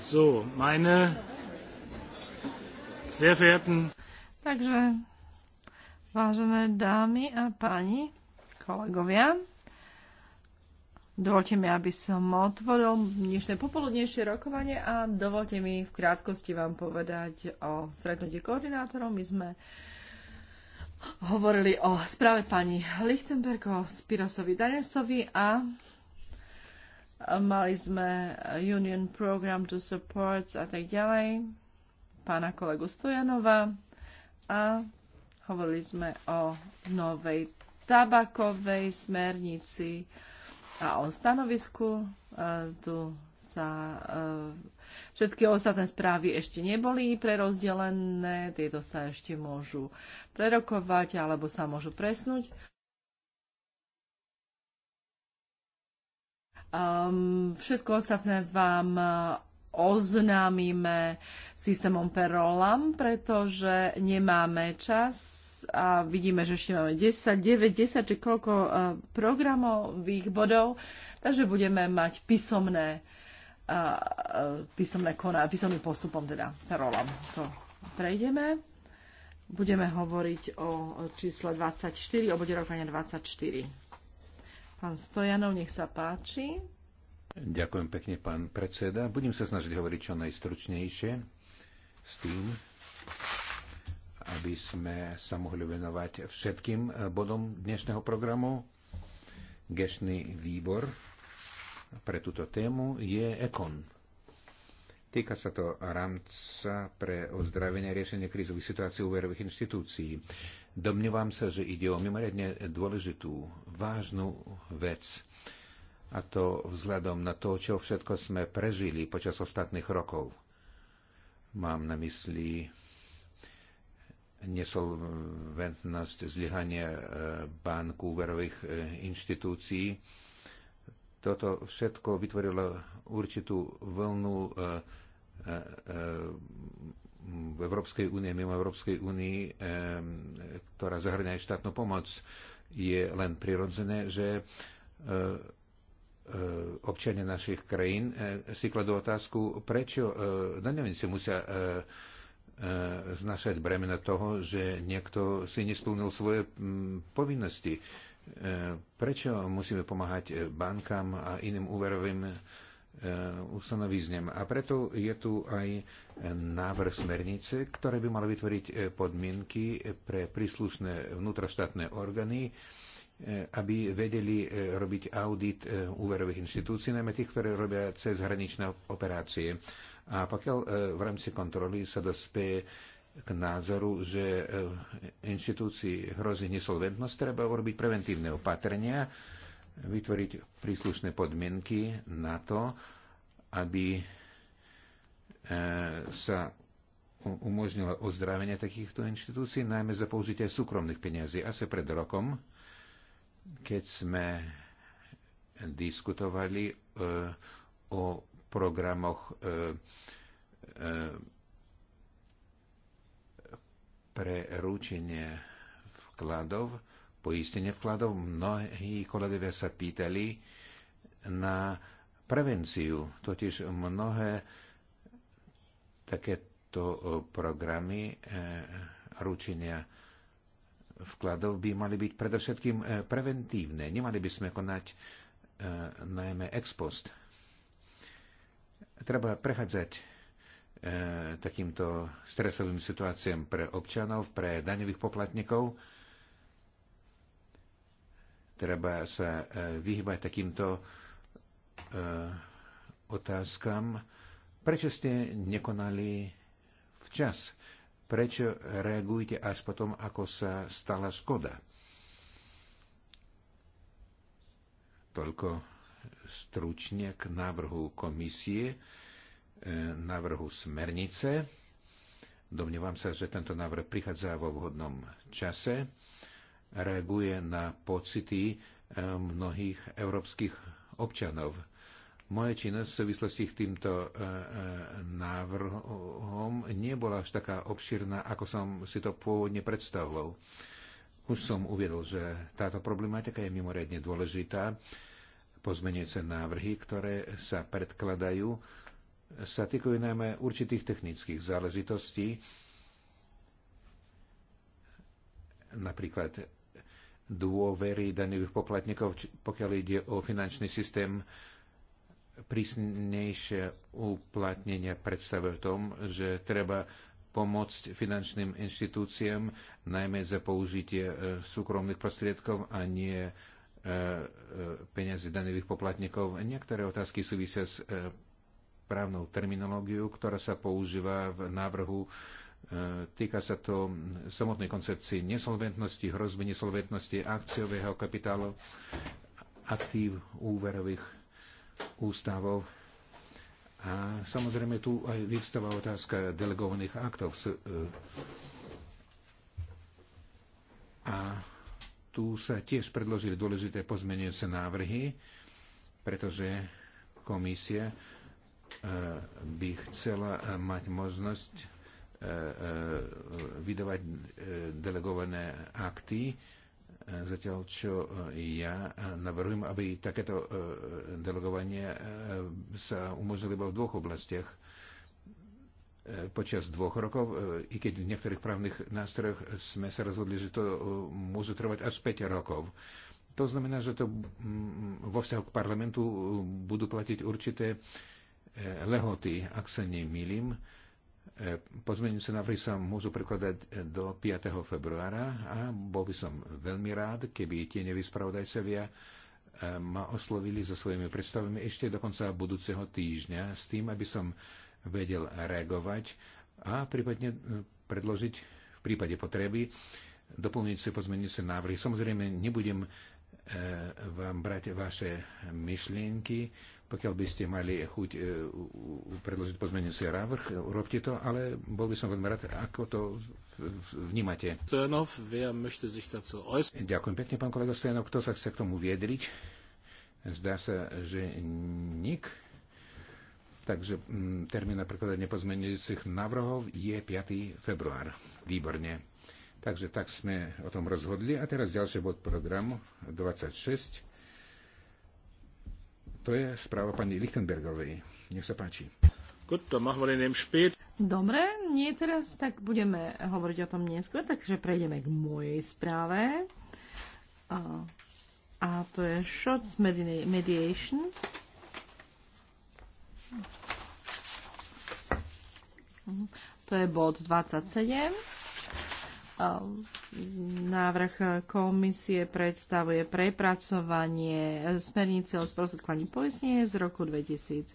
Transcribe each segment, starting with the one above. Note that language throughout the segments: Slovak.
So, meine sehr verehrten Takže, vážené dámy a páni, kolegovia, dovolte mi, aby som otvoril dnešné popoludnejšie rokovanie a dovolte mi v krátkosti vám povedať o stretnutí koordinátorov. My sme hovorili o správe pani Lichtenberg, o Spirosovi Danesovi a Mali sme Union Program to Supports a tak ďalej, pána kolegu Stojanova a hovorili sme o novej tabakovej smernici a o stanovisku. E, tu sa e, všetky ostatné správy ešte neboli prerozdelené, tieto sa ešte môžu prerokovať alebo sa môžu presnúť. Um, všetko ostatné vám uh, oznámime systémom Perolam, pretože nemáme čas a vidíme, že ešte máme 10, 9, 10 či koľko uh, programových bodov, takže budeme mať písomné, uh, uh písomné koná, písomným postupom teda rolom. To prejdeme. Budeme hovoriť o čísle 24, o bode rokovania 24. Pán Stojanov, nech sa páči. Ďakujem pekne, pán predseda. Budem sa snažiť hovoriť čo najstručnejšie s tým, aby sme sa mohli venovať všetkým bodom dnešného programu. Gešný výbor pre túto tému je EKON. Týka sa to rámca pre ozdravenie a riešenie krízových situácií úverových inštitúcií. Domnievam sa, že ide o mimoriadne dôležitú, vážnu vec. A to vzhľadom na to, čo všetko sme prežili počas ostatných rokov. Mám na mysli nesolventnosť zlyhania e, bank úverových e, inštitúcií. Toto všetko vytvorilo určitú vlnu e, v Európskej únie, mimo Európskej únii, ktorá zahrňa aj štátnu pomoc, je len prirodzené, že e, e, občania našich krajín e, si kladú otázku, prečo daňovníci musia znašať bremena toho, že niekto si nesplnil svoje povinnosti. Prečo musíme pomáhať bankám a iným úverovým E, ustanovizňam. A preto je tu aj návrh smernice, ktoré by malo vytvoriť e, podmienky pre príslušné vnútroštátne orgány, e, aby vedeli robiť audit úverových inštitúcií, najmä tých, ktoré robia cez hraničné operácie. A pokiaľ v rámci kontroly sa dospie k názoru, že inštitúcii hrozí nesolventnosť, treba urobiť preventívne opatrenia, vytvoriť príslušné podmienky na to, aby e, sa umožnilo ozdravenie takýchto inštitúcií, najmä za použitie súkromných peniazí. Asi pred rokom, keď sme diskutovali e, o programoch e, pre ručenie vkladov, poistenie vkladov. Mnohí kolegovia sa pýtali na prevenciu, totiž mnohé takéto programy e, ručenia vkladov by mali byť predovšetkým e, preventívne. Nemali by sme konať e, najmä ex post. Treba prechádzať takýmto stresovým situáciám pre občanov, pre daňových poplatníkov Treba sa e, vyhybať takýmto e, otázkam. Prečo ste nekonali včas? Prečo reagujete až potom, ako sa stala škoda? Toľko stručne k návrhu komisie, e, návrhu smernice. Domnievam sa, že tento návrh prichádza vo vhodnom čase reaguje na pocity eh, mnohých európskych občanov. Moja činnosť v súvislosti s týmto eh, eh, návrhom nebola až taká obširná, ako som si to pôvodne predstavoval. Už som uviedol, že táto problematika je mimoriadne dôležitá. Pozmenujúce návrhy, ktoré sa predkladajú, sa týkajú najmä určitých technických záležitostí, napríklad dôvery daňových poplatníkov, pokiaľ ide o finančný systém, prísnejšie uplatnenia predstavuje v tom, že treba pomôcť finančným inštitúciám, najmä za použitie e, súkromných prostriedkov a nie e, e, peniazy daňových poplatníkov. Niektoré otázky súvisia s právnou terminológiou, ktorá sa používa v návrhu E, týka sa to samotnej koncepcii nesolventnosti, hrozby nesolventnosti akciového kapitálu, aktív úverových ústavov. A samozrejme tu aj vyvstáva otázka delegovaných aktov. E, a tu sa tiež predložili dôležité pozmenujúce návrhy, pretože komisia e, by chcela mať možnosť E, e, vydávať e, delegované akty, zatiaľ čo ja navrhujem, aby takéto delegovanie sa umožnilo iba v dvoch oblastiach počas dvoch rokov, i keď v niektorých právnych nástrojoch sme sa rozhodli, že to môže trvať až 5 rokov. To znamená, že to vo vzťahu k parlamentu budú platiť určité lehoty, ak sa nemýlim E, pozmeňujúce návrhy sa môžu prekladať do 5. februára a bol by som veľmi rád, keby tie nevyspravodajcevia e, ma oslovili so svojimi predstavami ešte do konca budúceho týždňa s tým, aby som vedel reagovať a prípadne e, predložiť v prípade potreby doplňujúce pozmeňujúce návrhy. Samozrejme, nebudem E, vám brať vaše myšlienky. Pokiaľ by ste mali chuť e, predložiť pozmenujúci návrh, urobte to, ale bol by som veľmi rád, ako to vnímate. Cernov, wer möchte sich dazu äußern? Ďakujem pekne, pán kolega Stojanov. Kto sa chce k tomu viedriť? Zdá sa, že nik. Takže mm, termín na prekladanie pozmenujúcich návrhov je 5. február. Výborne. Takže tak sme o tom rozhodli. A teraz ďalší bod programu 26. To je správa pani Lichtenbergovej. Nech sa páči. Dobre, nie teraz, tak budeme hovoriť o tom neskôr, takže prejdeme k mojej správe. A, a to je Shots Mediation. To je bod 27 Návrh komisie predstavuje prepracovanie smernice o sprostredkovaní poistenie z roku 2002.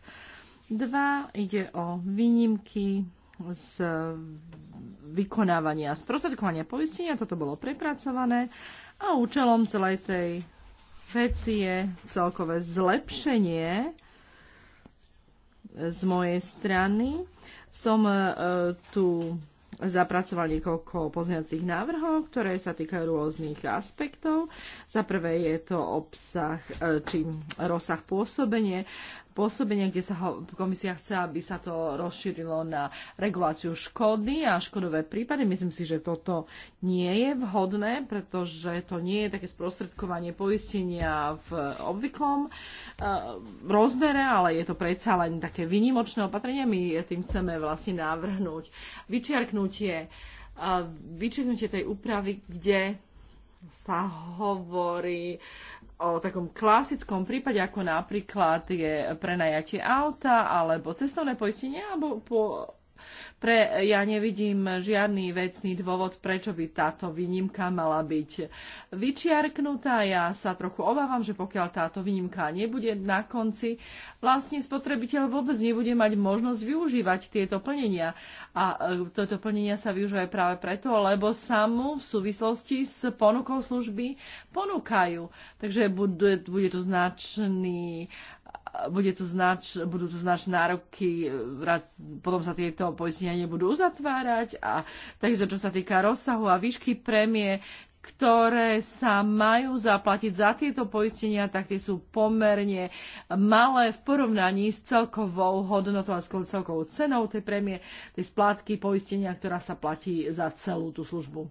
Ide o výnimky z vykonávania sprostredkovania poistenia. Toto bolo prepracované a účelom celej tej veci je celkové zlepšenie z mojej strany. Som e, tu zapracoval niekoľko pozňacích návrhov, ktoré sa týkajú rôznych aspektov. Za prvé je to obsah e, či rozsah pôsobenie pôsobenia, kde sa ho, komisia chce, aby sa to rozšírilo na reguláciu škody a škodové prípady. Myslím si, že toto nie je vhodné, pretože to nie je také sprostredkovanie poistenia v obvyklom uh, rozmere, ale je to predsa len také vynimočné opatrenie. My tým chceme vlastne navrhnúť vyčiarknutie, uh, vyčiarknutie tej úpravy, kde sa hovorí o takom klasickom prípade, ako napríklad je prenajatie auta alebo cestovné poistenie alebo po pre, ja nevidím žiadny vecný dôvod, prečo by táto výnimka mala byť vyčiarknutá. Ja sa trochu obávam, že pokiaľ táto výnimka nebude na konci, vlastne spotrebiteľ vôbec nebude mať možnosť využívať tieto plnenia. A e, toto plnenia sa využívajú práve preto, lebo sa mu v súvislosti s ponukou služby ponúkajú. Takže bude, bude to značný bude tu znač, budú to znač nároky, e, raz, potom sa tieto poistenia nebudú uzatvárať. A takže čo sa týka rozsahu a výšky prémie, ktoré sa majú zaplatiť za tieto poistenia, tak tie sú pomerne malé v porovnaní s celkovou hodnotou a s celkovou cenou tej prémie, tej splátky poistenia, ktorá sa platí za celú tú službu.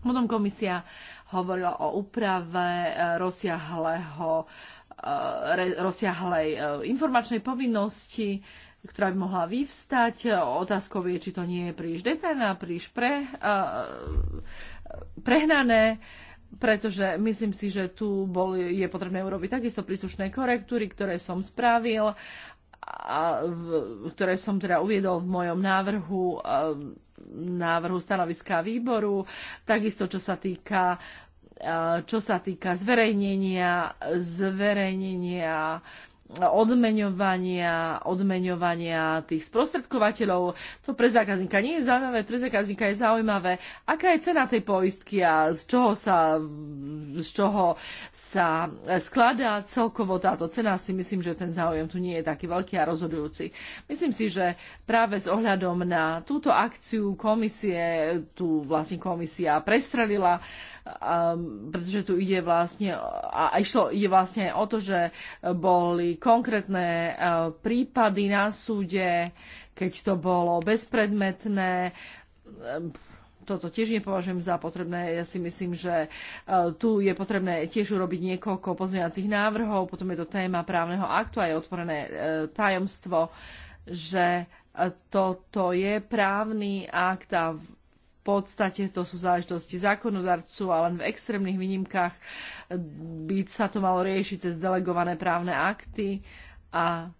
Potom komisia hovorila o úprave e, rozsiahleho E, rozsiahlej e, informačnej povinnosti, ktorá by mohla vyvstať. Otázkou je, či to nie je príliš detailné, príliš pre, e, prehnané, pretože myslím si, že tu bol, je potrebné urobiť takisto príslušné korektúry, ktoré som spravil a v, ktoré som teda uviedol v mojom návrhu, návrhu stanoviska výboru. Takisto, čo sa týka Eh, čo sa týka zverejnenia, zverejnenia odmeňovania, odmeňovania tých sprostredkovateľov. To pre zákazníka nie je zaujímavé, pre zákazníka je zaujímavé, aká je cena tej poistky a z čoho sa, z čoho sa skladá celkovo táto cena. Si myslím, že ten záujem tu nie je taký veľký a rozhodujúci. Myslím si, že práve s ohľadom na túto akciu komisie, tu vlastne komisia prestrelila uh, Ehm, pretože tu ide vlastne, a išlo, ide vlastne o to, že boli konkrétne eh, prípady na súde, keď to bolo bezpredmetné, ehm, toto tiež nepovažujem za potrebné. Ja si myslím, že eh, tu je potrebné tiež urobiť niekoľko pozmeňovacích návrhov. Potom je to téma právneho aktu a je otvorené eh, tajomstvo, že toto je právny akt a podstate to sú záležitosti zákonodarcu a len v extrémnych výnimkách by sa to malo riešiť cez delegované právne akty a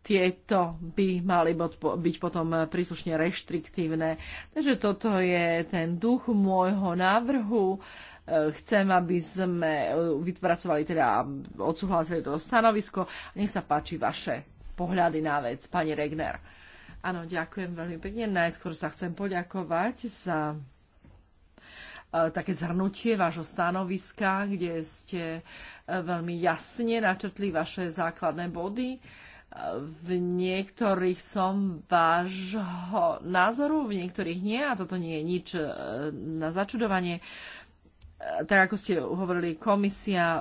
tieto by mali byť potom príslušne reštriktívne. Takže toto je ten duch môjho návrhu. Eh, chcem, aby sme eh, vypracovali teda odsúhlasili to stanovisko. Nech sa páči vaše pohľady na vec, pani Regner. Áno, ďakujem veľmi pekne. Najskôr sa chcem poďakovať za e, také zhrnutie vášho stanoviska, kde ste e, veľmi jasne načrtli vaše základné body. E, v niektorých som vášho názoru, v niektorých nie a toto nie je nič na začudovanie tak ako ste hovorili, komisia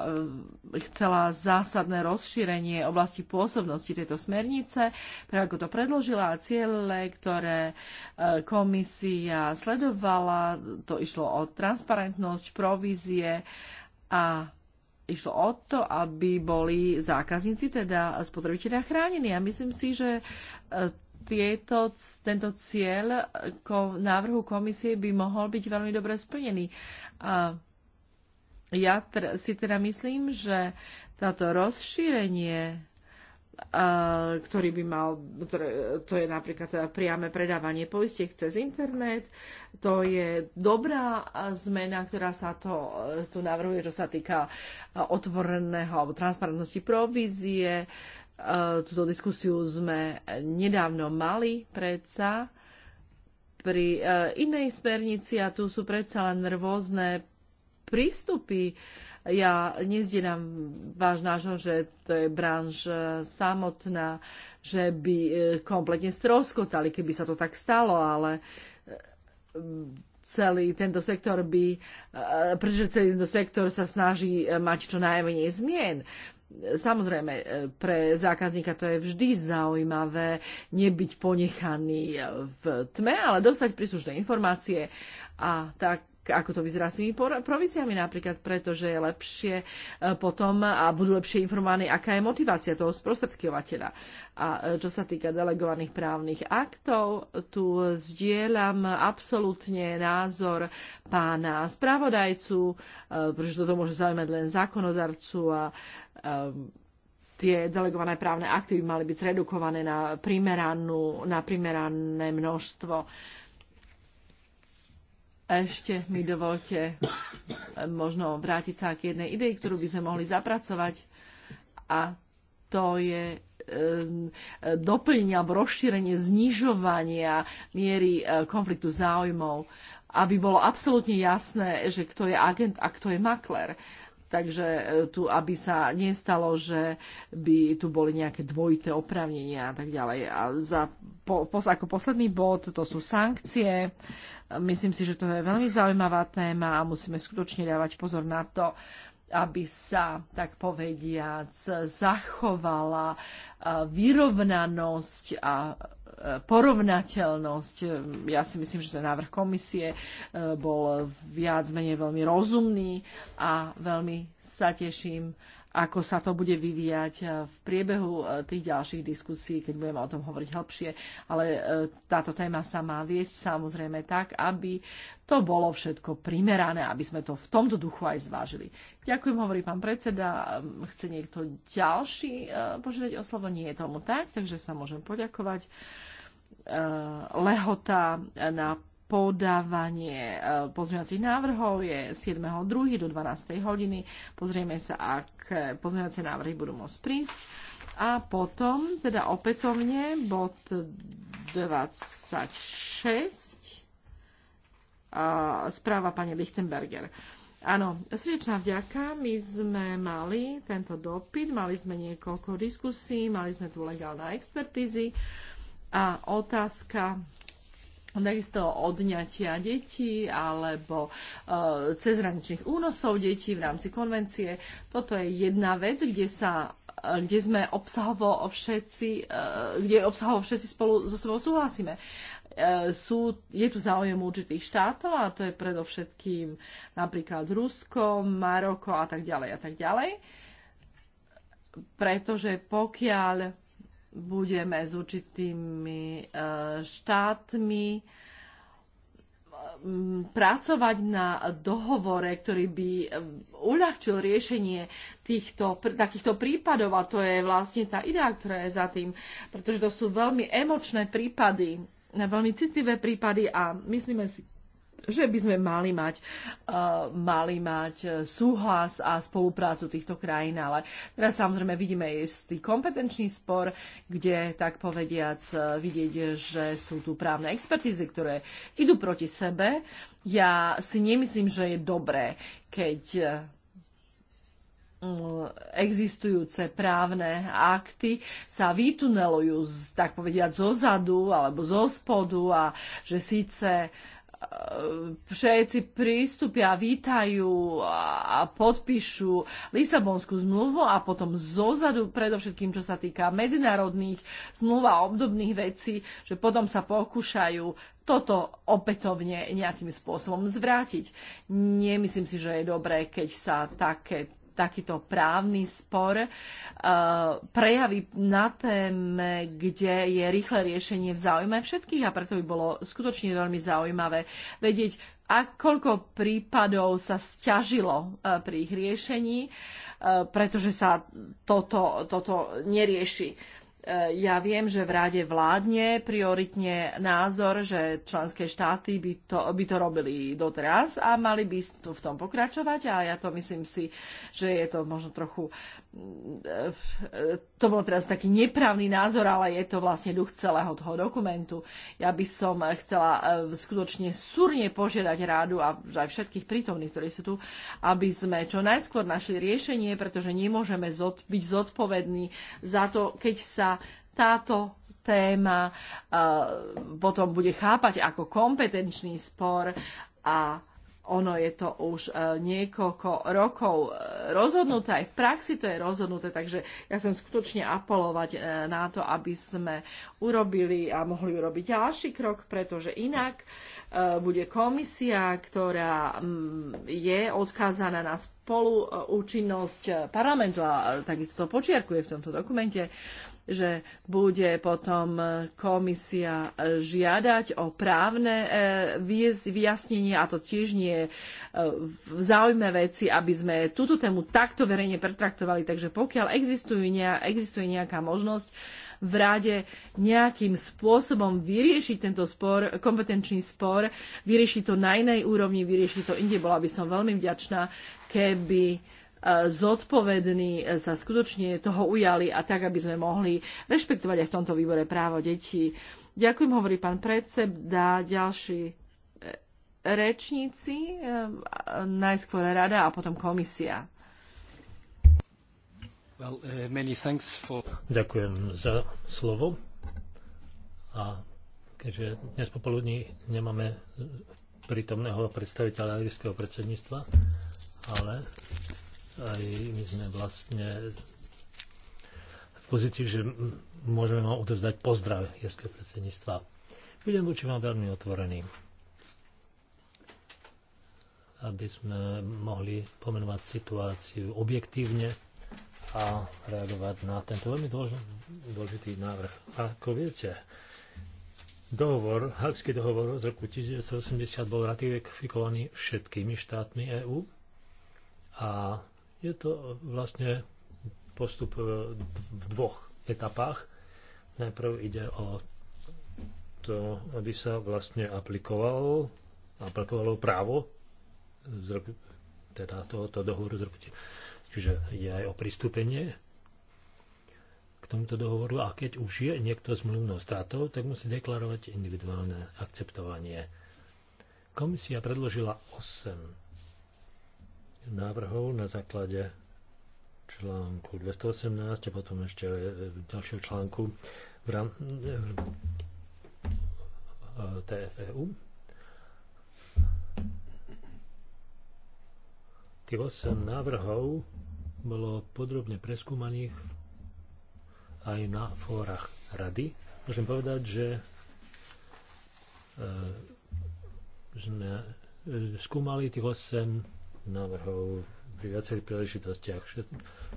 e, chcela zásadné rozšírenie oblasti pôsobnosti tejto smernice, tak ako to predložila a ciele, ktoré e, komisia sledovala, to išlo o transparentnosť, provízie a išlo o to, aby boli zákazníci, teda spotrebitelia chránení. A myslím si, že e, tieto, tento cieľ ko, návrhu komisie by mohol byť veľmi dobre splnený. A ja si teda myslím, že táto rozšírenie ktorý by mal, to je napríklad teda priame predávanie poistiek cez internet. To je dobrá zmena, ktorá sa to, tu navrhuje, čo sa týka otvoreného alebo transparentnosti provízie. Tuto diskusiu sme nedávno mali predsa pri inej smernici a tu sú predsa len rôzne prístupy. Ja nezdenám váš nášho, že to je branž e, samotná, že by e, kompletne stroskotali, keby sa to tak stalo, ale e, celý tento sektor by, pretože celý tento sektor sa snaží mať čo najmenej zmien. Samozrejme, pre zákazníka to je vždy zaujímavé nebyť ponechaný v tme, ale dostať príslušné informácie a tak ako to vyzerá s tými provisiami napríklad, pretože je lepšie e, potom a budú lepšie informovaní, aká je motivácia toho sprostredkovateľa. A e, čo sa týka delegovaných právnych aktov, tu zdieľam absolútne názor pána spravodajcu, e, pretože toto môže zaujímať len zákonodarcu a tie delegované právne akty by mali byť zredukované na, primeranú, na primerané množstvo ešte mi dovolte eh, možno vrátiť sa k jednej idei, ktorú by sme mohli zapracovať a to je eh, doplnenie alebo rozšírenie znižovania miery eh, konfliktu záujmov, aby bolo absolútne jasné, že kto je agent a kto je makler. Takže e, tu, aby sa nestalo, že by tu boli nejaké dvojité oprávnenia a tak ďalej. A za, po, ako posledný bod, to sú sankcie. Myslím si, že to je veľmi zaujímavá téma a musíme skutočne dávať pozor na to, aby sa, tak povediac, zachovala e, vyrovnanosť a e, porovnateľnosť. Ja si myslím, že ten návrh komisie e, bol viac menej veľmi rozumný a veľmi sa teším ako sa to bude vyvíjať e, v priebehu e, tých ďalších diskusí, keď budeme o tom hovoriť hlbšie. Ale e, táto téma sa má viesť samozrejme tak, aby to bolo všetko primerané, aby sme to v tomto duchu aj zvážili. Ďakujem, hovorí pán predseda. Chce niekto ďalší požiadať o slovo? Nie je tomu tak, takže sa môžem poďakovať. Lehota na podávanie e, pozmeňovacích návrhov je 7.2. do 12. hodiny. Pozrieme sa, ak e, pozmeňovacie návrhy budú môcť prísť. A potom, teda opätovne, bod 26, správa pani Lichtenberger. Áno, srdečná vďaka. My sme mali tento dopyt, mali sme niekoľko diskusí, mali sme tu legálne expertízy a otázka takisto odňatia detí alebo e, cezhraničných únosov detí v rámci konvencie. Toto je jedna vec, kde sa e, kde sme obsahovo všetci, e, kde obsahovo všetci spolu so sebou súhlasíme. Sú, je tu záujem určitých štátov a to je predovšetkým napríklad Rusko, Maroko a tak ďalej a tak ďalej. Pretože pokiaľ budeme s určitými e, štátmi pracovať na dohovore, ktorý by e, uľahčil riešenie týchto, takýchto prípadov a to je vlastne tá idea, ktorá je za tým, pretože to sú veľmi emočné prípady, veľmi citlivé prípady a myslíme si, že by sme mali mať, uh, mali mať eh, súhlas a spoluprácu týchto krajín, ale teraz samozrejme vidíme istý kompetenčný spor, kde tak povediac eh, vidieť, že sú tu právne expertízy, ktoré idú proti sebe. Ja si nemyslím, že je dobré, keď existujúce právne akty sa vytunelujú, tak povediať, zo zadu alebo zo spodu a že síce všetci prístupia, vítajú a podpíšu Lisabonskú zmluvu a potom zozadu, predovšetkým čo sa týka medzinárodných zmluv a obdobných vecí, že potom sa pokúšajú toto opätovne nejakým spôsobom zvrátiť. Nemyslím si, že je dobré, keď sa také takýto právny spor e, prejaví na téme, kde je rýchle riešenie v záujme všetkých a preto by bolo skutočne veľmi zaujímavé vedieť, a koľko prípadov sa stiažilo e, pri ich riešení, e, pretože sa toto, toto nerieši E, ja viem, že v rade vládne prioritne názor, že členské štáty by to, by to robili doteraz a mali by to v tom pokračovať a ja to myslím si, že je to možno trochu e, to bol teraz taký nepravný názor, ale je to vlastne duch celého toho dokumentu. Ja by som chcela e, skutočne súrne požiadať rádu a aj všetkých prítomných, ktorí sú tu, aby sme čo najskôr našli riešenie, pretože nemôžeme byť zodpovední za to, keď sa táto téma potom bude chápať ako kompetenčný spor a ono je to už e, niekoľko rokov e, rozhodnuté, aj v praxi to je rozhodnuté, takže ja chcem skutočne apelovať e, na to, aby sme urobili a mohli urobiť ďalší krok, pretože inak bude komisia, ktorá je odkázaná na spoluúčinnosť parlamentu a takisto to počiarkuje v tomto dokumente, že bude potom e, komisia e, žiadať o právne e, vyjasnenie a to tiež nie je v záujme veci, aby sme túto tému takto verejne pretraktovali. Takže pokiaľ existuje, nejaká možnosť v rade nejakým spôsobom vyriešiť tento spor, kompetenčný spor, vyriešiť to na inej úrovni, vyriešiť to inde, bola by som veľmi vďačná, keby zodpovední e, sa skutočne toho ujali a tak, aby sme mohli rešpektovať aj v tomto výbore právo detí. Ďakujem, hovorí pán dá Ďalší e, rečníci, e, najskôr rada a potom komisia. Well, uh, for... Ďakujem za slovo. A keďže dnes popoludní nemáme prítomného predstaviteľa írskeho predsedníctva, ale aj my sme vlastne v pozícii, že môžeme vám odovzdať pozdrav Jerského predsedníctva. Budem voči vám veľmi otvorený, aby sme mohli pomenovať situáciu objektívne a reagovať na tento veľmi dôležitý návrh. Ako viete, dohovor, Hagský dohovor z roku 1980 bol ratifikovaný všetkými štátmi EÚ a je to vlastne postup e, v dvoch etapách. Najprv ide o to, aby sa vlastne aplikovalo, aplikovalo právo z roku, teda tohoto dohovoru z roku. Čiže je aj o pristúpenie k tomuto dohovoru a keď už je niekto zmluvnou stratou, tak musí deklarovať individuálne akceptovanie. Komisia predložila 8 návrhov na základe článku 218 a potom ešte e, e, ďalšieho článku v rám... E, TFEU. Tých 8 návrhov bolo podrobne preskúmaných aj na fórach rady. Môžem povedať, že sme skúmali tých 8 návrhov pri viacerých príležitostiach.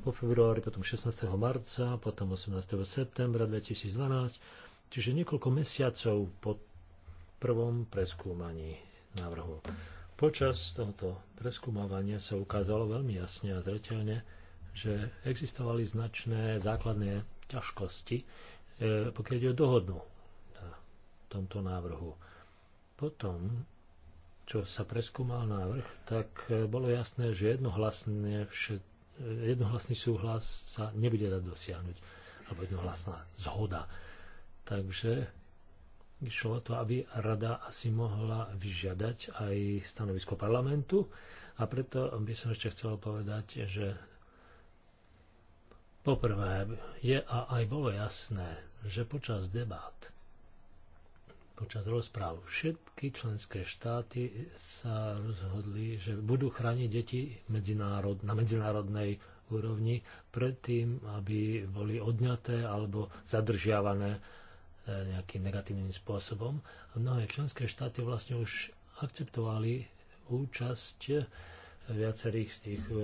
Po februári, potom 16. marca, potom 18. septembra 2012, čiže niekoľko mesiacov po prvom preskúmaní návrhu. Počas tohoto preskúmavania sa ukázalo veľmi jasne a zreteľne, že existovali značné základné ťažkosti, e, pokiaľ ide o dohodnú na tomto návrhu. Potom čo sa preskúmal návrh, tak e, bolo jasné, že jednohlasne všet, e, jednohlasný súhlas sa nebude dať dosiahnuť, alebo jednohlasná zhoda. Takže išlo o to, aby rada asi mohla vyžiadať aj stanovisko parlamentu a preto by som ešte chcel povedať, že poprvé je a aj bolo jasné, že počas debát počas rozpráv. Všetky členské štáty sa rozhodli, že budú chrániť deti medzinárod, na medzinárodnej úrovni pred tým, aby boli odňaté alebo zadržiavané e, nejakým negatívnym spôsobom. Mnohé členské štáty vlastne už akceptovali účasť viacerých z tých e,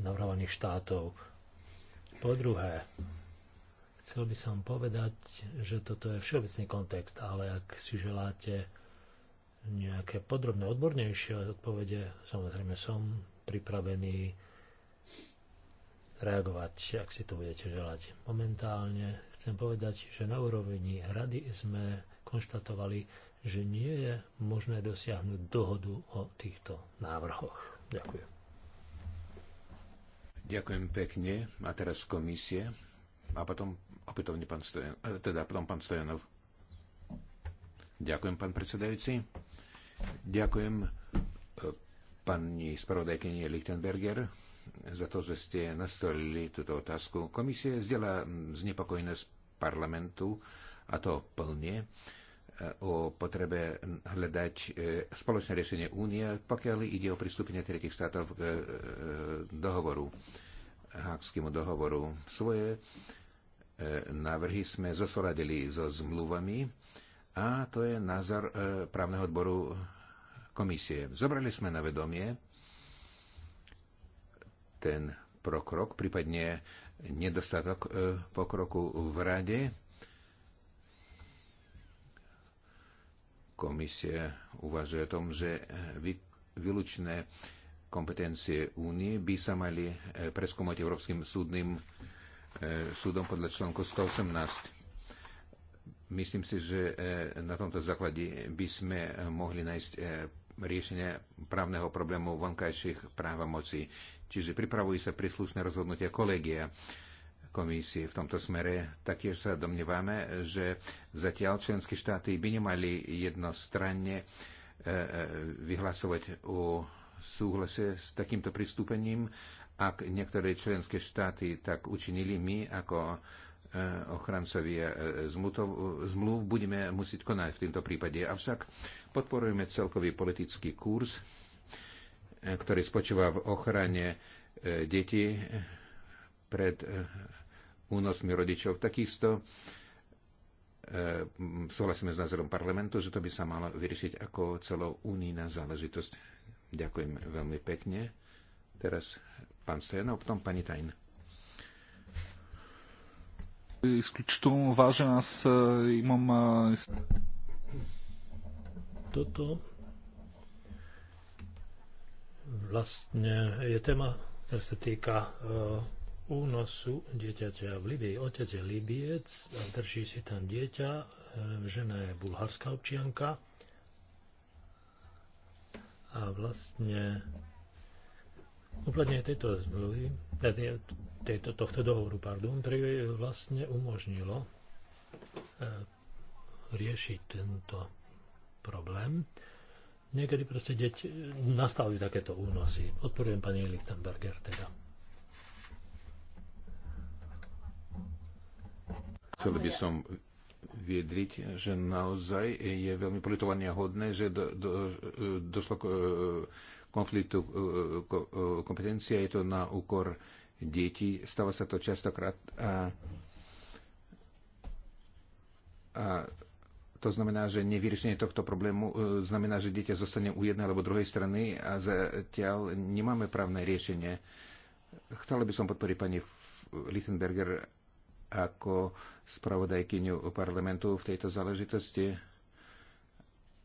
navrhovaných štátov. Po druhé, Chcel by som povedať, že toto je všeobecný kontext, ale ak si želáte nejaké podrobné, odbornejšie odpovede, samozrejme som pripravený reagovať, ak si to budete želať. Momentálne chcem povedať, že na úrovni rady sme konštatovali, že nie je možné dosiahnuť dohodu o týchto návrhoch. Ďakujem. Ďakujem pekne. A teraz komisie a potom opätovne pán Stojan, e, teda potom pán Stojanov. Ďakujem, pán predsedajúci. Ďakujem e, pani spravodajkyni Lichtenberger za to, že ste nastolili túto otázku. Komisie zdieľa znepokojenosť parlamentu a to plne e, o potrebe hľadať spoločné riešenie únie, pokiaľ ide o pristúpenie tretich štátov k dohovoru, hákskému dohovoru. Svoje E, návrhy sme zosladili so zmluvami a to je názor e, právneho odboru komisie. Zobrali sme na vedomie ten prokrok, prípadne nedostatok e, pokroku v rade. Komisie uvažuje o tom, že vylúčené kompetencie únie by sa mali preskúmať Európskym súdnym E, súdom podľa článku 118. Myslím si, že e, na tomto základe by sme mohli nájsť e, riešenie právneho problému vonkajších právomocí. Čiže pripravujú sa príslušné rozhodnutia kolegia komisie v tomto smere. Taktiež sa domnievame, že zatiaľ členské štáty by nemali jednostranne vyhlasovať o súhlase s takýmto pristúpením ak niektoré členské štáty tak učinili, my ako e, ochrancovia e, zmluv, zmluv budeme musieť konať v tomto prípade. Avšak podporujeme celkový politický kurz, e, ktorý spočíva v ochrane detí pred únosmi rodičov. Takisto súhlasíme s názorom parlamentu, že to by sa malo vyriešiť ako celou unijná záležitosť. Ďakujem veľmi pekne. Teraz pán Stojanov, potom pani Tajn. Изключително важен. Аз имам... Toto vlastne je téma, ktorá sa týka e, únosu dieťaťa v Libii. Otec je Libiec a drží si tam dieťa. E, žena je bulharská občianka. A vlastne Uplatnenie tejto zmluvy, eh, tejto, tohto dohovoru, pardon, vlastne umožnilo eh, riešiť tento problém. Niekedy proste deti nastali takéto únosy. Odporujem pani Lichtenberger teda. Chcel by som viedriť, že naozaj je veľmi politovania hodné, že do, do, došlo k e, konfliktu e, e, e, kompetencia, je to na úkor detí. Stáva sa to častokrát a, a to znamená, že nevyriešenie tohto problému znamená, že dieťa zostane u jednej alebo druhej strany a zatiaľ nemáme právne riešenie. Chcela by som podporiť pani Lichtenberger ako spravodajkyňu parlamentu v tejto záležitosti,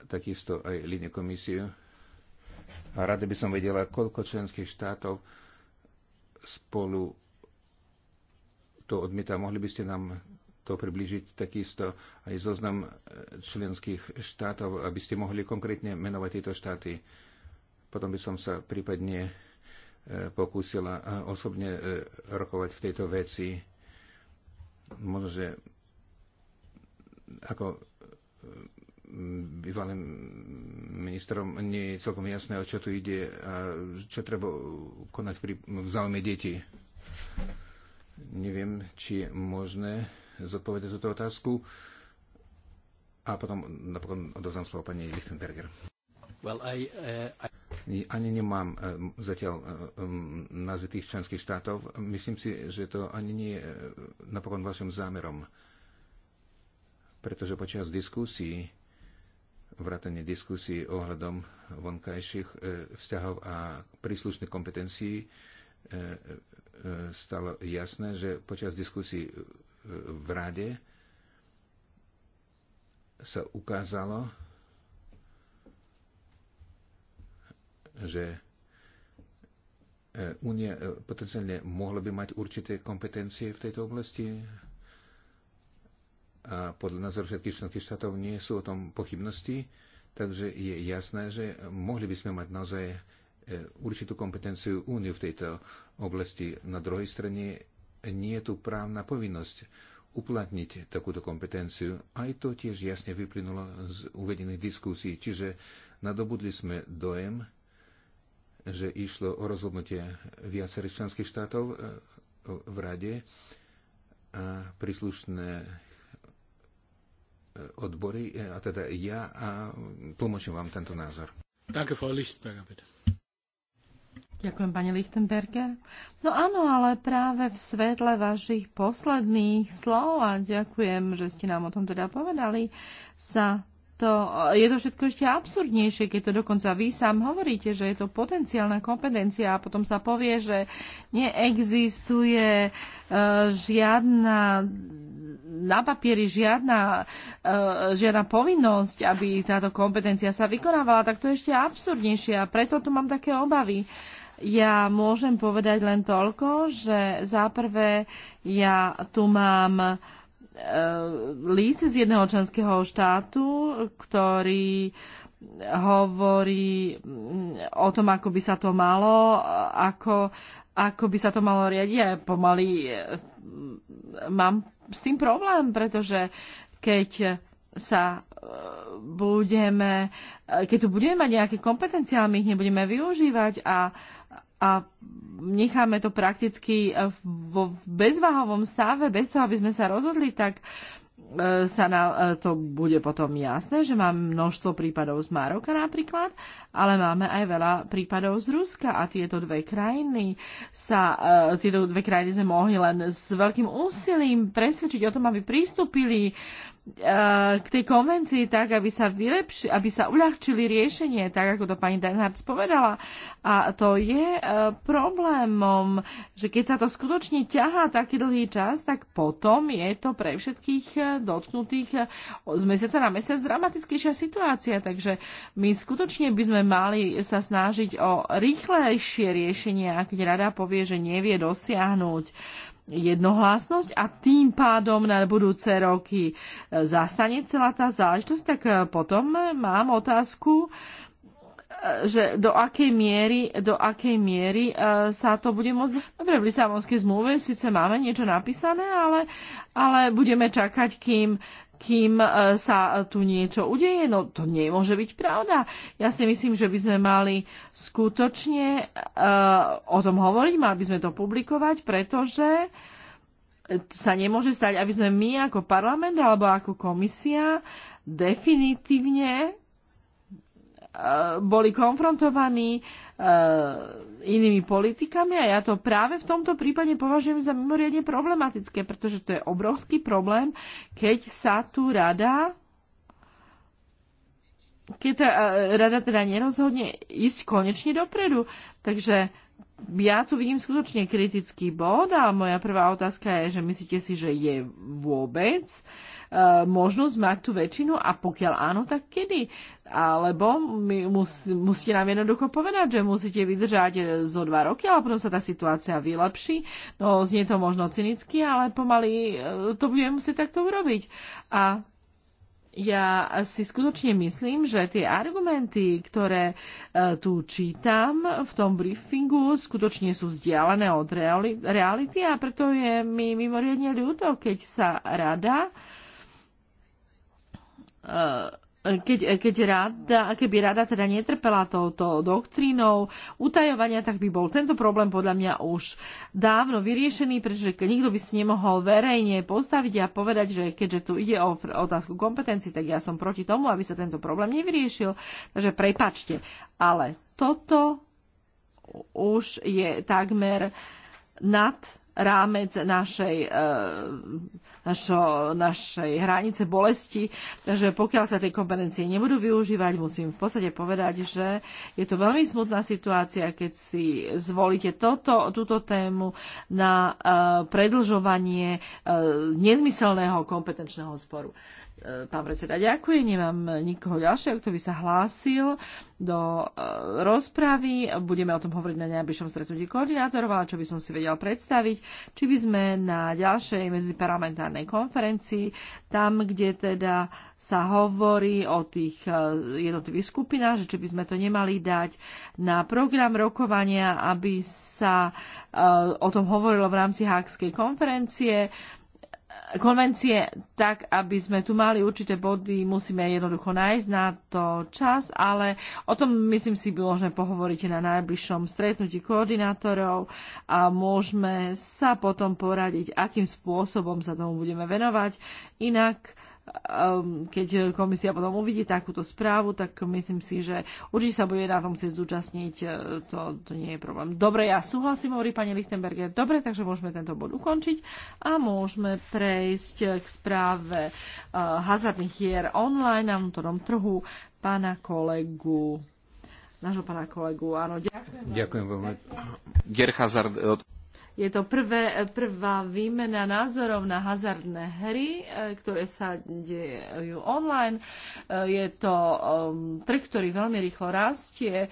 takisto aj líne komisiu a rada by som vedela, koľko členských štátov spolu to odmieta. Mohli by ste nám to približiť takisto aj zoznam e, členských štátov, aby ste mohli konkrétne menovať tieto štáty. Potom by som sa prípadne e, pokúsila e, osobne rokovať v tejto veci. Možno, že ako bývalým ministrom nie je celkom jasné, o čo tu ide a čo treba konať pri, v záujme detí. Neviem, či je možné zodpovedať túto otázku. A potom napokon odovzdám slovo pani Lichtenberger. Well, I, uh, I... Ani nemám eh, zatiaľ eh, názvy tých členských štátov. Myslím si, že to ani nie je eh, napokon vašim zámerom. Pretože počas diskusí vrátanie diskusí ohľadom vonkajších e, vzťahov a príslušných kompetencií e, e, stalo jasné, že počas diskusí v Rade sa ukázalo, že Únia potenciálne mohla by mať určité kompetencie v tejto oblasti a podľa názoru všetkých členských štátov nie sú o tom pochybnosti, takže je jasné, že mohli by sme mať naozaj e, určitú kompetenciu úniu v tejto oblasti. Na druhej strane nie je tu právna povinnosť uplatniť takúto kompetenciu. Aj to tiež jasne vyplynulo z uvedených diskusí, čiže nadobudli sme dojem, že išlo o rozhodnutie viacerých členských štátov e, v rade a príslušné odbory, e, a teda ja, a tlmočím vám tento názor. Danke, Frau Lichtenberger, bitte. Ďakujem, pani Lichtenberger. No áno, ale práve v svetle vašich posledných slov a ďakujem, že ste nám o tom teda povedali, sa to, je to všetko ešte absurdnejšie, keď to dokonca vy sám hovoríte, že je to potenciálna kompetencia a potom sa povie, že neexistuje uh, žiadna na papieri žiadna, e, žiadna povinnosť, aby táto kompetencia sa vykonávala, tak to je ešte absurdnejšie a preto tu mám také obavy. Ja môžem povedať len toľko, že záprve ja tu mám e, list z jedného členského štátu, ktorý hovorí mm, o tom, ako by sa to malo, ako, ako by sa to malo riadiť. Ja pomaly e, mám s tým problém, pretože keď sa e, budeme, keď tu budeme mať nejaké kompetencie, ale my ich nebudeme využívať a, a necháme to prakticky vo bezvahovom stave, bez toho, aby sme sa rozhodli, tak E, sa na, e, to bude potom jasné, že mám množstvo prípadov z Maroka napríklad, ale máme aj veľa prípadov z Ruska a tieto dve krajiny sa, e, tieto dve krajiny sme mohli len s veľkým úsilím presvedčiť o tom, aby pristúpili Eh, k tej konvencii tak, aby sa, vylepši, aby sa uľahčili riešenie, tak ako to pani Denhardt spovedala. A to je eh, problémom, že keď sa to skutočne ťahá taký dlhý čas, tak potom je to pre všetkých eh, dotknutých z mesiaca na mesiac dramatickejšia situácia. Takže my skutočne by sme mali sa snažiť o rýchlejšie riešenie, keď rada povie, že nevie dosiahnuť jednohlásnosť a tým pádom na budúce roky e, zastane celá tá záležitosť, tak e, potom e, mám otázku, že do akej miery, do akej miery e, sa to bude môcť... Dobre, v Lisabonskej zmluve síce máme niečo napísané, ale, ale budeme čakať, kým kým e, sa tu niečo udeje. No to nemôže byť pravda. Ja si myslím, že by sme mali skutočne uh, o tom hovoriť, mali by sme to publikovať, pretože sa nemôže stať, aby sme my ako parlament alebo ako komisia definitívne Eh, boli konfrontovaní eh, inými politikami a ja to práve v tomto prípade považujem za mimoriadne problematické, pretože to je obrovský problém, keď sa tu rada keď sa eh, rada teda nerozhodne ísť konečne dopredu. Takže ja tu vidím skutočne kritický bod a moja prvá otázka je, že myslíte si, že je vôbec uh, Eh, možnosť mať tú väčšinu a pokiaľ áno, tak kedy? Alebo my mus, musíte nám jednoducho povedať, že musíte vydržať eh, zo dva roky, ale potom sa tá situácia vylepší. No, znie to možno cynicky, ale pomaly eh, to budeme musieť takto urobiť. A ja si skutočne myslím, že tie argumenty, ktoré tu čítam v tom briefingu, skutočne sú vzdialené od reality a preto je mi mimoriadne ľúto, keď sa rada uh, keď, keď rada, keby rada teda netrpela touto doktrínou utajovania, tak by bol tento problém podľa mňa už dávno vyriešený, pretože nikto by si nemohol verejne postaviť a povedať, že keďže tu ide o otázku kompetencií, tak ja som proti tomu, aby sa tento problém nevyriešil. Takže prepačte. Ale toto už je takmer nad rámec našej, e, našo, našej hranice bolesti. Takže pokiaľ sa tie kompetencie nebudú využívať, musím v podstate povedať, že je to veľmi smutná situácia, keď si zvolíte toto, túto tému na e, predlžovanie e, nezmyselného kompetenčného sporu. E, pán predseda, ďakujem. Nemám nikoho ďalšieho, kto by sa hlásil do e, rozpravy. Budeme o tom hovoriť na najbližšom stretnutí koordinátorov, ale čo by som si vedel predstaviť, či by sme na ďalšej medziparlamentárnej konferencii, tam, kde teda sa hovorí o tých e, jednotlivých skupinách, že či by sme to nemali dať na program rokovania, aby sa o tom hovorilo v rámci Hákskej konferencie konvencie tak, aby sme tu mali určité body, musíme jednoducho nájsť na to čas, ale o tom myslím si môžeme pohovoriť na najbližšom stretnutí koordinátorov a môžeme sa potom poradiť, akým spôsobom sa tomu budeme venovať. Inak Ehm, keď komisia potom uvidí takúto správu, tak myslím si, že určite sa bude na tom chcieť zúčastniť. E, to, to nie je problém. Dobre, ja súhlasím, hovorí pani Lichtenberger. Dobre, takže môžeme tento bod ukončiť a môžeme prejsť k správe e, hazardných hier online na vnútornom trhu pána kolegu nášho pána kolegu. Áno, ďakujem. Ďakujem veľmi. Gerhazard e, je to prvé, prvá výmena názorov na hazardné hry, e, ktoré sa dejú online. E, je to um, trh, ktorý veľmi rýchlo rastie, e,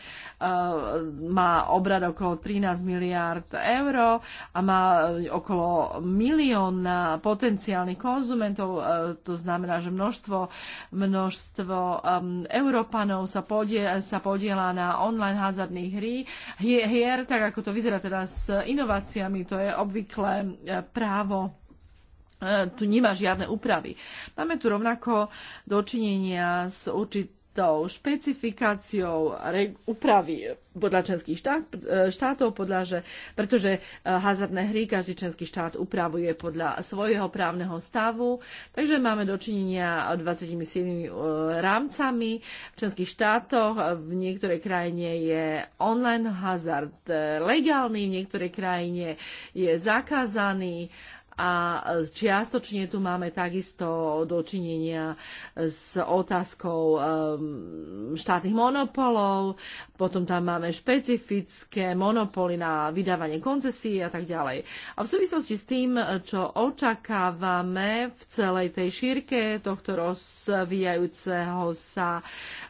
má obrad okolo 13 miliárd eur a má okolo milióna potenciálnych konzumentov. To znamená, že množstvo, množstvo um, Európanov sa, podie, sa podiela na online hazardných hry, hier, tak ako to vyzerá teda s inováciami krajinami. To je obvyklé e, právo e, tu nemá žiadne úpravy. Máme tu rovnako dočinenia s určitým tou špecifikáciou úpravy podľa členských štát, e, štátov, že, pretože e, hazardné hry každý členský štát upravuje podľa svojho právneho stavu. Takže máme dočinenia 27 e, rámcami v členských štátoch. V niektorej krajine je online hazard legálny, v niektorej krajine je zakázaný a čiastočne tu máme takisto dočinenia s otázkou ehm, štátnych monopolov, potom tam máme špecifické monopoly na vydávanie koncesí a tak ďalej. A v súvislosti s tým, čo očakávame v celej tej šírke tohto rozvíjajúceho sa,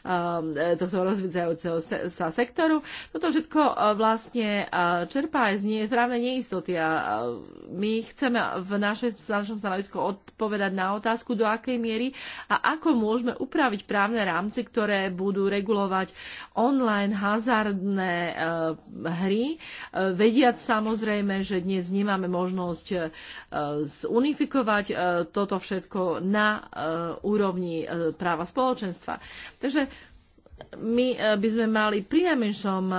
ehm, tohto rozvíjajúceho sa sektoru, toto všetko e, vlastne e, čerpá aj z právne neistoty a e, my chceme v našej, spoločnom stanovisku odpovedať na otázku, do akej miery a ako môžeme upraviť právne rámci, ktoré budú regulovať online hazardné e, hry, e, vediac samozrejme, že dnes nemáme možnosť e, zunifikovať toto všetko na úrovni práva spoločenstva. Takže my e, by sme mali prinajmenšom e,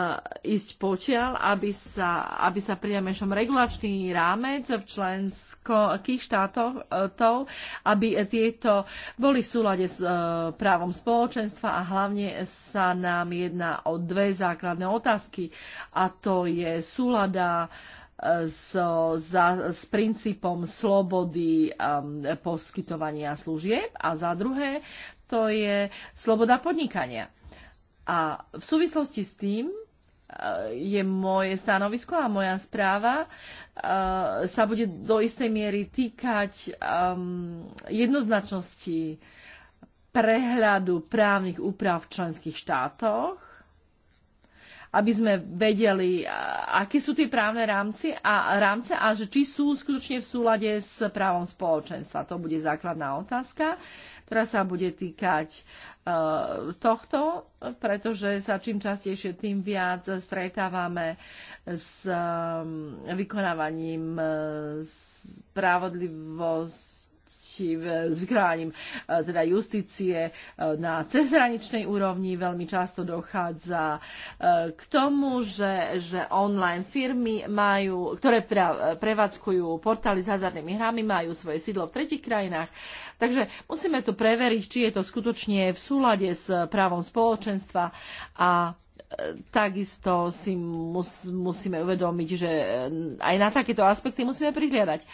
ísť potiaľ, aby sa, aby sa prinajmenšom regulačný rámec v členských štátoch e, to, aby tieto boli v súlade s právom spoločenstva a hlavne sa nám jedná o dve základné otázky a to je súlada s, za, s princípom slobody um, poskytovania služieb a za druhé to je sloboda podnikania a v súvislosti s tým e, je moje stanovisko a moja správa e, sa bude do istej miery týkať ehm, jednoznačnosti prehľadu právnych úprav v členských štátoch, aby sme vedeli, e, aké sú tie právne rámci a, rámce a že či sú skutočne v súlade s právom spoločenstva. To bude základná otázka, ktorá sa bude týkať Eh, tohto, pretože sa čím častejšie, tým viac stretávame s ehm, vykonávaním eh, spravodlivosť proti, s vykrávaním e, teda justície e, na cezhraničnej úrovni. Veľmi často dochádza e, k tomu, že, že online firmy majú, ktoré teda prevádzkujú portály s hazardnými hrami, majú svoje sídlo v tretich krajinách. Takže musíme to preveriť, či je to skutočne v súlade s právom spoločenstva a takisto si mus, musíme uvedomiť, že aj na takéto aspekty musíme prihliadať.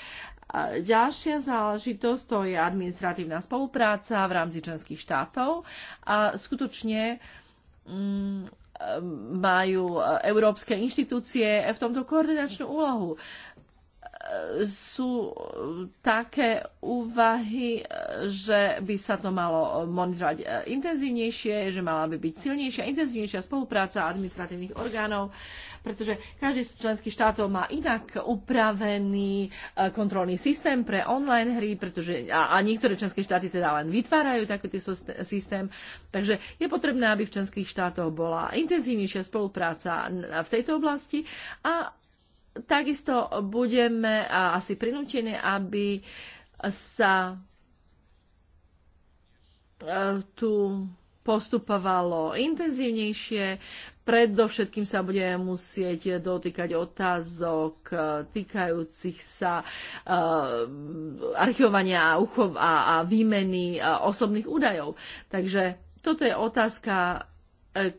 Ďalšia záležitosť to je administratívna spolupráca v rámci členských štátov a skutočne mm, majú e, európske inštitúcie v tomto koordinačnú úlohu sú také úvahy, že by sa to malo monitorovať intenzívnejšie, že mala by byť silnejšia, intenzívnejšia spolupráca administratívnych orgánov, pretože každý z členských štátov má inak upravený e, kontrolný systém pre online hry, pretože a, niektoré členské štáty teda len vytvárajú takýto systém. Takže je potrebné, aby v členských štátoch bola intenzívnejšia spolupráca v tejto oblasti a takisto budeme asi prinútení, aby sa e, tu postupovalo intenzívnejšie. Predovšetkým sa bude musieť dotýkať otázok e, týkajúcich sa uh, archivovania a, uchov a, a výmeny uh, osobných údajov. Takže toto je otázka, uh,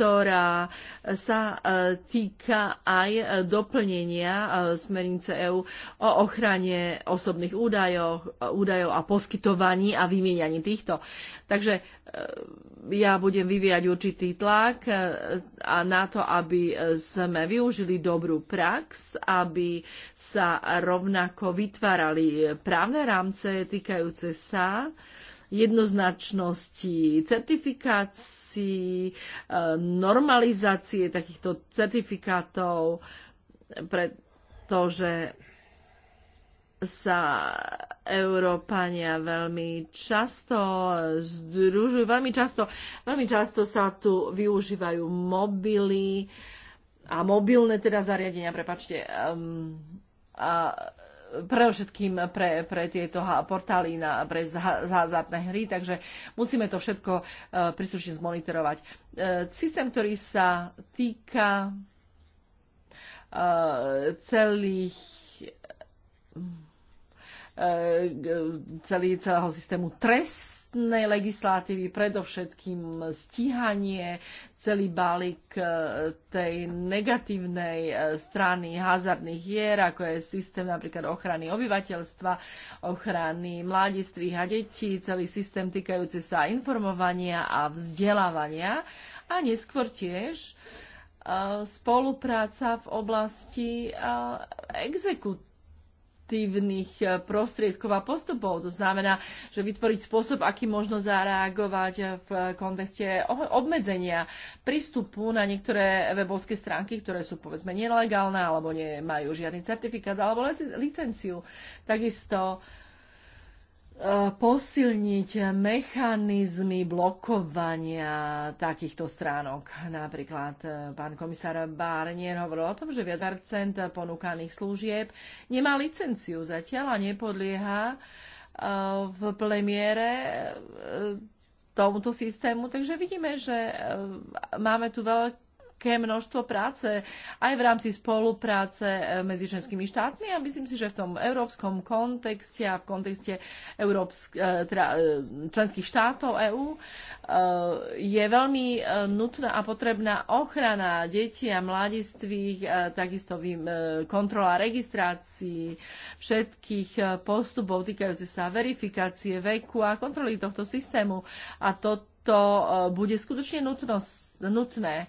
ktorá sa e, týka aj doplnenia e, smernice EÚ o ochrane osobných údajov, e, údajov a poskytovaní a vymieňaní týchto. Takže ja budem vyvíjať určitý tlak na to, aby sme využili dobrú prax, aby sa rovnako vytvárali právne rámce týkajúce sa jednoznačnosti certifikácií, eh, normalizácie takýchto certifikátov, pretože sa Európania veľmi často združujú, veľmi často, veľmi často sa tu využívajú mobily a mobilné teda zariadenia, prepačte, um, a pre všetkým pre, pre tieto portály na, pre zázadné hry, takže musíme to všetko e, príslušne zmonitorovať. E, systém, ktorý sa týka e, celých celý, celého systému trest trestnej legislatívy, predovšetkým stíhanie, celý balík e, tej negatívnej e, strany hazardných hier, ako je systém napríklad ochrany obyvateľstva, ochrany mladistvých a detí, celý systém týkajúci sa informovania a vzdelávania a neskôr tiež e, spolupráca v oblasti exekut legislatívnych eh, prostriedkov a postupov. To znamená, že vytvoriť spôsob, aký možno zareagovať eh, v kontexte obmedzenia prístupu na niektoré webovské stránky, ktoré sú povedzme nelegálne alebo nemajú žiadny certifikát alebo licenciu. Takisto posilniť mechanizmy blokovania takýchto stránok. Napríklad e, pán komisár Barnier hovoril o tom, že viac percent ponúkaných služieb nemá licenciu zatiaľ a nepodlieha e, v plemiere e, tomuto systému. Takže vidíme, že máme tu veľké veľké množstvo práce aj v rámci spolupráce e, medzi členskými štátmi a myslím si, že v tom európskom kontexte a v kontexte európsk, e, teda e, členských štátov EÚ je veľmi nutná a potrebná ochrana detí a mladistvých, takisto kontrola registrácií, všetkých postupov týkajúcich sa verifikácie veku a kontroly tohto systému. A to to bude skutočne nutnosť, nutné.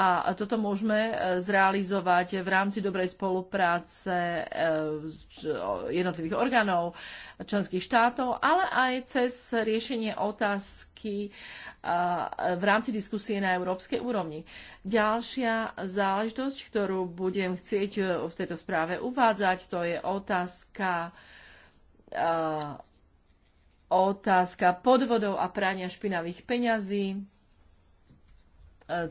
A toto môžeme e, zrealizovať v rámci dobrej spolupráce e, e, jednotlivých orgánov členských štátov, ale aj cez riešenie otázky v rámci diskusie na európskej úrovni. Ďalšia záležitosť, ktorú budem chcieť v tejto správe uvádzať, to je otázka otázka podvodov a prania špinavých peňazí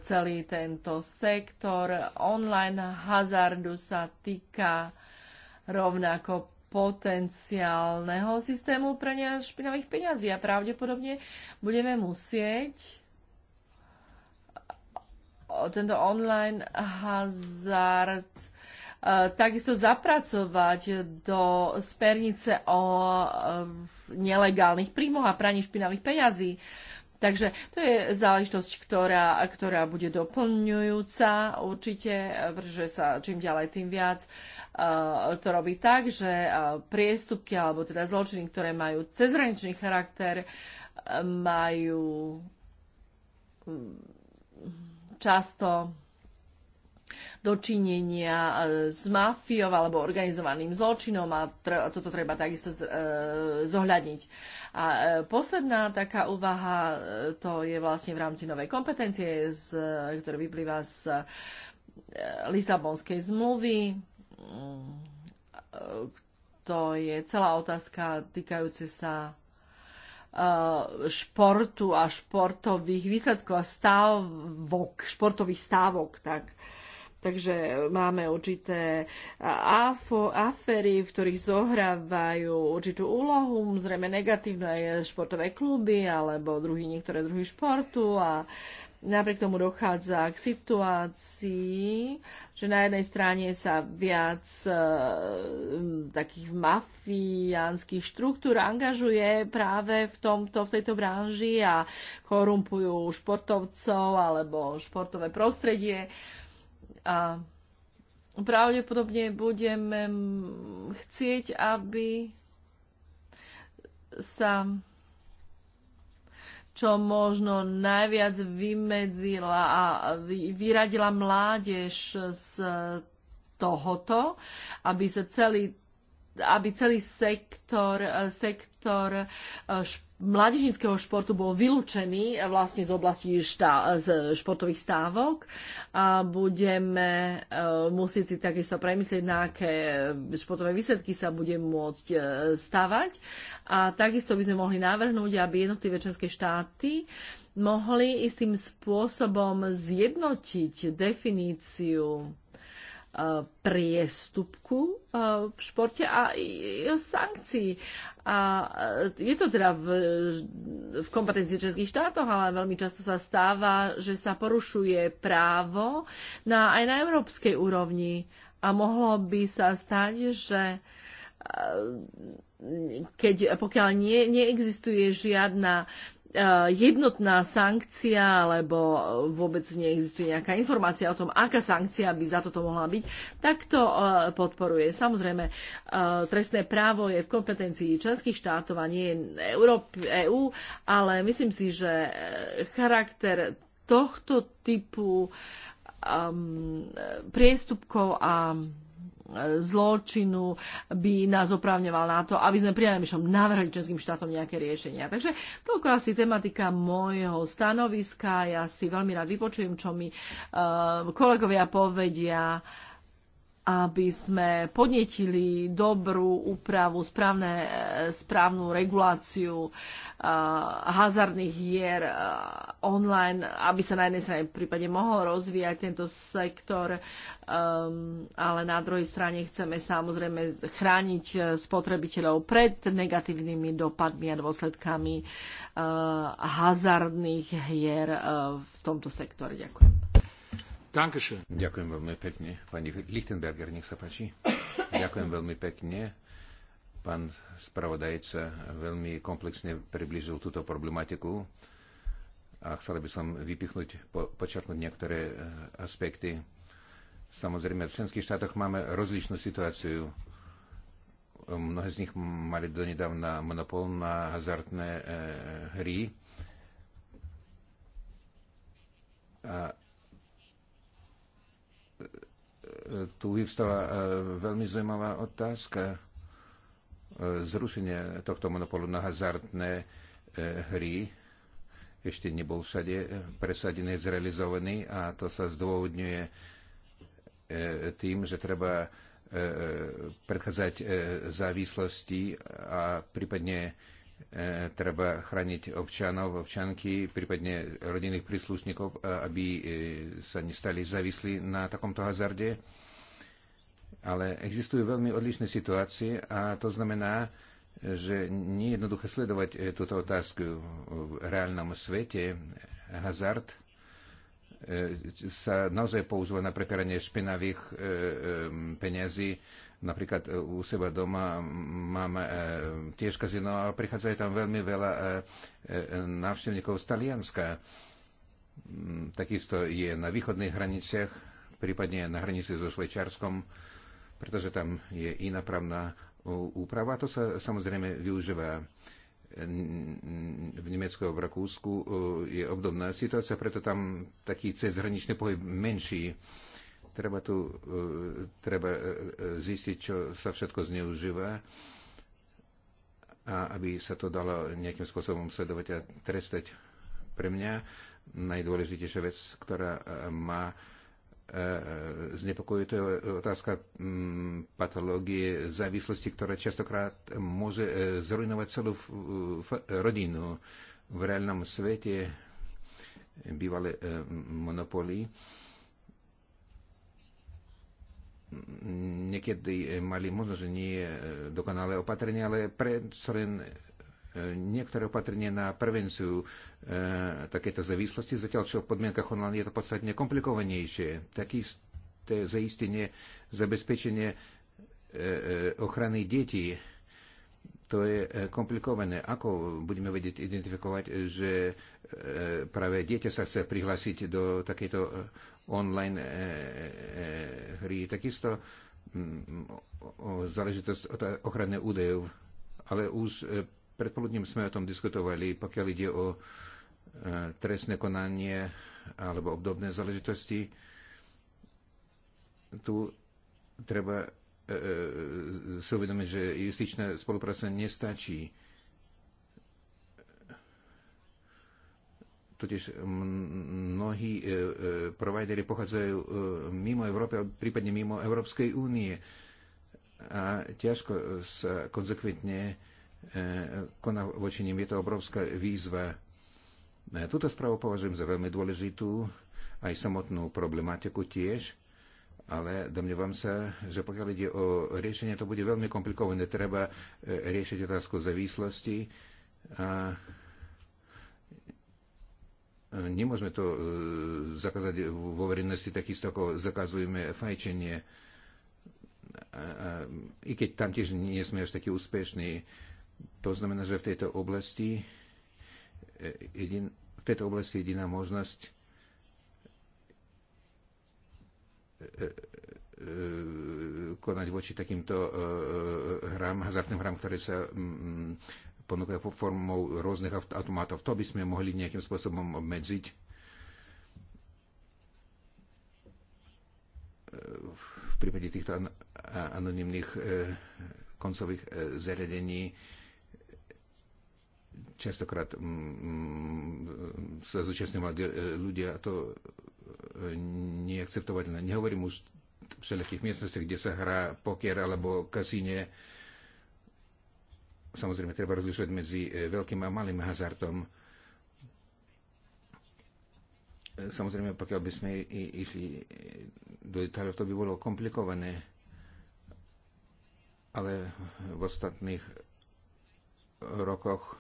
celý tento sektor online hazardu sa týka rovnako potenciálneho systému prania špinavých peňazí a pravdepodobne budeme musieť tento online hazard e, takisto zapracovať do spernice o e, nelegálnych príjmoch a praní špinavých peňazí. Takže to je záležitosť, ktorá, ktorá bude doplňujúca určite, že sa čím ďalej tým viac uh, to robí tak, že uh, priestupky alebo teda zločiny, ktoré majú cezhraničný charakter, e, majú často dočinenia e, s mafiou alebo organizovaným zločinom a, toto treba takisto e, zohľadniť. A e, posledná taká úvaha, to je vlastne v rámci novej kompetencie, ktorá ktoré vyplýva z Lisabonskej zmluvy, mm, to je celá otázka týkajúce sa športu a športových výsledkov a stávok, športových stávok, tak uh, Takže máme určité afo, afery, v ktorých zohrávajú určitú úlohu, zrejme negatívne aj športové kluby alebo druhý, niektoré druhy športu a napriek tomu dochádza k situácii, že na jednej strane sa viac e, takých mafiánskych štruktúr angažuje práve v, tomto, v tejto branži a korumpujú športovcov alebo športové prostredie. E, a pravdepodobne budeme chcieť, aby sa čo možno najviac vymedzila a vyradila mládež z tohoto, aby sa celý aby celý sektor, sektor športu mládežnického športu bol vylúčený vlastne z oblasti štá, z športových stávok a budeme e, musieť si takisto premyslieť, na aké športové výsledky sa bude môcť e, stavať. A takisto by sme mohli navrhnúť, aby jednotlivé členské štáty mohli istým spôsobom zjednotiť definíciu E, priestupku e, v športe a e, sankcií. A je to teda v, v kompetencii českých štátov, ale veľmi často sa stáva, že sa porušuje právo na, aj na európskej úrovni. A mohlo by sa stať, že keď, pokiaľ nie, neexistuje žiadna Eh, jednotná sankcia, alebo vôbec neexistuje nejaká informácia o tom, aká sankcia by za toto mohla byť, tak to eh, podporuje. Samozrejme, eh, trestné právo je v kompetencii členských štátov a nie Európy, EÚ, EU, ale myslím si, že charakter tohto typu um, priestupkov a zločinu by nás oprávňoval na to, aby sme priamešom navrhli českým štátom nejaké riešenia. Takže toľko asi tematika môjho stanoviska. Ja si veľmi rád vypočujem, čo mi uh, kolegovia povedia aby sme podnetili dobrú úpravu, správne, eh, správnu reguláciu eh, hazardných hier eh, online, aby sa na jednej strane prípade mohol rozvíjať tento sektor, ehm, ale na druhej strane chceme samozrejme chrániť spotrebiteľov pred negatívnymi dopadmi a dôsledkami hazardných hier v tomto sektore. Ďakujem. Dankeschön. Ďakujem veľmi pekne. Pani Lichtenberger, nech sa páči. Ďakujem veľmi pekne. Pán spravodajca veľmi komplexne približil túto problematiku a chcel by som vypichnúť, po, počerknúť niektoré e, aspekty. Samozrejme, v členských štátoch máme rozličnú situáciu. Mnohé z nich mali donedávna monopol na hazardné e, e hry. A tu vyvstala e, veľmi zaujímavá otázka e, zrušenie tohto monopolu na hazardné e, hry ešte nebol všade presadený, zrealizovaný a to sa zdôvodňuje tým, že treba predchádzať závislosti a prípadne E, treba chrániť občanov, občanky, prípadne rodinných príslušníkov, e, aby e, sa nestali závislí na takomto hazarde. Ale existujú veľmi odlišné situácie a to znamená, že nie je jednoduché sledovať túto otázku v reálnom svete. Hazard sa naozaj používa na prekaranie špinavých peniazí Napríklad e, u seba doma máme e, tiež kazino a prichádzajú tam veľmi veľa e, e, návštevníkov z Talianska. Mm, takisto je na východných hraniciach, prípadne na hranici so Švajčiarskom, pretože tam je iná právna úprava. To sa samozrejme využíva v Nemecku a v Rakúsku e, je obdobná situácia, preto tam taký cezhraničný pohyb menší. Treba tu e, treba e, e, zistiť, čo sa všetko zneužíva a aby sa to dalo nejakým spôsobom sledovať a trestať. Pre mňa najdôležitejšia vec, ktorá má znepokojuje, to je otázka mm, patológie závislosti, ktorá častokrát môže zrujnovať celú rodinu. V reálnom svete bývalé monopóly niekedy eh, mali možno, že nie eh, dokonalé opatrenia, ale predsa len eh, niektoré opatrenie na prevenciu e, takéto závislosti, zatiaľ čo v podmienkach online je to podstatne komplikovanejšie. Takisté zaistenie, zabezpečenie e, e, ochrany detí to je e, komplikované. Ako budeme vedieť identifikovať, že e, práve dieťa sa chce prihlásiť do takejto e, online hry? Takisto mm, záležitosť ochrany údajov. Ale už predpoludním sme o tom diskutovali, pokiaľ ide o trestné konanie alebo obdobné záležitosti. Tu treba E, e, si uvedomiť, že justičná spolupráca nestačí. Totiž mnohí e, e, provideri pochádzajú e, mimo Európy, prípadne mimo Európskej únie. A ťažko sa konzekventne e, koná voči nim. Je to obrovská výzva. E, Tuto správu považujem za veľmi dôležitú, aj samotnú problematiku tiež ale domnievam sa, že pokiaľ ide o riešenie, to bude veľmi komplikované. Treba e, riešiť otázku závislosti a e, nemôžeme to e, zakázať vo verejnosti takisto, ako zakazujeme fajčenie. I keď tam tiež nie sme až takí úspešní, to znamená, že v tejto oblasti, jedin, v tejto oblasti jediná možnosť E, e, e, konať voči takýmto hram, hazardným hram, ktoré sa mm, mm, ponúkajú formou rôznych automátov. To by sme mohli nejakým spôsobom obmedziť. V prípade týchto anonimných koncových zariadení častokrát mm, mm, sa zúčastňujú mladí e, ľudia a to e, neakceptovateľné. Nehovorím už v všelijakých miestnostiach, kde sa hrá poker alebo kasíne. Samozrejme, treba rozlišovať medzi e, veľkým a malým hazardom. Samozrejme, pokiaľ by sme išli do detaľov, to by bolo komplikované. Ale v ostatných rokoch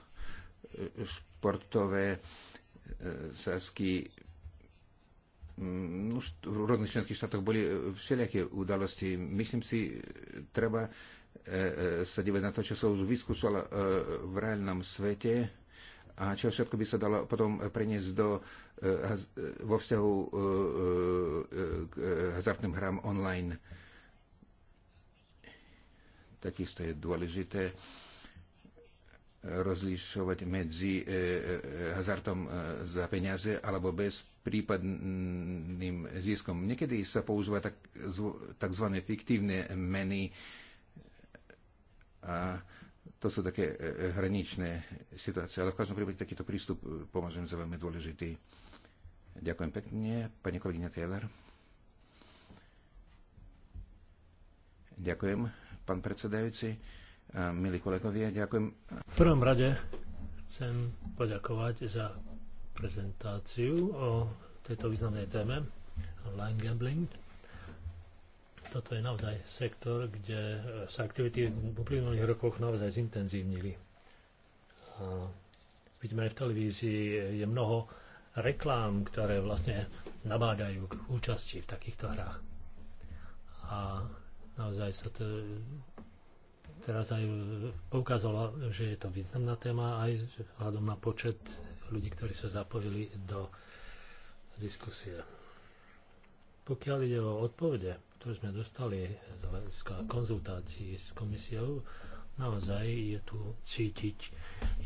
športové e, sasky no, mm, v rôznych členských štátoch boli e, všelijaké udalosti. Myslím si, treba e, sa dívať na to, čo sa už vyskúšalo v reálnom svete a čo všetko by sa dalo potom preniesť do, vo vzťahu k hazardným hrám online. Takisto je dôležité rozlišovať medzi e, e, hazardom e, za peniaze alebo bez prípadným ziskom. Niekedy sa používa tzv. fiktívne meny a to sú také hraničné situácie, ale v každom prípade takýto prístup považujem za veľmi dôležitý. Ďakujem pekne, pani kolegyňa Taylor. Ďakujem, pán predsedajúci Milí kolegovia, ďakujem. V prvom rade chcem poďakovať za prezentáciu o tejto významnej téme online gambling. Toto je naozaj sektor, kde sa aktivity v uplynulých rokoch naozaj zintenzívnili. A vidíme aj v televízii, je mnoho reklám, ktoré vlastne nabádajú k účasti v takýchto hrách. A naozaj sa to teraz aj poukázala, že je to významná téma aj vzhľadom na počet ľudí, ktorí sa zapojili do diskusie. Pokiaľ ide o odpovede, ktoré sme dostali z hľadiska konzultácií s komisiou, naozaj je tu cítiť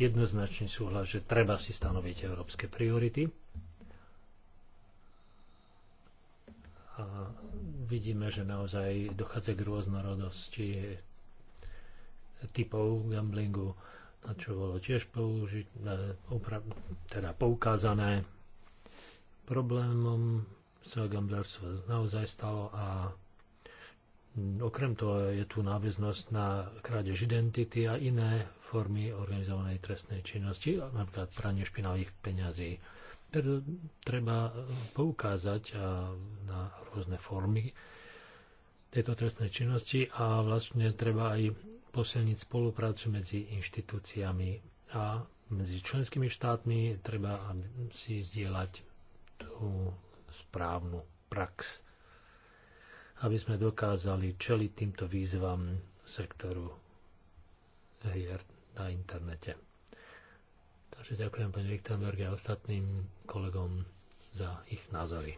jednoznačný súhlas, že treba si stanoviť európske priority. A vidíme, že naozaj dochádza k rôznorodosti typov gamblingu, na čo bolo tiež použiť, upra- e, teda poukázané. Problémom sa gamblerstvo naozaj stalo a okrem toho je tu náväznosť na krádež identity a iné formy organizovanej trestnej činnosti, napríklad pranie špinavých peňazí. Preto treba poukázať e, na rôzne formy tejto trestnej činnosti a vlastne treba aj posilniť spoluprácu medzi inštitúciami a medzi členskými štátmi treba si zdieľať tú správnu prax, aby sme dokázali čeliť týmto výzvam sektoru hier na internete. Takže ďakujem pani Lichtenberg a ostatným kolegom za ich názory.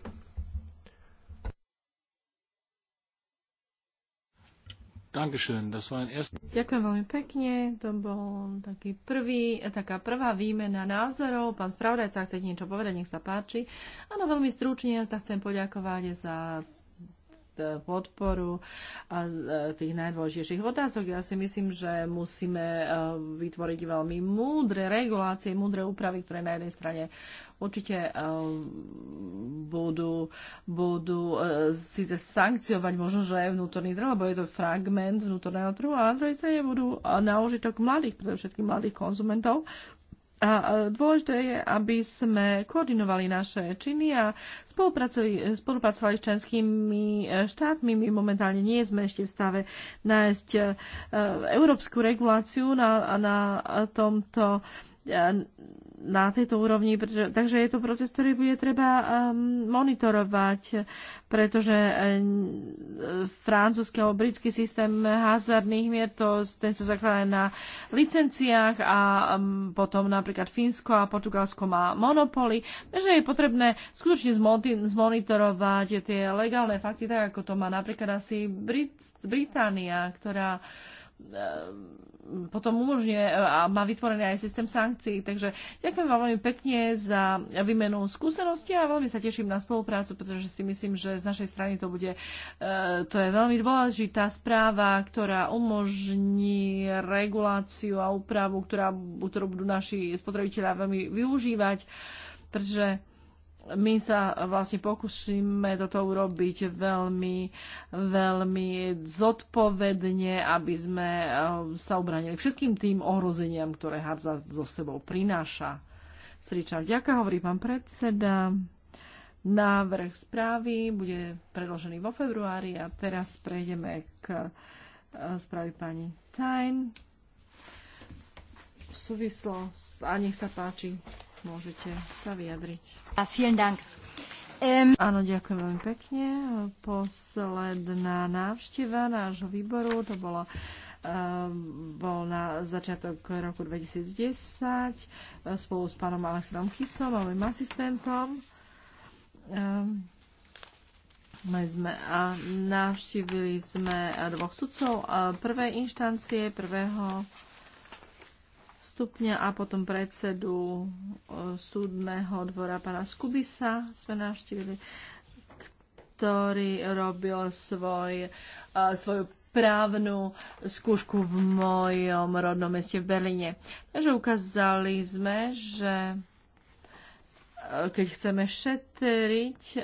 Dankeschön, das war ein erst... Ďakujem veľmi pekne, to bol taký prvý, taká prvá výmena názorov. Pán spravodajca, chcete niečo povedať, nech sa páči. Áno, veľmi stručne ja sa chcem poďakovať za podporu a e, tých najdôležitejších otázok. Ja si myslím, že musíme e, vytvoriť veľmi múdre regulácie, múdre úpravy, ktoré na jednej strane určite e, budú, budú si sankciovať možno, že vnútorný trh, lebo je to fragment vnútorného trhu, a na druhej strane budú na užitok mladých, predovšetkým mladých konzumentov, a dôležité je, aby sme koordinovali naše činy a spolupracovali, s členskými e, štátmi. My momentálne nie sme ešte v stave nájsť e, európsku reguláciu na, na tomto e, na tejto úrovni, pretože, takže je to proces, ktorý bude treba um, monitorovať, pretože um, francúzsky alebo britský systém hazardných mier, to, ten sa zakladá na licenciách a um, potom napríklad Fínsko a Portugalsko má monopoly, takže je potrebné skutočne zmonitorovať tie legálne fakty, tak ako to má napríklad asi Brit- Británia, ktorá E, potom umožňuje e, a má vytvorený aj systém sankcií. Takže ďakujem vám veľmi pekne za výmenu skúsenosti a veľmi sa teším na spoluprácu, pretože si myslím, že z našej strany to bude, e, to je veľmi dôležitá správa, ktorá umožní reguláciu a úpravu, ktorá, ktorú budú naši spotrebitelia veľmi využívať, pretože my sa vlastne pokúsime do toho urobiť veľmi, veľmi zodpovedne, aby sme eh, sa obranili všetkým tým ohrozeniam, ktoré hádza so sebou prináša. Sričar, ďaká, hovorí pán predseda. Návrh správy bude predložený vo februári a teraz prejdeme k eh, správy pani Tajn. V súvislosti, a nech sa páči môžete sa vyjadriť. A vielen Dank. Um... Áno, ďakujem veľmi pekne. Posledná návšteva nášho výboru, to bola bol na začiatok roku 2010 eh, spolu s pánom Alexandrom Chysom a mojim asistentom. My sme a navštívili sme dvoch sudcov eh, prvej inštancie, prvého stupňa a potom predsedu e, súdneho dvora pána Skubisa sme navštívili, ktorý robil svoj, e, svoju právnu skúšku v mojom rodnom meste v Berlíne. Takže ukázali sme, že e, keď chceme šetriť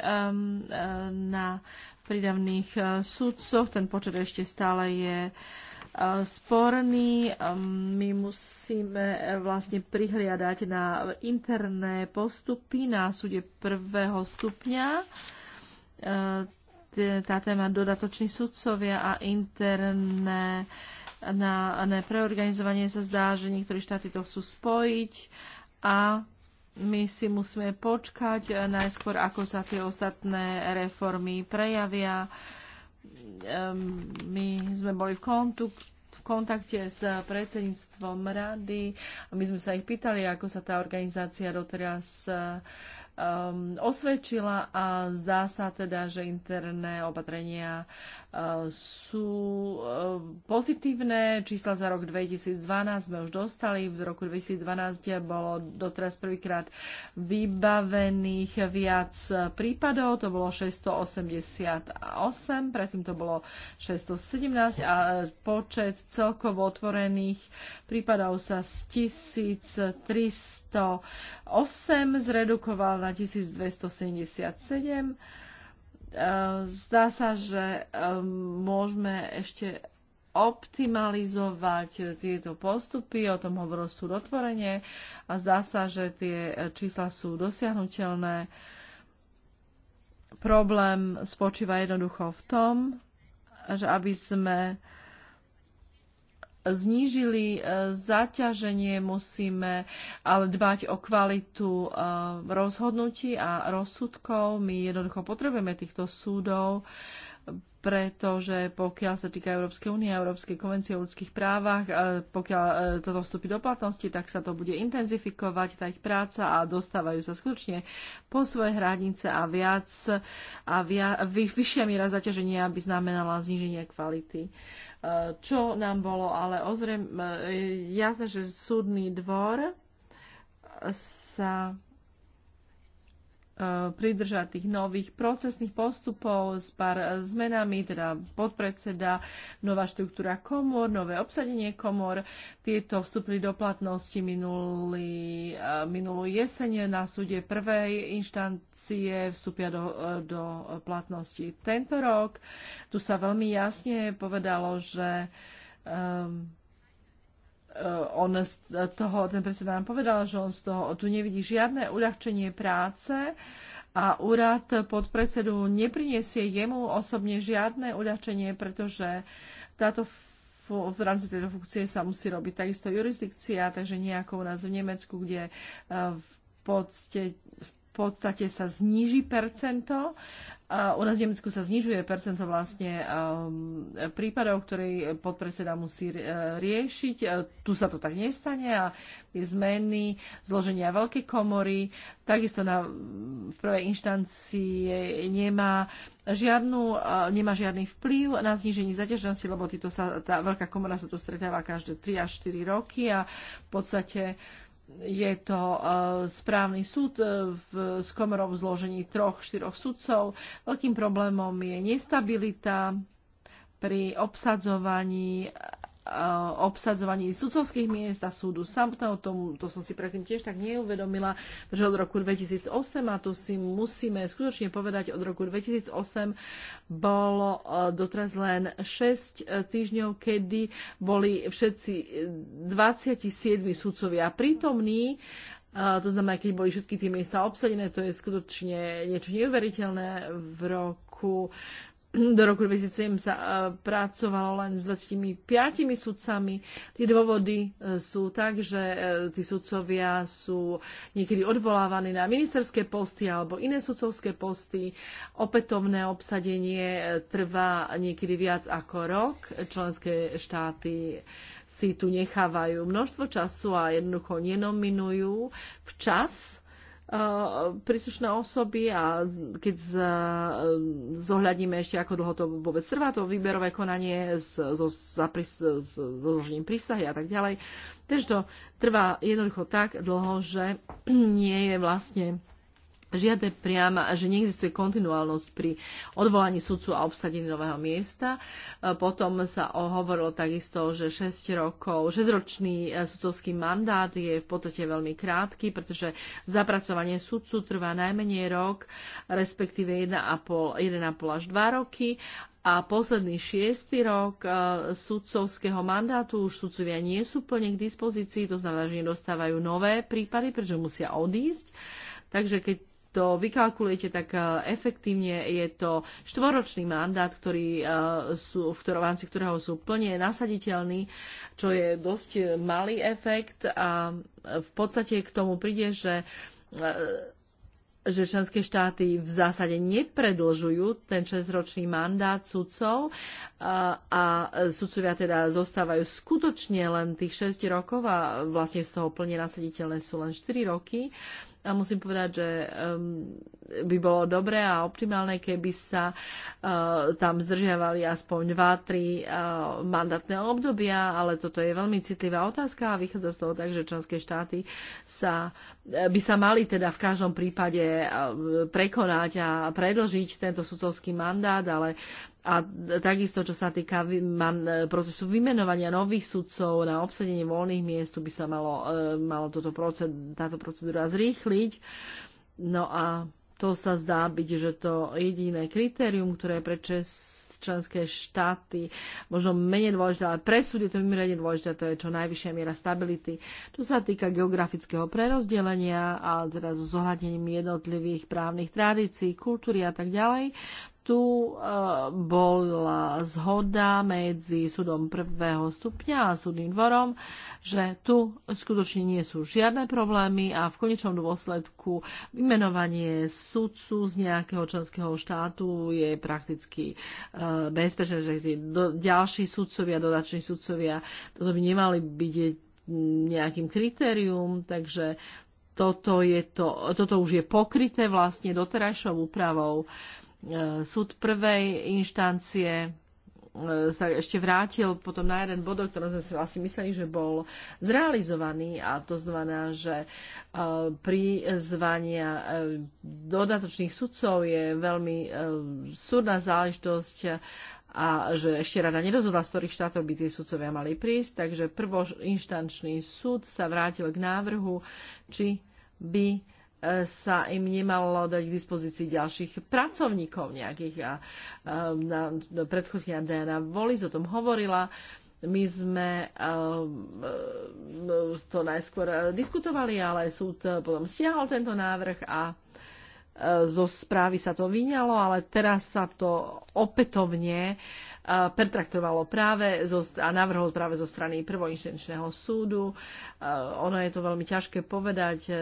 na prídavných sudcoch, ten počet ešte stále je Eh, sporný. Eh, my musíme eh, vlastne prihliadať na interné postupy na súde prvého stupňa. Tá téma dodatoční sudcovia a interné na, na preorganizovanie sa zdá, že niektorí štáty to chcú spojiť a my si musíme počkať najskôr, ako sa tie ostatné reformy prejavia Ehm, my sme boli v, kontu, v kontakte s predsedníctvom rady a my sme sa ich pýtali, ako sa tá organizácia doteraz um, osvedčila a zdá sa teda, že interné opatrenia uh, sú uh, pozitívne. Čísla za rok 2012 sme už dostali. V roku 2012 bolo doteraz prvýkrát vybavených viac prípadov. To bolo 688, predtým to bolo 617 a počet celkovo otvorených prípadov sa z 1308 zredukoval na 1277. E, zdá sa, že e, môžeme ešte optimalizovať tieto postupy, o tom hovoril súd otvorene a zdá sa, že tie čísla sú dosiahnutelné. Problém spočíva jednoducho v tom, že aby sme znížili e, zaťaženie, musíme ale dbať o kvalitu e, rozhodnutí a rozsudkov. My jednoducho potrebujeme týchto súdov, pretože pokiaľ sa týka Európskej únie a Európskej konvencie o ľudských právach, e, pokiaľ toto vstúpi do platnosti, tak sa to bude intenzifikovať, tá ich práca a dostávajú sa skutočne po svoje hranice a viac a viac vyššia miera zaťaženia by znamenala zníženie kvality čo nám bolo, ale ozrejme, jasné, že súdny dvor sa pridržatých nových procesných postupov s pár zmenami, teda podpredseda, nová štruktúra komor, nové obsadenie komor. Tieto vstúpili do platnosti minulý, e, minulú jeseň na súde prvej inštancie, vstúpia do, e, do platnosti tento rok. Tu sa veľmi jasne povedalo, že um, Eh, on z toho, ten predseda nám povedal, že on z toho tu nevidí žiadne uľahčenie práce a úrad podpredsedu nepriniesie jemu osobne žiadne uľahčenie, pretože táto v rámci tejto funkcie sa musí robiť takisto jurisdikcia, takže nejako u nás v Nemecku, kde eh, v podstate, v podstate sa zníži percento u nás v Nemecku sa znižuje percento vlastne um, prípadov, ktorý podpredseda musí e, riešiť. E, tu sa to tak nestane a je zmeny zloženia veľkej komory. Takisto na, v prvej inštancii nemá žiadnu, e, nemá žiadny vplyv na zníženie zaťažnosti, lebo sa, tá veľká komora sa tu stretáva každé 3 až 4 roky a v podstate uh, je to e, správny súd e, v, skomerov v zložení troch, štyroch sudcov. Veľkým problémom je nestabilita pri obsadzovaní Eh, obsadzovaní sudcovských miest a súdu samotného. Tomu, to som si predtým tiež tak neuvedomila, že od roku 2008, a tu si musíme skutočne povedať, od roku 2008 bolo eh, doteraz len 6 eh, týždňov, kedy boli všetci 27 sudcovia prítomní. To znamená, keď boli všetky tie miesta obsadené, to je skutočne niečo neuveriteľné v roku do roku 2007 sa e, pracovalo len s 25 sudcami. Tie dôvody e, sú tak, že e, tí sudcovia sú niekedy odvolávaní na ministerské posty alebo iné sudcovské posty. Opätovné obsadenie trvá niekedy viac ako rok. Členské štáty si tu nechávajú množstvo času a jednoducho nenominujú včas Eh, príslušné osoby a keď eh, zohľadíme ešte, ako dlho to vôbec trvá, to výberové konanie so zložením prísahy a tak ďalej. Takže to trvá jednoducho tak dlho, že nie je vlastne žiadne priama, že neexistuje kontinuálnosť pri odvolaní sudcu a obsadení nového miesta. E, potom sa hovorilo takisto, že 6 rokov, 6-ročný e, sudcovský mandát je v podstate veľmi krátky, pretože zapracovanie sudcu trvá najmenej rok, respektíve 1,5, 1,5 až 2 roky a posledný šiestý rok e, sudcovského mandátu už sudcovia nie sú plne k dispozícii, to znamená, že nedostávajú nové prípady, pretože musia odísť. Takže keď to vykalkulujete, tak e, efektívne je to štvoročný mandát, ktorý e, sú, v, rámci ktorého sú plne nasaditeľní, čo je dosť malý efekt a v podstate k tomu príde, že e, že členské štáty v zásade nepredlžujú ten 6 mandát sudcov a, a sudcovia teda zostávajú skutočne len tých 6 rokov a vlastne z toho plne nasaditeľné sú len 4 roky. Uh, a musím povedať, že um, by bolo dobré a optimálne, keby sa uh, tam zdržiavali aspoň 2-3 uh, mandátne obdobia, ale toto je veľmi citlivá otázka a vychádza z toho tak, že členské štáty sa, eh, by sa mali teda v každom prípade eh, prekonať a predlžiť tento sudcovský mandát, ale a takisto, čo sa týka e, procesu vymenovania nových sudcov na obsadenie voľných miest, by sa malo, e, malo toto proced, táto procedúra zrýchliť. No a to sa zdá byť, že to jediné kritérium, ktoré pre Čes, členské štáty možno menej dôležité, ale pre súd je to mimoriadne dôležité, to je čo najvyššia miera stability. Čo sa týka geografického prerozdelenia a teda so zohľadnením jednotlivých právnych tradícií, kultúry a tak ďalej, tu eh, bola zhoda medzi súdom prvého stupňa a súdnym dvorom, že tu skutočne nie sú žiadne problémy a v konečnom dôsledku vymenovanie sudcu z nejakého členského štátu je prakticky eh, bezpečné, že tí do, ďalší sudcovia, dodační sudcovia, toto by nemali byť eh, nejakým kritérium, takže toto, je to, toto už je pokryté vlastne doterajšou úpravou. E, súd prvej inštancie e, sa ešte vrátil potom na jeden bod, o ktorom sme si vlastne mysleli, že bol zrealizovaný a to znamená, že e, prizvania dodatočných sudcov je veľmi súdna záležitosť a že ešte rada nerozhodla, z ktorých štátov by tie sudcovia mali prísť, takže prvoinštančný súd sa vrátil k návrhu, či by sa im nemalo dať k dispozícii ďalších pracovníkov nejakých. A, um, na, na predchodkynia Diana Wallis o tom hovorila. My sme um, to najskôr uh, diskutovali, ale súd uh, potom stiahol tento návrh a uh, zo správy sa to vyňalo, ale teraz sa to opätovne uh, pertraktovalo práve zo, a navrhol práve zo strany prvoinštenčného súdu. Ono je to veľmi ťažké povedať. E, e,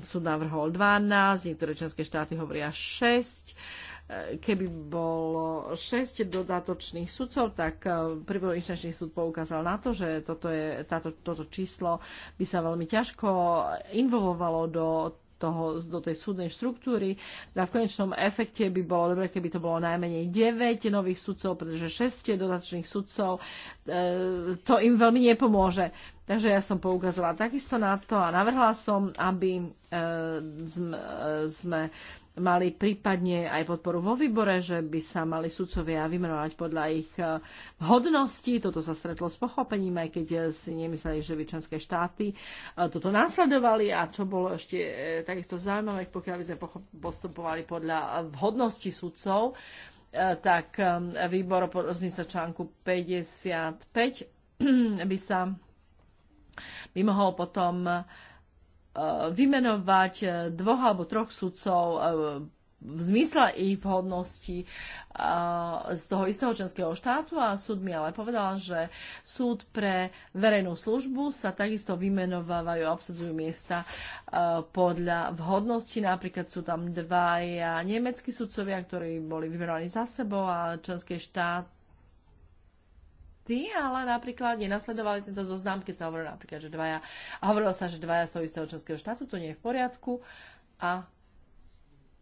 súd navrhol 12, niektoré členské štáty hovoria 6. E, keby bolo 6 dodatočných sudcov, tak prvoinštenčný súd poukázal na to, že toto, je, táto, toto číslo by sa veľmi ťažko involvovalo do toho, do tej súdnej štruktúry. A v konečnom efekte by bolo dobre, keby to bolo najmenej 9 nových sudcov, pretože 6 dodatočných sudcov e, to im veľmi nepomôže. Takže ja som poukazala takisto na to a navrhla som, aby e, e, sme, sme mali prípadne aj podporu vo výbore, že by sa mali sudcovia vymenovať podľa ich eh, hodnosti. Toto sa stretlo s pochopením, aj keď eh, si nemysleli, že by členské štáty eh, toto následovali. A čo bolo ešte takisto zaujímavé, pokiaľ by sme postupovali podľa hodnosti sudcov, tak výbor podľa sa článku 55 by sa by mohol potom Eh, vymenovať eh, dvoch alebo troch sudcov eh, v zmysle ich vhodnosti z toho istého členského štátu a súd mi ale povedal, že súd pre verejnú službu sa takisto vymenovávajú a obsadzujú miesta podľa vhodnosti. Napríklad sú tam dva nemeckí sudcovia, ktorí boli vymenovaní za sebou a členské štát vždy, ale napríklad nenasledovali tento zoznam, keď sa hovorilo napríklad, že dvaja, a hovorilo sa, že dvaja z toho istého členského štátu, to nie je v poriadku a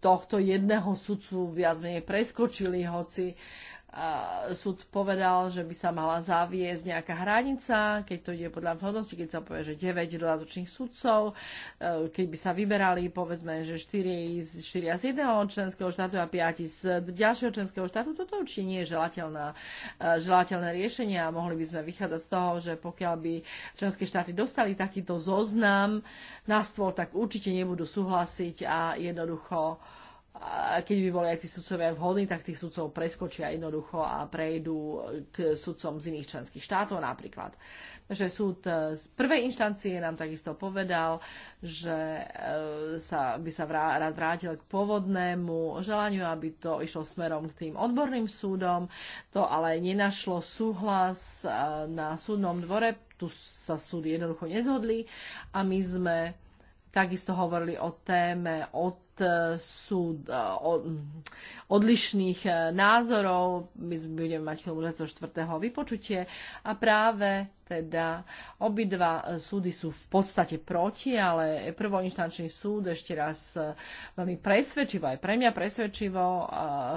tohto jedného sudcu viac menej preskočili, hoci súd povedal, že by sa mala zaviesť nejaká hranica, keď to ide podľa vhodnosti, keď sa povie, že 9 dodatočných sudcov, e, keď by sa vyberali, povedzme, že 4, 4 z jedného členského štátu a 5 z ďalšieho členského štátu, toto určite nie je želateľná, e, želateľné riešenie a mohli by sme vychádzať z toho, že pokiaľ by členské štáty dostali takýto zoznam na stôl, tak určite nebudú súhlasiť a jednoducho uh, keď by boli aj tí sudcovia vhodní, tak tých sudcov preskočia jednoducho a prejdú k sudcom z iných členských štátov napríklad. Takže súd e, z prvej inštancie nám takisto povedal, že e, sa, by sa vrá, rád vrátil k pôvodnému želaniu, aby to išlo smerom k tým odborným súdom. To ale nenašlo súhlas e, na súdnom dvore, tu sa súdy jednoducho nezhodli a my sme takisto hovorili o téme, o E, sú e, odlišných e, názorov. My budeme mať chvíľu zo štvrtého vypočutie a práve teda obidva súdy sú v podstate proti, ale prvoinštančný súd ešte raz veľmi presvedčivo, aj pre mňa presvedčivo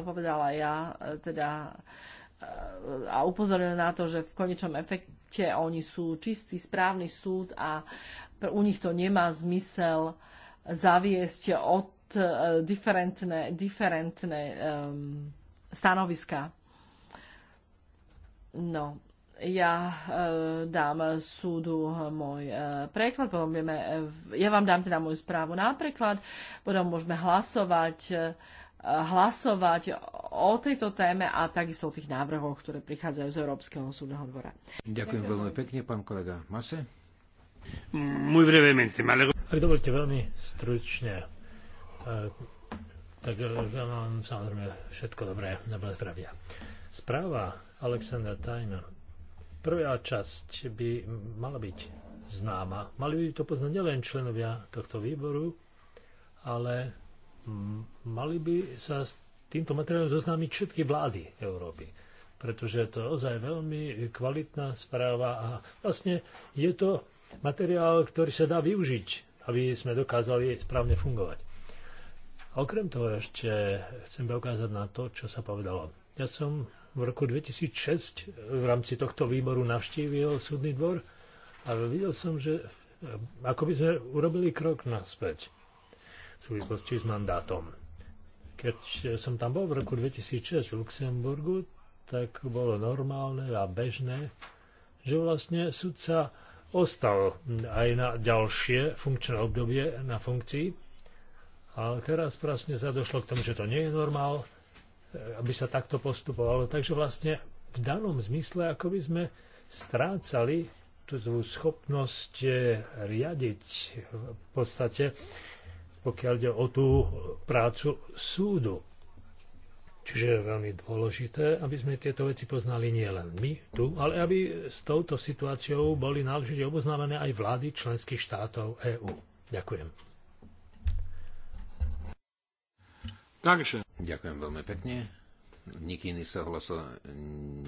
povedala ja teda a upozorňujú na to, že v konečnom efekte oni sú čistý správny súd a u nich to nemá zmysel zaviesť od E, diferentné, diferentné um, stanoviska. No, ja uh, dám súdu môj uh, preklad, potom vieme, ja vám dám teda moju správu na preklad, potom môžeme hlasovať, uh, hlasovať o tejto téme a takisto o tých návrhoch, ktoré prichádzajú z Európskeho súdneho dvora. Ďakujem, Ďakujem veľmi pekne, pán kolega Mase. Môj brevemente, ale... Dovolte veľmi stručne E, tak želám samozrejme všetko dobré, dobré zdravia. Správa Alexandra Tajna. Prvá časť by mala byť známa. Mali by to poznať nielen členovia tohto výboru, ale mali by sa s týmto materiálom zoznámiť všetky vlády Európy. Pretože to je ozaj veľmi kvalitná správa a vlastne je to materiál, ktorý sa dá využiť, aby sme dokázali správne fungovať. Okrem toho ešte chcem ukázať na to, čo sa povedalo. Ja som v roku 2006 v rámci tohto výboru navštívil súdny dvor a videl som, že e, ako by sme urobili krok naspäť v súvislosti s mandátom. Keď som tam bol v roku 2006 v Luxemburgu, tak bolo normálne a bežné, že vlastne súdca ostal aj na ďalšie funkčné obdobie na funkcii a teraz vlastne sa došlo k tomu, že to nie je normál, e, aby sa takto postupovalo. Takže vlastne v danom zmysle, ako by sme strácali tú schopnosť e, riadiť v podstate, pokiaľ ide o tú prácu súdu. Čiže je veľmi dôležité, aby sme tieto veci poznali nielen my tu, ale aby s touto situáciou boli náležite oboznámené aj vlády členských štátov EÚ. Ďakujem. Takže. Ďakujem veľmi pekne. Nik iný sa hlaso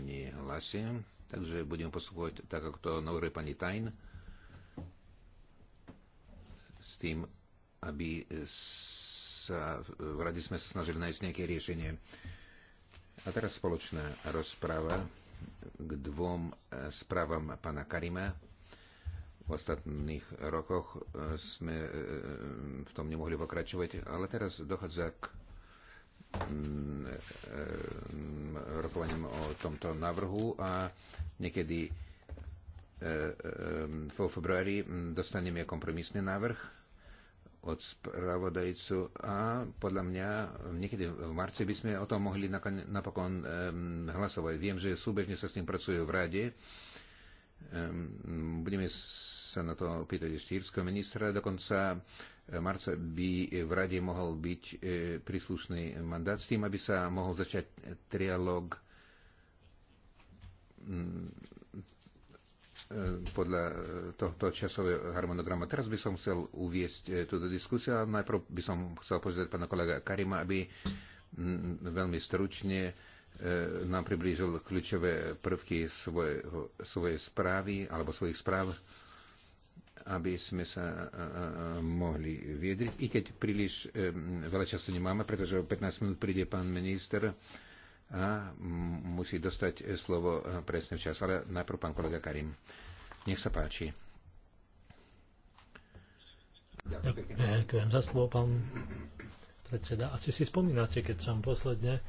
nehlási, takže budem postupovať tak, ako to navrhuje pani Tajn, s tým, aby sa v rade sme sa snažili nájsť nejaké riešenie. A teraz spoločná rozpráva k dvom e, správam pana Karima. V ostatných rokoch e, sme e, v tom nemohli pokračovať, ale teraz dochádza k rokovaním o tomto návrhu a niekedy e, e, vo februári dostaneme kompromisný návrh od spravodajcu a podľa mňa niekedy v marci by sme o tom mohli napokon e, hlasovať. Viem, že súbežne sa s tým pracujú v rade. Budeme sa na to pýtať ešte írskeho ministra. Dokonca marca by v rade mohol byť e, príslušný mandát s tým, aby sa mohol začať trialog mm, e, podľa e, tohto časového harmonogramu. Teraz by som chcel uviesť túto diskusiu a najprv by som chcel požiadať pána kolega Karima, aby mm, veľmi stručne nám priblížil kľúčové prvky svojej, svojej správy alebo svojich správ aby sme sa e, e, e, mohli viedriť, i keď príliš veľa času nemáme, pretože o 15 minút príde pán minister a musí dostať slovo presne včas. Ale najprv pán kolega Karim. Nech sa páči. Ďakujem za slovo, pán predseda. Asi si spomínate, keď som posledne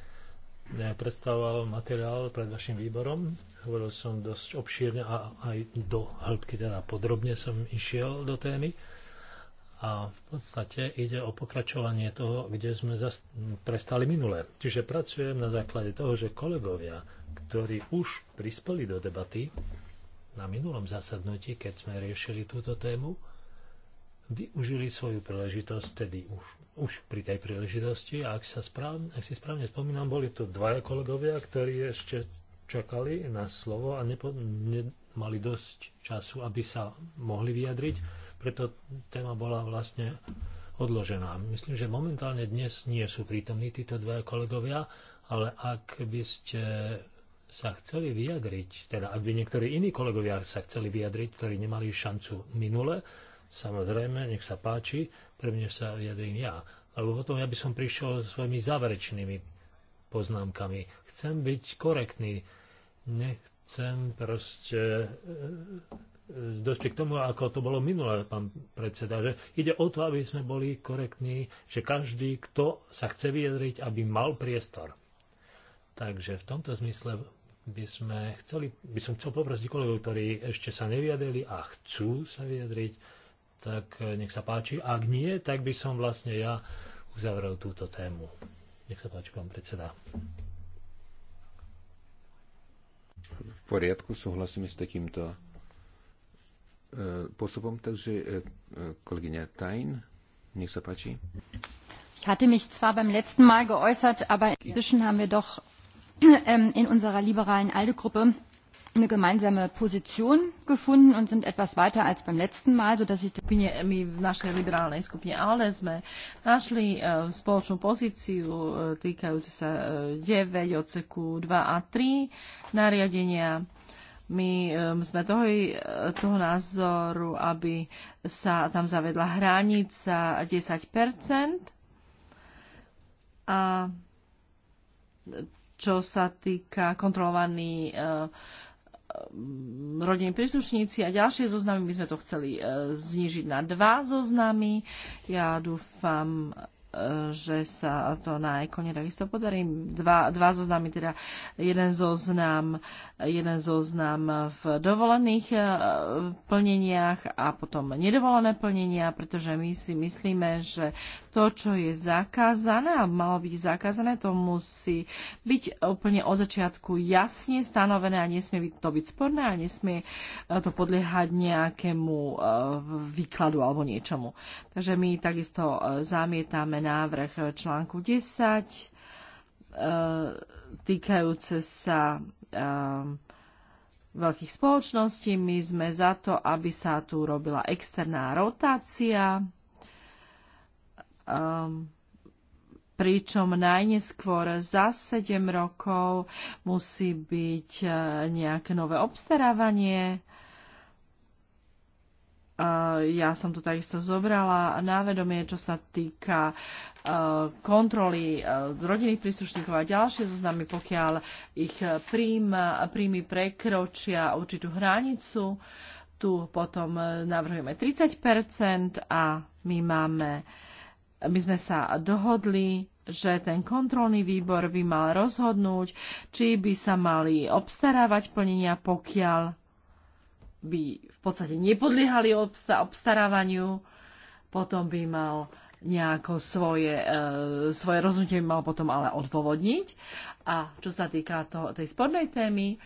predstavoval materiál pred vašim výborom. Hovoril som dosť obšírne a aj do hĺbky, teda podrobne som išiel do témy. A v podstate ide o pokračovanie toho, kde sme prestali minule. Čiže pracujem na základe toho, že kolegovia, ktorí už prispeli do debaty na minulom zasadnutí, keď sme riešili túto tému, využili svoju príležitosť, tedy už už pri tej príležitosti, a ak, sa správne, ak si správne spomínam, boli tu dvaja kolegovia, ktorí ešte čakali na slovo a nepo, nemali dosť času, aby sa mohli vyjadriť, preto téma bola vlastne odložená. Myslím, že momentálne dnes nie sú prítomní títo dvaja kolegovia, ale ak by ste sa chceli vyjadriť, teda ak by niektorí iní kolegovia sa chceli vyjadriť, ktorí nemali šancu minule, samozrejme, nech sa páči, pre mňa sa vyjadrím ja. Alebo potom ja by som prišiel svojimi záverečnými poznámkami. Chcem byť korektný. Nechcem proste e, e, dospieť k tomu, ako to bolo minulé, pán predseda, že ide o to, aby sme boli korektní, že každý, kto sa chce vyjadriť, aby mal priestor. Takže v tomto zmysle by, sme chceli, by som chcel poprosiť kolegov, ktorí ešte sa nevyjadrili a chcú sa vyjadriť, tak eh, nech sa páči. Ak nie, tak by som vlastne ja uzavrel túto tému. Nech sa páči, pán predseda. V poriadku, súhlasím s takýmto eh, postupom, takže eh, kolegyňa Tajn, nech sa páči. Ich hatte mich zwar beim letzten Mal geäußert, aber inzwischen haben wir doch ähm, in unserer liberalen ALDE-Gruppe eine gemeinsame Position gefunden und sind etwas weiter als beim letzten Mal, sodass ich... My v našej liberálnej skupine ALDE sme našli uh, spoločnú pozíciu uh, e, týkajúce sa uh, e, 9 odseku 2 a 3 nariadenia. My um, sme toho, toho názoru, aby sa tam zavedla hranica 10 a čo sa týka kontrolovaných uh, rodinní príslušníci a ďalšie zoznamy. My sme to chceli e, znižiť na dva zoznamy. Ja dúfam, že sa to na ikone takisto podarí. Dva, dva zoznamy, teda jeden zoznam, jeden zoznam v dovolených e, plneniach a potom nedovolené plnenia, pretože my si myslíme, že to, čo je zakázané a malo byť zakázané, to musí byť úplne od začiatku jasne stanovené a nesmie to byť sporné a nesmie e, to podliehať nejakému e, výkladu alebo niečomu. Takže my takisto zamietame návrh článku 10 e, týkajúce sa e, veľkých spoločností. My sme za to, aby sa tu robila externá rotácia, e, pričom najneskôr za 7 rokov musí byť nejaké nové obstarávanie Eh, ja som to takisto zobrala na vedomie, čo sa týka eh, kontroly eh, rodinných príslušníkov a ďalšie zoznamy, pokiaľ ich príjmy prekročia určitú hranicu. Tu potom navrhujeme 30 a my máme my sme sa dohodli, že ten kontrolný výbor by mal rozhodnúť, či by sa mali obstarávať plnenia, pokiaľ by podstate nepodliehali obsta- obstarávaniu, potom by mal nejako svoje, e, svoje rozhodnutie by mal potom ale odpovodniť. A čo sa týka to, tej spornej témy,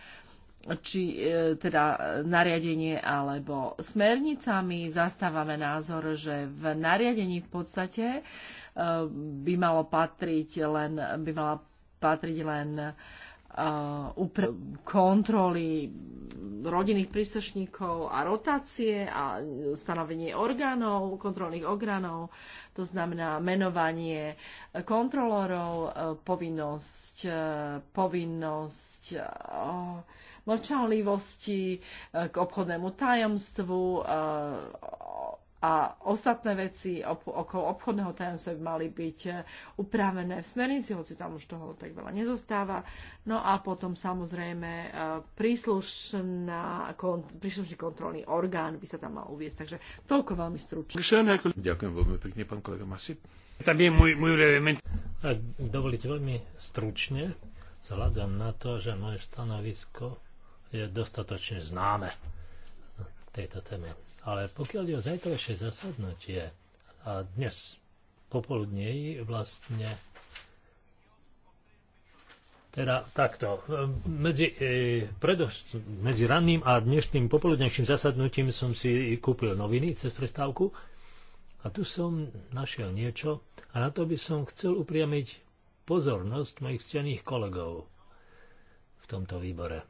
či e, teda nariadenie alebo smernicami, zastávame názor, že v nariadení v podstate e, by malo patriť len, by mala patriť len e, Uh, kontroly rodinných príslušníkov a rotácie a stanovenie orgánov, kontrolných orgánov, to znamená menovanie kontrolorov, uh, povinnosť, uh, povinnosť mlčanlivosti k obchodnému tajomstvu, a ostatné veci ob, okolo obchodného tajomstva by mali byť eh, upravené v smernici, hoci tam už toho tak veľa nezostáva. No a potom samozrejme eh, príslušná, kon, príslušný kontrolný orgán by sa tam mal uviezť. Takže toľko veľmi stručne. Ďakujem veľmi pekne, pán kolega Masip. Tam je môj, môj element. Dovolite veľmi stručne, vzhľadom na to, že moje stanovisko je dostatočne známe tejto téme. Ale pokiaľ je o zajtrajšie zasadnutie a dnes popoludne vlastne teda takto. Medzi, e, medzi ranným a dnešným popoludnejším zasadnutím som si kúpil noviny cez prestávku a tu som našiel niečo a na to by som chcel upriamiť pozornosť mojich ctených kolegov v tomto výbore.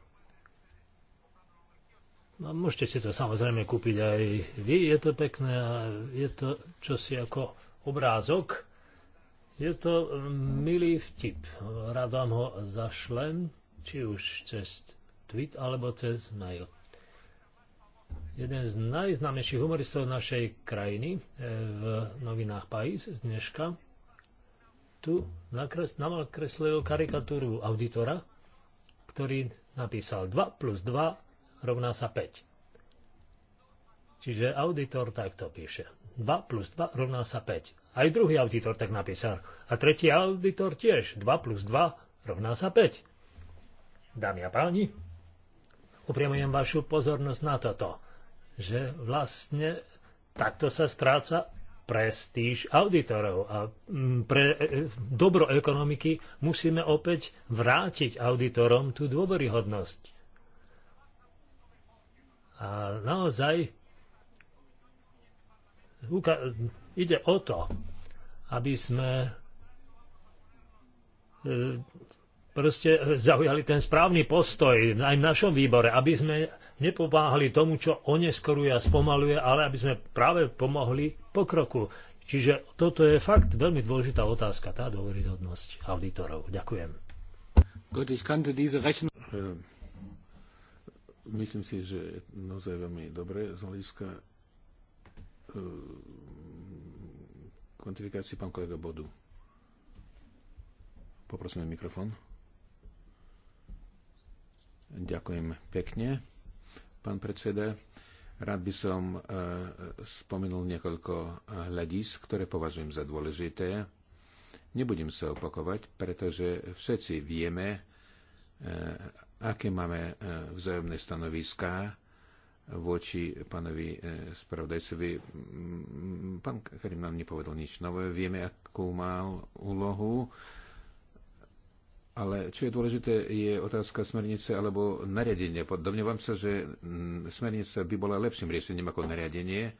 No, môžete si to samozrejme kúpiť aj vy, je to pekné a je to čosi ako obrázok. Je to mm, milý vtip. Rád vám ho zašlem, či už cez tweet alebo cez mail. Jeden z najznámejších humoristov našej krajiny e, v novinách Pais z dneška tu nakres, namal kreslil karikatúru auditora, ktorý napísal 2 plus 2 rovná sa 5. Čiže auditor takto píše. 2 plus 2 rovná sa 5. Aj druhý auditor tak napísal. A tretí auditor tiež. 2 plus 2 rovná sa 5. Dámy a páni, upriamujem vašu pozornosť na toto, že vlastne takto sa stráca prestíž auditorov a mm, pre e, e, dobro ekonomiky musíme opäť vrátiť auditorom tú dôveryhodnosť a naozaj ide o to, aby sme e, proste zaujali ten správny postoj aj v našom výbore, aby sme nepomáhali tomu, čo oneskoruje a spomaluje, ale aby sme práve pomohli pokroku. Čiže toto je fakt veľmi dôležitá otázka, tá dôveryhodnosť auditorov. Ďakujem. Gut, ich kannte diese Rechnung. Myslím si, že naozaj veľmi dobré z hľadiska e, kvantifikácie pán kolega Bodu. Poprosím mikrofón. Ďakujem pekne. Pán predseda, rád by som e, spomenul niekoľko hľadísk, ktoré považujem za dôležité. Nebudem sa opakovať, pretože všetci vieme, e, aké máme e, vzájomné stanoviská voči pánovi e, spravodajcovi. Pán Karim nám nepovedal nič nové, vieme, akú mal úlohu, ale čo je dôležité, je otázka smernice alebo nariadenia. Domnievam sa, že smernica by bola lepším riešením ako nariadenie.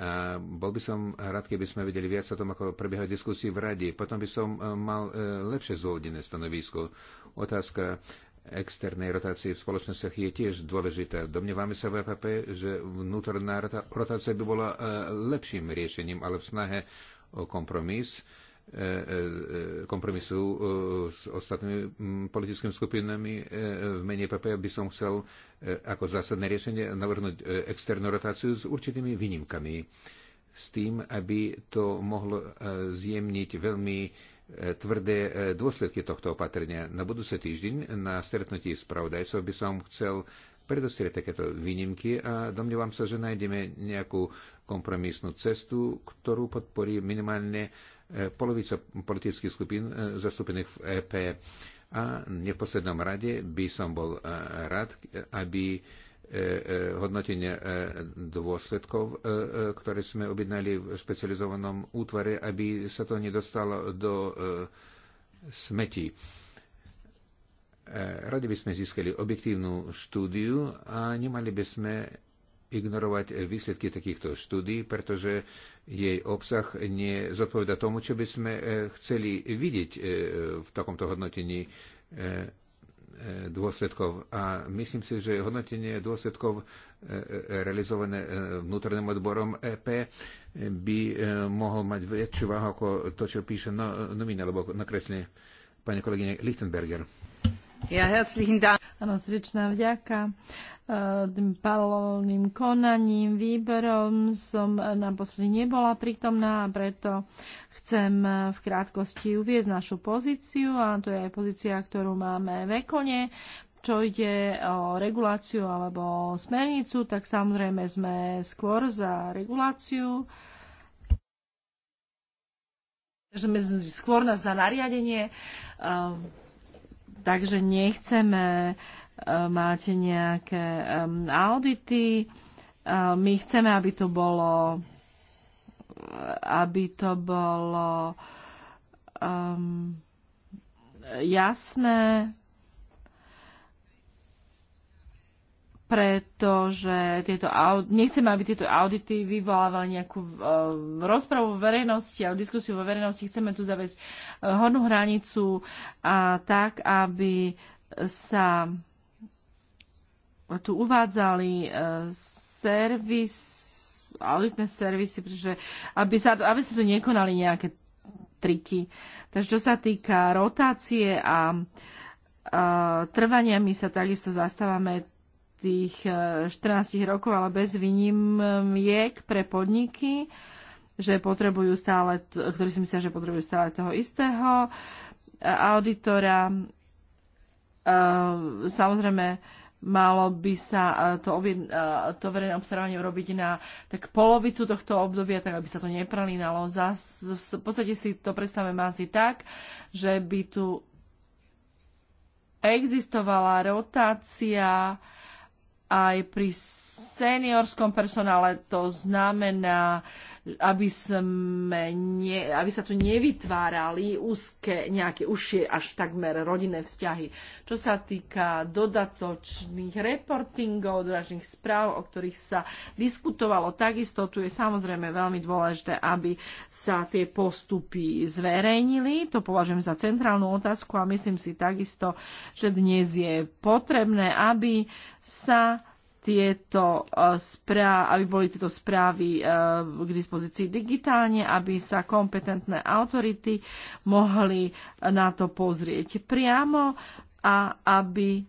A bol by som rád, keby sme vedeli viac o tom, ako prebiehajú diskusie v rade. Potom by som e, mal lepšie zôvodené stanovisko. Otázka externej rotácie v spoločnostiach je tiež dôležitá. Domnievame sa v EPP, že vnútorná rotácia by bola e, lepším riešením, ale v snahe o kompromis e, e, kompromisu s ostatnými politickými skupinami v mene PP by som chcel ako zásadné riešenie navrhnúť externú rotáciu s určitými výnimkami s tým, aby to mohlo zjemniť veľmi tvrdé e, dôsledky tohto opatrenia. Na budúci týždeň na stretnutí spravodajcov by som chcel predostrieť takéto výnimky a domnievam sa, že nájdeme nejakú kompromisnú cestu, ktorú podporí minimálne e, polovica politických skupín e, zastúpených v EP. A v neposlednom rade by som bol rád, aby E, e, hodnotenie e, dôsledkov, ktoré sme objednali v špecializovanom útvare, aby sa to nedostalo do smeti. Radi by sme získali objektívnu štúdiu a nemali by sme ignorovať výsledky takýchto štúdí, pretože jej obsah nezodpoveda tomu, čo by sme chceli vidieť v takomto hodnotení dôsledkov. A myslím si, že hodnotenie dôsledkov e, e, realizované e, vnútorným odborom EP by mohol mať väčšiu váhu ako to, čo píše novina alebo nakreslenie pani kolegyne Lichtenberger. Ja herzlichen Dank. vďaka. E, tým paralelným konaním, výberom som e, naposledy nebola prítomná a preto chcem e, v krátkosti uviezť našu pozíciu a to je aj pozícia, ktorú máme v Ekone čo ide o reguláciu alebo o smernicu, tak samozrejme sme skôr za reguláciu. Takže sme skôr na za nariadenie. Takže nechceme e, mať nejaké audity. E, my chceme, aby to bolo e, aby to bolo um, jasné, pretože tieto aud- aby tieto audity vyvolávali nejakú uh, rozpravu vo verejnosti alebo diskusiu vo verejnosti. Chceme tu zavesť uh, e, hornú hranicu a tak, aby sa tu uvádzali uh, servis, auditné servisy, pretože aby sa, aby sa tu nekonali nejaké triky. Takže čo sa týka rotácie a uh, trvania, my sa takisto zastávame tých 14 e, rokov, ale bez výnimiek pre podniky, že potrebujú stále, ktorí si myslia, že potrebujú stále toho istého e, auditora. E, samozrejme, malo by sa to, objed, to verejné obstarávanie urobiť na tak polovicu tohto obdobia, tak aby sa to nepralínalo. v podstate si to predstavujem asi tak, že by tu existovala rotácia aj pri seniorskom personále to znamená aby, sme ne, aby sa tu nevytvárali úzke, nejaké užšie až takmer rodinné vzťahy. Čo sa týka dodatočných reportingov, dodatočných správ, o ktorých sa diskutovalo, takisto tu je samozrejme veľmi dôležité, aby sa tie postupy zverejnili. To považujem za centrálnu otázku a myslím si takisto, že dnes je potrebné, aby sa tieto e, sprá- aby boli tieto správy e, k dispozícii digitálne, aby sa kompetentné autority mohli na to pozrieť priamo a aby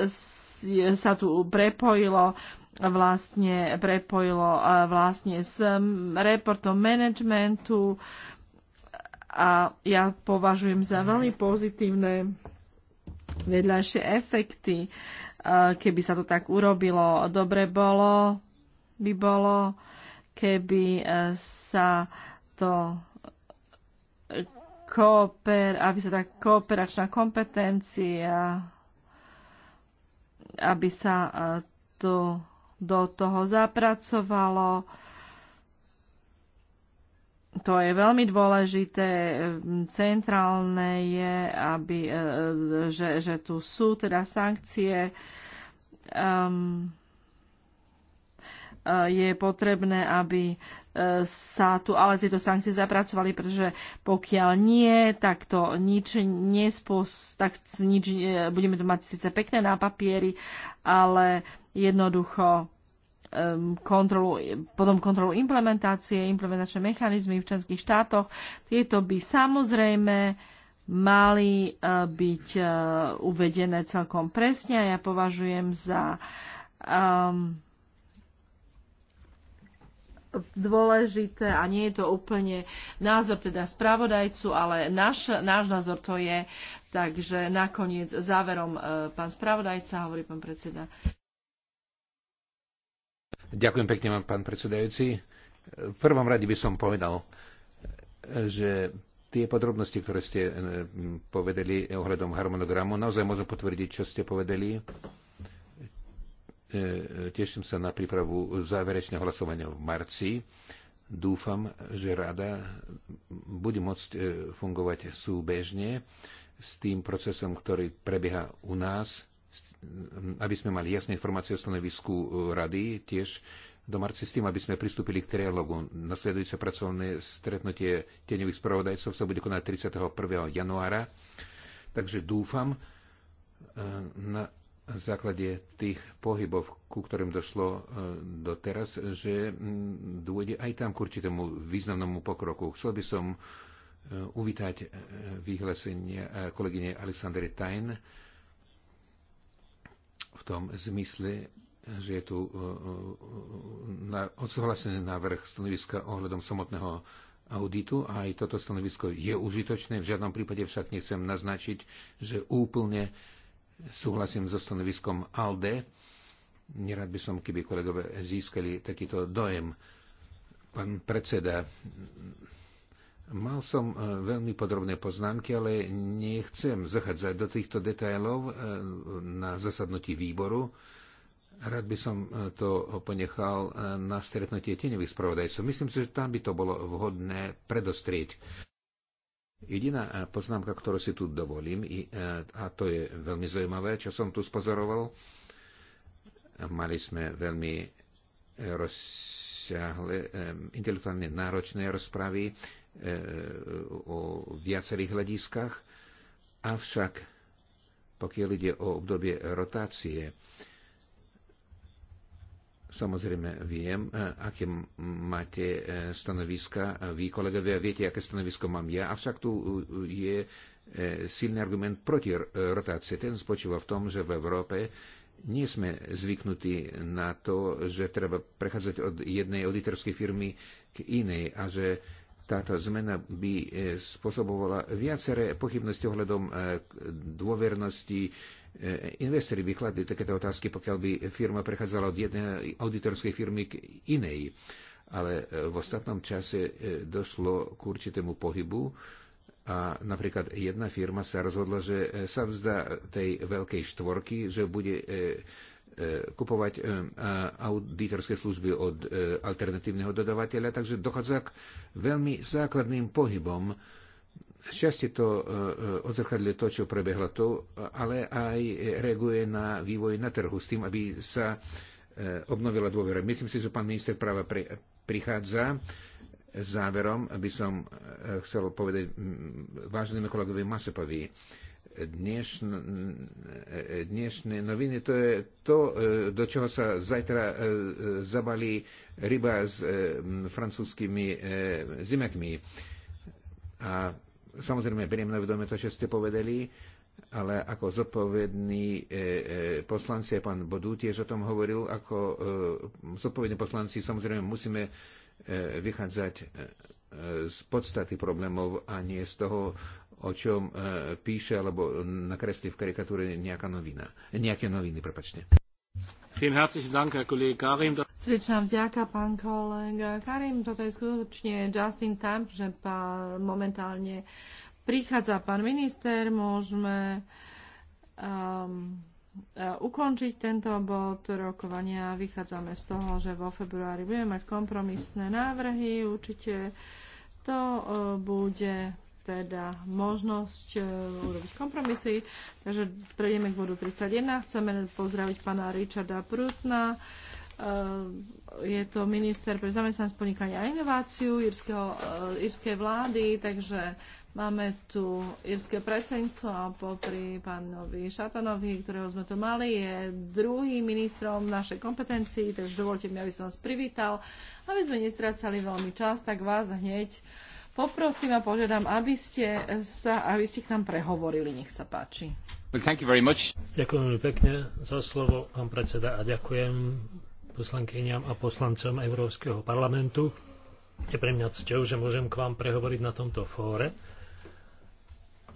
e, sa tu prepojilo vlastne prepojilo vlastne s reportom managementu a ja považujem za veľmi pozitívne vedľajšie efekty keby sa to tak urobilo. Dobre bolo, by bolo, keby e, sa to e, kooper, aby sa tá kooperačná kompetencia, aby sa e, to do toho zapracovalo, to je veľmi dôležité. Centrálne je, aby, e, e, že, že tu sú teda sankcie. Um, je potrebné, aby sa tu ale tieto sankcie zapracovali, pretože pokiaľ nie, tak to nič nespôs, tak nič, budeme to mať síce pekné na papieri, ale jednoducho Um, kontrolu, potom kontrolu implementácie, implementačné mechanizmy v členských štátoch. Tieto by samozrejme mali uh, byť uh, uvedené celkom presne a ja považujem za um, dôležité a nie je to úplne názor teda spravodajcu, ale náš, náš názor to je. Takže nakoniec záverom uh, pán spravodajca, hovorí pán predseda. Ďakujem pekne vám, pán predsedajúci. V prvom rade by som povedal, že tie podrobnosti, ktoré ste eh, povedali ohľadom harmonogramu, naozaj môžem potvrdiť, čo ste povedali. Eh, eh, teším sa na prípravu záverečného hlasovania v marci. Dúfam, že rada bude môcť fungovať súbežne s tým procesom, ktorý prebieha u nás aby sme mali jasné informácie o stanovisku e, rady, tiež do marci s tým, aby sme pristúpili k trialogu. Nasledujúce pracovné stretnutie tieňových spravodajcov sa bude konať 31. januára. Takže dúfam e, na základe tých pohybov, ku ktorým došlo e, doteraz, že mm, dôjde aj tam k určitému významnému pokroku. Chcel by som uvítať vyhlásenie kolegyne Alexandre Tajn, v tom zmysle, že je tu e, e, odsúhlasený návrh stanoviska ohľadom samotného auditu a aj toto stanovisko je užitočné. V žiadnom prípade však nechcem naznačiť, že úplne súhlasím so stanoviskom ALDE. Nerad by som, keby kolegové získali takýto dojem. Pán predseda, Mal som e, veľmi podrobné poznámky, ale nechcem zachádzať do týchto detajlov e, na zasadnutí výboru. Rád by som e, to ponechal na stretnutie tieňových spravodajcov. Myslím si, že tam by to bolo vhodné predostrieť. Jediná poznámka, ktorú si tu dovolím, a to je veľmi zaujímavé, čo som tu spozoroval, mali sme veľmi rozsiahle, intelektuálne náročné rozpravy E, o viacerých hľadiskách, avšak pokiaľ ide o obdobie rotácie, samozrejme viem, e, aké máte e, stanoviska. Vy, kolegovia, viete, aké stanovisko mám ja, avšak tu je silný argument proti rotácie. Ten spočíva v tom, že v Európe nie sme zvyknutí na to, že treba prechádzať od jednej auditorskej firmy k inej a že táto zmena by e, spôsobovala viaceré pochybnosti ohľadom e, dôvernosti. E, investori by kladli takéto otázky, pokiaľ by firma prechádzala od jednej auditorskej firmy k inej. Ale v ostatnom čase došlo k určitému pohybu a napríklad jedna firma sa rozhodla, že sa vzdá tej veľkej štvorky, že bude E, kupovať e, auditorské služby od e, alternatívneho dodavateľa, takže dochádza k veľmi základným pohybom. Šťastie to odzrkadľuje to, čo prebehlo tu, ale aj reaguje na vývoj na trhu s tým, aby sa obnovila dôvera. Myslím si, že pán minister práva prichádza. Záverom aby som chcel povedať váženým kolegovi Masepovi, E, e, dnešné noviny, to je to, e, do čoho sa zajtra zabalí ryba s francúzskými zimekmi. A samozrejme, beriem na vedomie to, čo ste povedali, ale ako zodpovední poslanci, a pán Bodu tiež o tom hovoril, ako zodpovední poslanci samozrejme musíme vychádzať z podstaty problémov a nie z toho, o čom e, píše alebo nakreslí v karikatúre nejaká novina. Nejaké noviny, prepačte. Srdečná vďaka, pán kolega Karim. Toto je skutočne Justin Time, že pán momentálne prichádza pán minister. Môžeme um, e, ukončiť tento bod rokovania. Vychádzame z toho, že vo februári budeme mať kompromisné návrhy. Určite to uh, bude teda možnosť e, urobiť kompromisy. Takže prejdeme k bodu 31. Chceme pozdraviť pána Richarda Prutna. E, je to minister pre zamestnanosť, podnikanie a inováciu írskeho, e, írskej vlády, takže Máme tu írske predsedníctvo a popri pánovi Šatanovi, ktorého sme tu mali, je druhý ministrom našej kompetencii, takže dovolte mi, aby som vás privítal. Aby sme nestracali veľmi čas, tak vás hneď poprosím a požiadam, aby ste, sa, aby ste k nám prehovorili. Nech sa páči. Well, ďakujem veľmi pekne za slovo, pán predseda, a ďakujem poslankyňam a poslancom Európskeho parlamentu. Je pre mňa cťou, že môžem k vám prehovoriť na tomto fóre.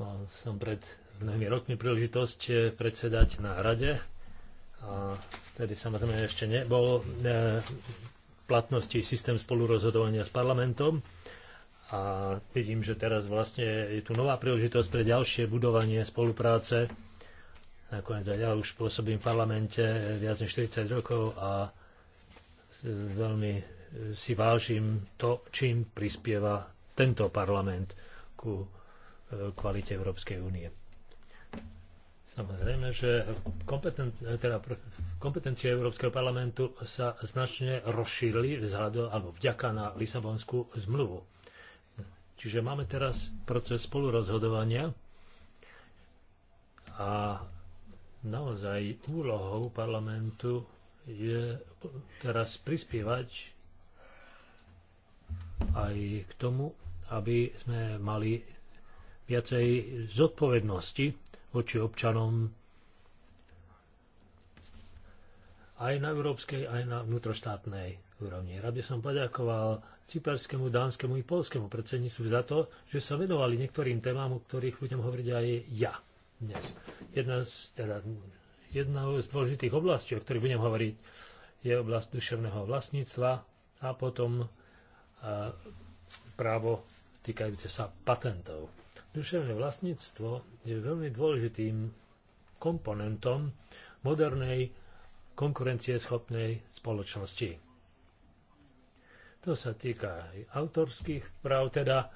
Mal som pred mnohými rokmi príležitosť eh, predsedať na rade a vtedy samozrejme ešte nebol eh, v platnosti systém spolurozhodovania s parlamentom a vidím, že teraz vlastne je tu nová príležitosť pre ďalšie budovanie spolupráce. Nakoniec aj ja už pôsobím v parlamente viac než 40 rokov a veľmi si vážim to, čím prispieva tento parlament ku e, kvalite Európskej únie. Samozrejme, že kompeten, teda kompetencie Európskeho parlamentu sa značne rozšírili vzhľadom alebo vďaka na Lisabonskú zmluvu Čiže máme teraz proces spolurozhodovania a naozaj úlohou parlamentu je teraz prispievať aj k tomu, aby sme mali viacej zodpovednosti voči občanom aj na európskej, aj na vnútroštátnej úrovni. Rád by som poďakoval cyperskému, dánskemu i polskému predsedníctvu za to, že sa venovali niektorým témam, o ktorých budem hovoriť aj ja dnes. Jedna z, teda, jedna z dôležitých oblastí, o ktorých budem hovoriť, je oblasť duševného vlastníctva a potom a, právo týkajúce sa patentov. Duševné vlastníctvo je veľmi dôležitým komponentom modernej konkurencieschopnej spoločnosti. To sa týka aj autorských práv, teda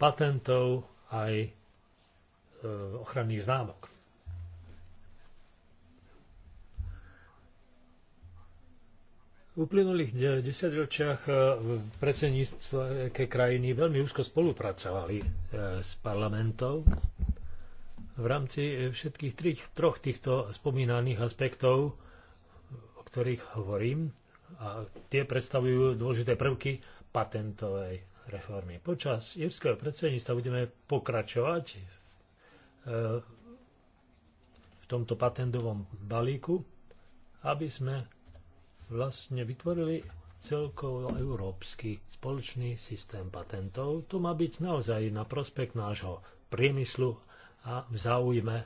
patentov, aj e, ochranných známok. V uplynulých desaťročiach e, predsedníctve krajiny veľmi úzko spolupracovali e, s parlamentom v rámci všetkých troch týchto spomínaných aspektov, o ktorých hovorím, a tie predstavujú dôležité prvky patentovej reformy. Počas írskeho predsedníctva budeme pokračovať e, v tomto patentovom balíku, aby sme vlastne vytvorili celkovo európsky spoločný systém patentov. To má byť naozaj na prospekt nášho priemyslu a v záujme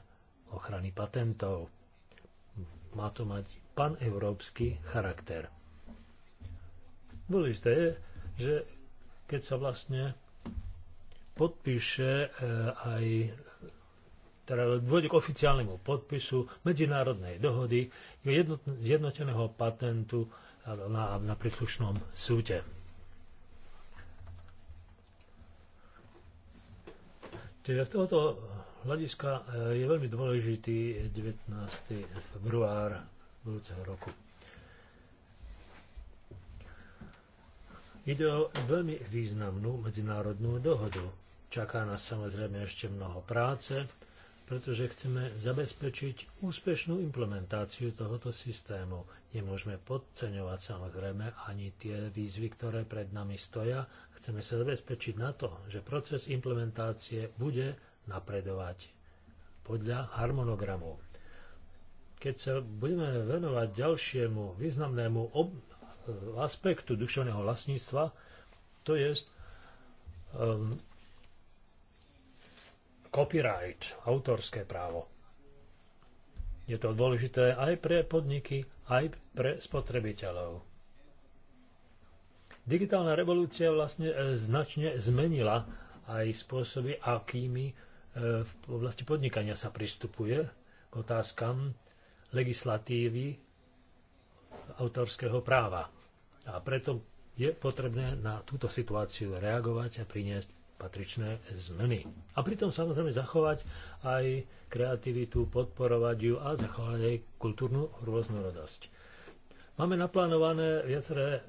ochrany patentov. Má to mať paneurópsky charakter. Dôležité je, že keď sa vlastne podpíše eh, aj teda dôjde k oficiálnemu podpisu medzinárodnej dohody zjednoteného patentu na, na príslušnom súte. Teda Čiže z tohoto hľadiska eh, je veľmi dôležitý 19. Eh, február budúceho roku. Ide o veľmi významnú medzinárodnú dohodu. Čaká nás samozrejme ešte mnoho práce, pretože chceme zabezpečiť úspešnú implementáciu tohoto systému. Nemôžeme podceňovať samozrejme ani tie výzvy, ktoré pred nami stoja. Chceme sa zabezpečiť na to, že proces implementácie bude napredovať podľa harmonogramu. Keď sa budeme venovať ďalšiemu významnému ob- aspektu duševného vlastníctva, to je um, ehm, copyright, autorské právo. Je to dôležité aj pre podniky, aj pre spotrebiteľov. Digitálna revolúcia vlastne e, značne zmenila aj spôsoby, akými e, v oblasti podnikania sa pristupuje k otázkam legislatívy autorského práva. A preto je potrebné na túto situáciu reagovať a priniesť patričné zmeny. A pritom samozrejme zachovať aj kreativitu, podporovať ju a zachovať aj kultúrnu rôznorodosť. Máme naplánované viaceré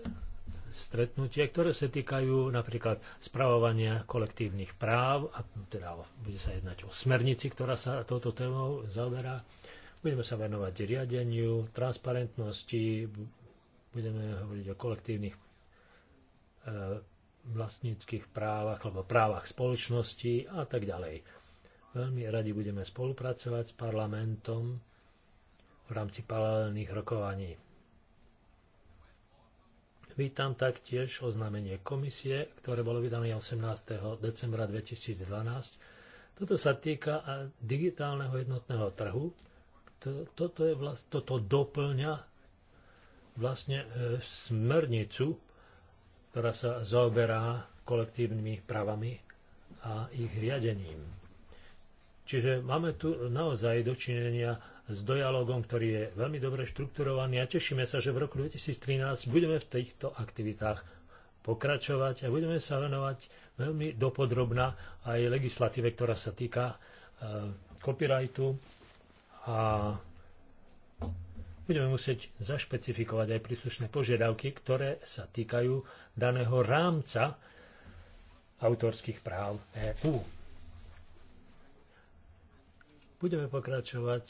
stretnutie, ktoré sa týkajú napríklad spravovania kolektívnych práv, a teda bude sa jednať o smernici, ktorá sa touto témou zaoberá, Budeme sa venovať riadeniu, transparentnosti, budeme hovoriť o kolektívnych eh, vlastníckých právach alebo právach spoločnosti a tak ďalej. Veľmi radi budeme spolupracovať s parlamentom v rámci paralelných rokovaní. Vítam taktiež oznámenie komisie, ktoré bolo vydané 18. decembra 2012. Toto sa týka digitálneho jednotného trhu, to, toto, je vlast, toto doplňa vlastne e, smernicu, ktorá sa zaoberá kolektívnymi právami a ich riadením. Čiže máme tu naozaj dočinenia s dialogom, ktorý je veľmi dobre štrukturovaný a tešíme sa, že v roku 2013 budeme v týchto aktivitách pokračovať a budeme sa venovať veľmi dopodrobná aj legislatíve, ktorá sa týka e, copyrightu a budeme musieť zašpecifikovať aj príslušné požiadavky, ktoré sa týkajú daného rámca autorských práv EÚ. Budeme pokračovať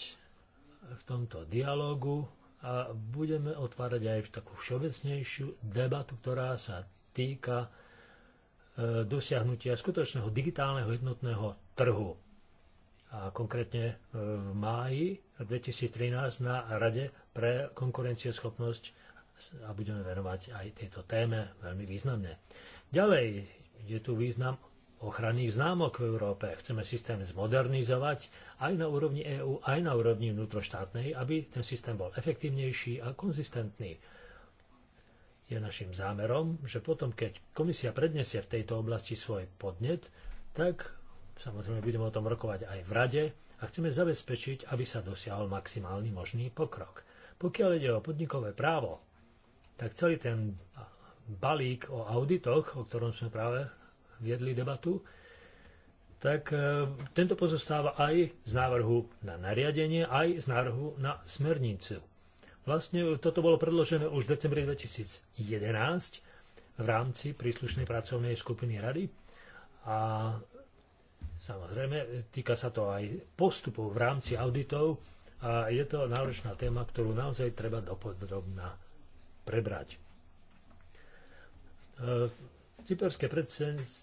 v tomto dialogu a budeme otvárať aj takú všeobecnejšiu debatu, ktorá sa týka e, dosiahnutia skutočného digitálneho jednotného trhu a konkrétne e, v máji 2013 na Rade pre konkurencieschopnosť a budeme venovať aj tejto téme veľmi významne. Ďalej je tu význam ochranných známok v Európe. Chceme systém zmodernizovať aj na úrovni EÚ, aj na úrovni vnútroštátnej, aby ten systém bol efektívnejší a konzistentný. Je našim zámerom, že potom, keď komisia prednesie v tejto oblasti svoj podnet, tak Samozrejme, budeme o tom rokovať aj v Rade a chceme zabezpečiť, aby sa dosiahol maximálny možný pokrok. Pokiaľ ide o podnikové právo, tak celý ten balík o auditoch, o ktorom sme práve viedli debatu, tak e, tento pozostáva aj z návrhu na nariadenie, aj z návrhu na smernicu. Vlastne toto bolo predložené už v decembri 2011 v rámci príslušnej pracovnej skupiny rady a Samozrejme, týka sa to aj postupov v rámci auditov a je to náročná téma, ktorú naozaj treba dopodrobná prebrať. E, cyperské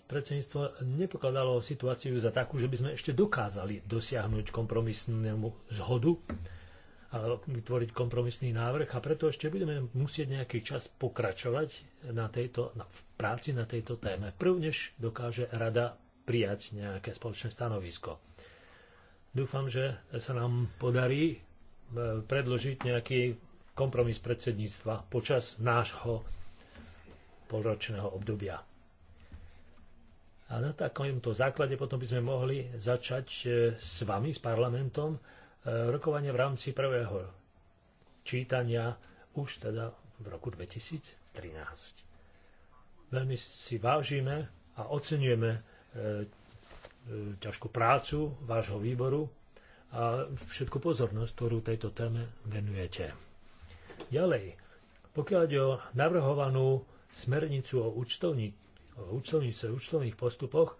predsedníctvo nepokladalo situáciu za takú, že by sme ešte dokázali dosiahnuť kompromisnú zhodu a vytvoriť kompromisný návrh a preto ešte budeme musieť nejaký čas pokračovať na tejto, na, v práci na tejto téme, prv než dokáže rada prijať nejaké spoločné stanovisko. Dúfam, že sa nám podarí e, predložiť nejaký kompromis predsedníctva počas nášho polročného obdobia. A na takomto základe potom by sme mohli začať e, s vami, s parlamentom, e, rokovanie v rámci prvého čítania už teda v roku 2013. Veľmi si vážime a oceňujeme E, e, ťažkú prácu vášho výboru a všetku pozornosť, ktorú tejto téme venujete. Ďalej, pokiaľ ide o navrhovanú smernicu o, účtovní, o účtovných postupoch,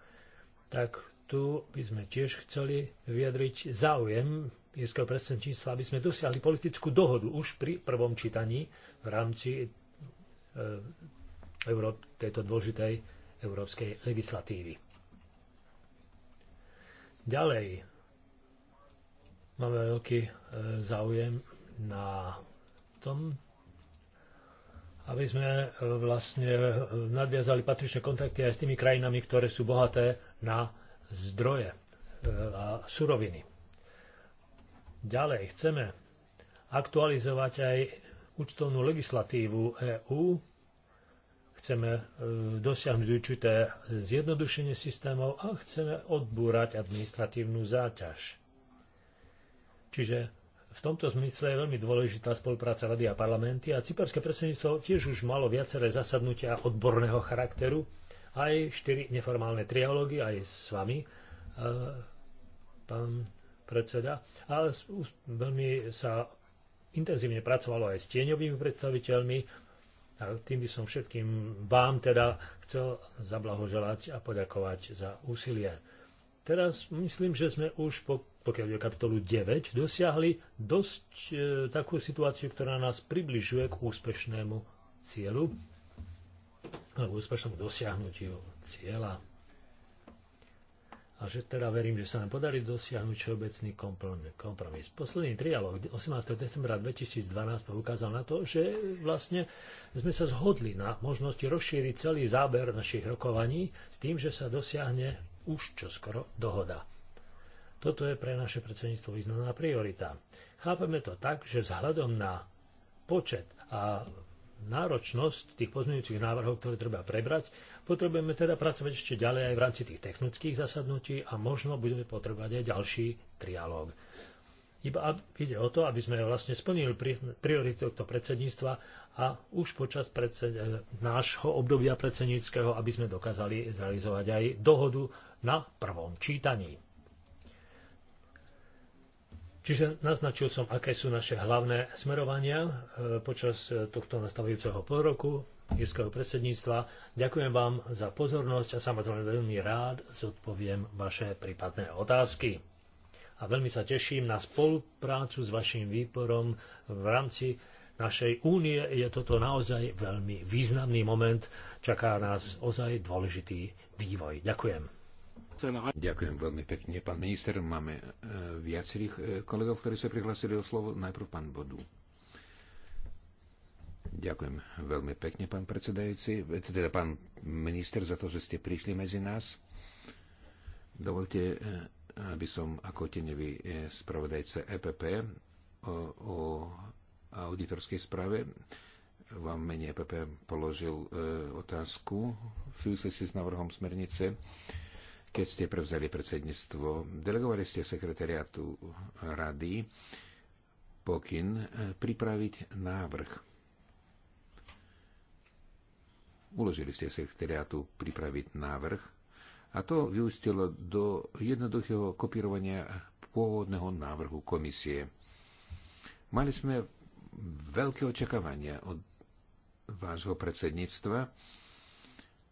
tak tu by sme tiež chceli vyjadriť záujem írskeho predsedníctva, aby sme dosiahli politickú dohodu už pri prvom čítaní v rámci e, Euró- tejto dôležitej európskej legislatívy. Ďalej, máme veľký e, záujem na tom, aby sme e, vlastne e, nadviazali patričné kontakty aj s tými krajinami, ktoré sú bohaté na zdroje a suroviny. Ďalej chceme aktualizovať aj účtovnú legislatívu EÚ Chceme e, dosiahnuť určité zjednodušenie systémov a chceme odbúrať administratívnu záťaž. Čiže v tomto zmysle je veľmi dôležitá spolupráca Rady a parlamenty a cyperské predsedníctvo tiež už malo viaceré zasadnutia odborného charakteru, aj štyri neformálne trialógy, aj s vami, e, pán predseda. A veľmi sa intenzívne pracovalo aj s tieňovými predstaviteľmi, a tým by som všetkým vám teda chcel zablahoželať a poďakovať za úsilie. Teraz myslím, že sme už, po, pokiaľ je kapitolu 9, dosiahli dosť e, takú situáciu, ktorá nás približuje k úspešnému cieľu, k úspešnému dosiahnutiu cieľa a že teda verím, že sa nám podarí dosiahnuť všeobecný kompromis. Posledný trialog 18. decembra 2012 poukázal na to, že vlastne sme sa zhodli na možnosti rozšíriť celý záber našich rokovaní s tým, že sa dosiahne už čoskoro dohoda. Toto je pre naše predsedníctvo významná priorita. Chápeme to tak, že vzhľadom na počet a náročnosť tých pozmeňujúcich návrhov, ktoré treba prebrať, potrebujeme teda pracovať ešte ďalej aj v rámci tých technických zasadnutí a možno budeme potrebovať aj ďalší trialóg. Iba ide o to, aby sme vlastne splnili prioritu tohto predsedníctva a už počas predsed... E, nášho obdobia predsedníckého, aby sme dokázali zrealizovať aj dohodu na prvom čítaní. Čiže naznačil som, aké sú naše hlavné smerovania e, počas e, tohto nastavujúceho polroku írskeho predsedníctva. Ďakujem vám za pozornosť a samozrejme veľmi rád zodpoviem vaše prípadné otázky. A veľmi sa teším na spoluprácu s vašim výborom v rámci našej únie. Je toto naozaj veľmi významný moment. Čaká nás ozaj dôležitý vývoj. Ďakujem. Ďakujem veľmi pekne. Pán minister, máme e, viacerých e, kolegov, ktorí sa prihlásili o slovo. Najprv pán Bodu. Ďakujem veľmi pekne, pán predsedajúci, e, teda pán minister, za to, že ste prišli medzi nás. Dovolte, aby som ako tenevý spravodajca EPP o, o auditorskej správe vám menej EPP položil e, otázku v súvislosti s návrhom smernice. E, keď ste prevzali predsedníctvo, delegovali ste sekretariátu rady pokyn eh, pripraviť návrh. Uložili ste sekretariátu pripraviť návrh a to vyústilo do jednoduchého kopírovania pôvodného návrhu komisie. Mali sme veľké očakávania od vášho predsedníctva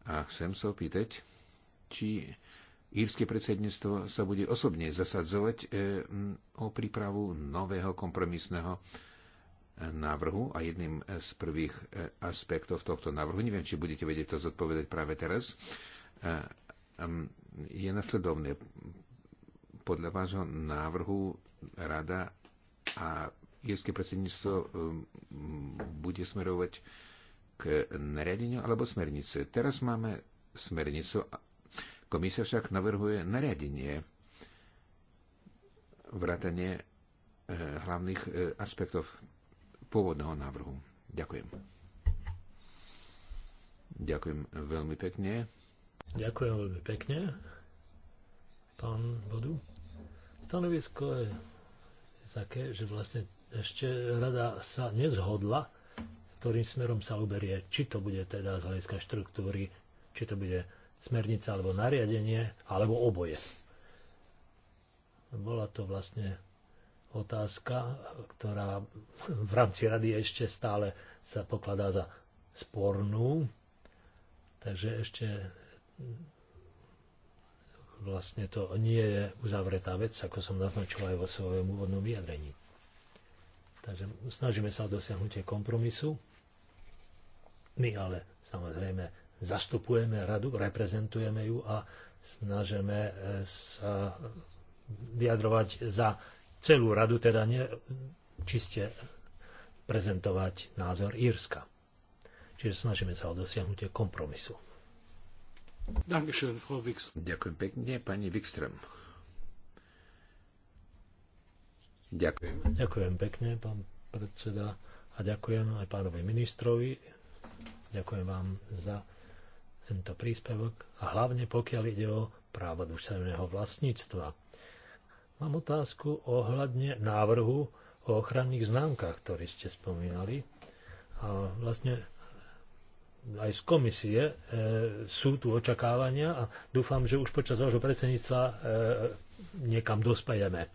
a chcem sa opýtať, či Írske predsedníctvo sa bude osobne zasadzovať e, o prípravu nového kompromisného e, návrhu a jedným e, z prvých aspektov tohto návrhu, neviem, či budete vedieť to zodpovedať práve teraz, je nasledovné. Podľa vášho návrhu rada a írske predsedníctvo bude smerovať k nariadeniu alebo smernice. Teraz máme smernicu Komisia však navrhuje nariadenie vrátanie e, hlavných e, aspektov pôvodného návrhu. Ďakujem. Ďakujem veľmi pekne. Ďakujem veľmi pekne, pán Bodu. Stanovisko je také, že vlastne ešte rada sa nezhodla, ktorým smerom sa uberie, či to bude teda z hľadiska štruktúry, či to bude smernica alebo nariadenie, alebo oboje. Bola to vlastne otázka, ktorá v rámci rady ešte stále sa pokladá za spornú. Takže ešte vlastne to nie je uzavretá vec, ako som naznačil aj vo svojom úvodnom vyjadrení. Takže snažíme sa o dosiahnutie kompromisu. My ale samozrejme zastupujeme radu, reprezentujeme ju a snažíme eh, sa vyjadrovať za celú radu, teda ne čiste prezentovať názor Írska. Čiže snažíme sa o dosiahnutie kompromisu. Ďakujem pekne, pani Wikström. Ďakujem. Ďakujem pekne, pán predseda, a ďakujem aj pánovi ministrovi. Ďakujem vám za tento príspevok a hlavne pokiaľ ide o právo duševného vlastníctva. Mám otázku ohľadne návrhu o ochranných známkach, ktorý ste spomínali. A vlastne aj z komisie e, sú tu očakávania a dúfam, že už počas vášho predsedníctva e, niekam dospejeme.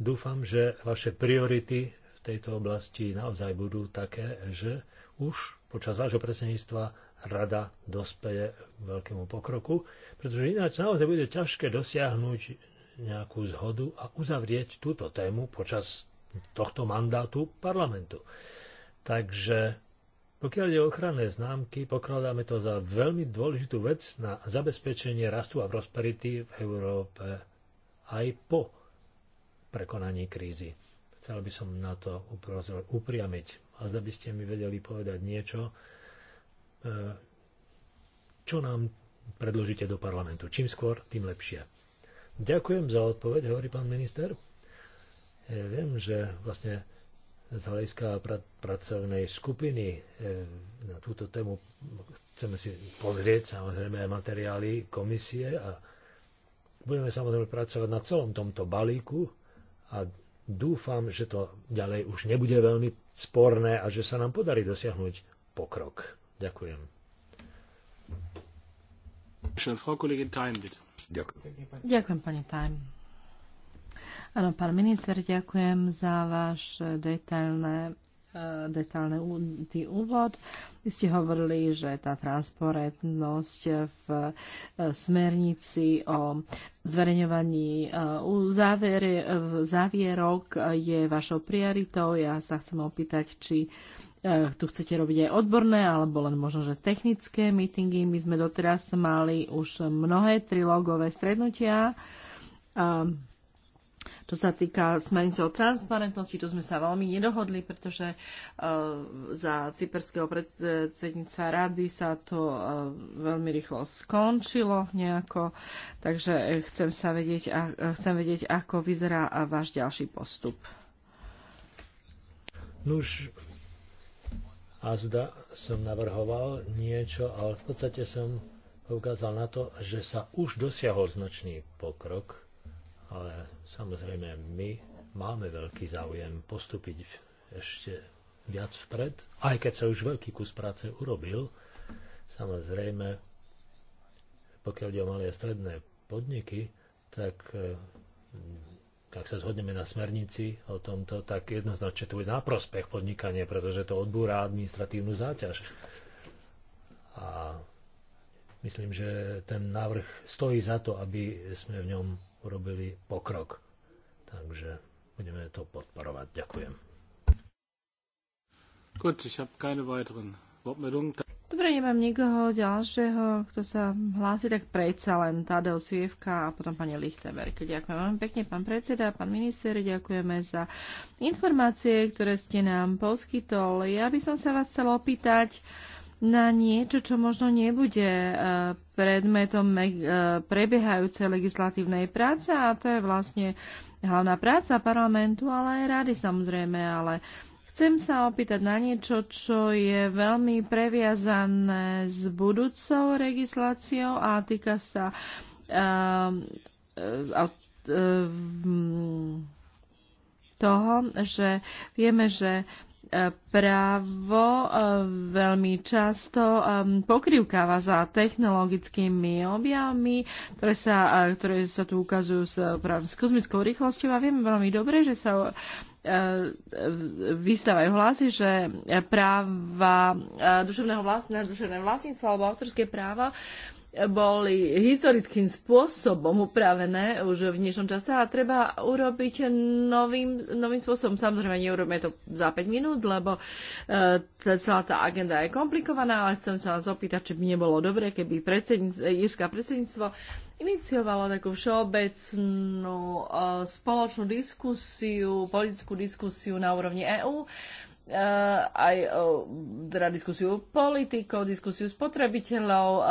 Dúfam, že vaše priority v tejto oblasti naozaj budú také, že už počas vášho predsedníctva rada dospeje k veľkému pokroku, pretože ináč naozaj bude ťažké dosiahnuť nejakú zhodu a uzavrieť túto tému počas tohto mandátu parlamentu. Takže pokiaľ je ochranné známky, pokladáme to za veľmi dôležitú vec na zabezpečenie rastu a prosperity v Európe aj po prekonaní krízy. Chcel by som na to upriamiť. A zda by ste mi vedeli povedať niečo, E, čo nám predložíte do parlamentu. Čím skôr, tým lepšie. Ďakujem za odpoveď, hovorí pán minister. Ja e, viem, že vlastne z hľadiska pra- pracovnej skupiny e, na túto tému chceme si pozrieť samozrejme aj materiály komisie a budeme samozrejme pracovať na celom tomto balíku a dúfam, že to ďalej už nebude veľmi sporné a že sa nám podarí dosiahnuť pokrok. Ďakujem. Ďakujem. Ďakujem, pani Time. Áno, pán minister, ďakujem za váš eh, detailné eh, detailný úvod. Vy ste hovorili, že tá transparentnosť v eh, smernici o zverejňovaní závierok je vašou prioritou. Ja sa chcem opýtať, či Eh, tu chcete robiť aj odborné, alebo len možno, že technické meetingy. My sme doteraz mali už mnohé trilógové strednutia. Čo ehm, sa týka smernice o transparentnosti, tu sme sa veľmi nedohodli, pretože eh, za cyperského predsedníctva rady sa to eh, veľmi rýchlo skončilo nejako. Takže chcem, sa vedieť, chcem vedieť, ako vyzerá váš ďalší postup. No už a zda som navrhoval niečo, ale v podstate som poukázal na to, že sa už dosiahol značný pokrok, ale samozrejme my máme veľký záujem postúpiť ešte viac vpred, aj keď sa už veľký kus práce urobil. Samozrejme, pokiaľ ide o malé a stredné podniky, tak eh, ak sa zhodneme na smernici o tomto, tak jednoznačne to bude na prospech podnikanie, pretože to odbúra administratívnu záťaž. A myslím, že ten návrh stojí za to, aby sme v ňom urobili pokrok. Takže budeme to podporovať. Ďakujem. Gut, ich habe keine weiteren Wortmeldungen. Dobre, nemám nikoho ďalšieho, kto sa hlási, tak predsa len Tadeo Svievka a potom pani Lichtenberg. Ďakujem veľmi pekne, pán predseda, pán minister, ďakujeme za informácie, ktoré ste nám poskytol. Ja by som sa vás chcela opýtať na niečo, čo možno nebude e, predmetom e, prebiehajúcej legislatívnej práce a to je vlastne hlavná práca parlamentu, ale aj rady samozrejme, ale Chcem sa opýtať na niečo, čo je veľmi previazané s budúcou legisláciou a týka sa ehm, e, e, toho, že vieme, že e, právo veľmi často ehm, pokrývkáva za technologickými objavmi, ktoré sa, ktoré sa tu ukazujú s, práve, s kozmickou rýchlosťou a vieme veľmi dobre, že sa vystávajú hlasy, že práva duševného vlastníctva, duševné vlastníctvo alebo autorské práva boli historickým spôsobom upravené už v dnešnom čase a treba urobiť novým, novým spôsobom. Samozrejme, neurobíme to za 5 minút, lebo e, celá tá agenda je komplikovaná, ale chcem sa vás opýtať, či by nebolo dobre, keby predsedníc, Írska predsedníctvo iniciovalo takú všeobecnú e, spoločnú diskusiu, politickú diskusiu na úrovni EÚ Eh, aj eh, teda diskusiu politikov, diskusiu spotrebiteľov, eh,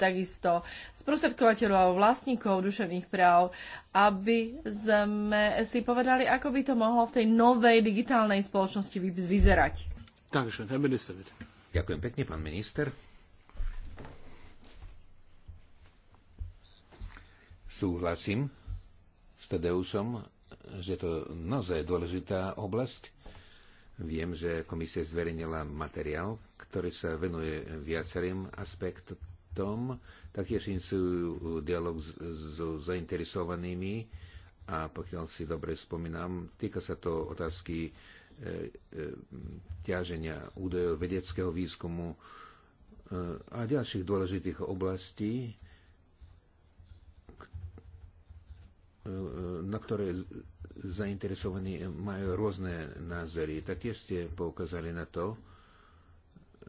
takisto sprostredkovateľov, vlastníkov duševných práv, aby sme si povedali, ako by to mohlo v tej novej digitálnej spoločnosti vyzerať. Takže, pán minister. Ďakujem pekne, pán minister. Súhlasím s Tedeusom, že to naozaj dôležitá oblasť Viem, že komisia zverejnila materiál, ktorý sa venuje viacerým aspektom, taktiež iniciujú dialog so zainteresovanými a pokiaľ si dobre spomínam, týka sa to otázky e, e, ťaženia údajov vedeckého výskumu e, a ďalších dôležitých oblastí, E, na ktoré zainteresovaní majú rôzne názory. Tak Taktiež ste poukázali na to,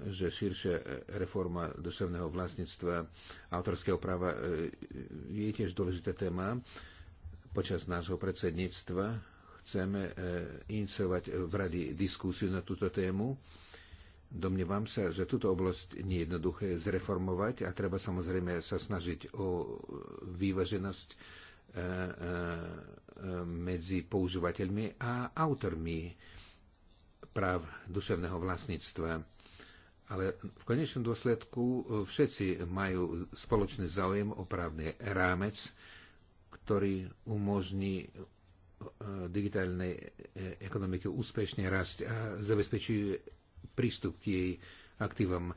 že širšia reforma duševného vlastníctva autorského práva e, je tiež dôležitá téma. Počas nášho predsedníctva chceme e, iniciovať v rady diskusiu na túto tému. Domnievam sa, že túto oblasť nie je jednoduché zreformovať a treba samozrejme sa snažiť o vyvaženosť medzi používateľmi a autormi práv duševného vlastníctva. Ale v konečnom dôsledku všetci majú spoločný záujem o právny rámec, ktorý umožní e, digitálnej ekonomike úspešne rásť a zabezpečí prístup k jej aktívom. E,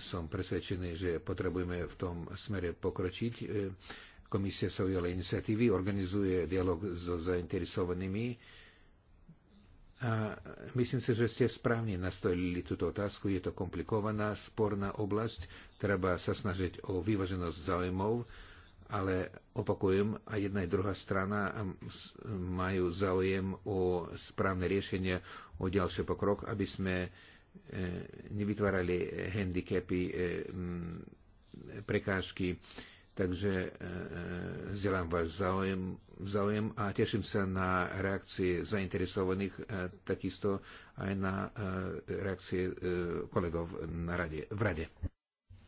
som presvedčený, že potrebujeme v tom smere pokročiť e, Komisia sa ujala iniciatívy, organizuje dialog so zainteresovanými a myslím si, že ste správne nastolili túto otázku. Je to komplikovaná, sporná oblasť. Treba sa snažiť o vyvaženosť záujmov, ale opakujem, a jedna aj druhá strana majú záujem o správne riešenie, o ďalší pokrok, aby sme e, nevytvárali handicapy, e, prekážky, Takže e, e, zdieľam váš záujem, záujem a teším sa na reakcie zainteresovaných, e, takisto aj na reakcie kolegov na rade, v rade.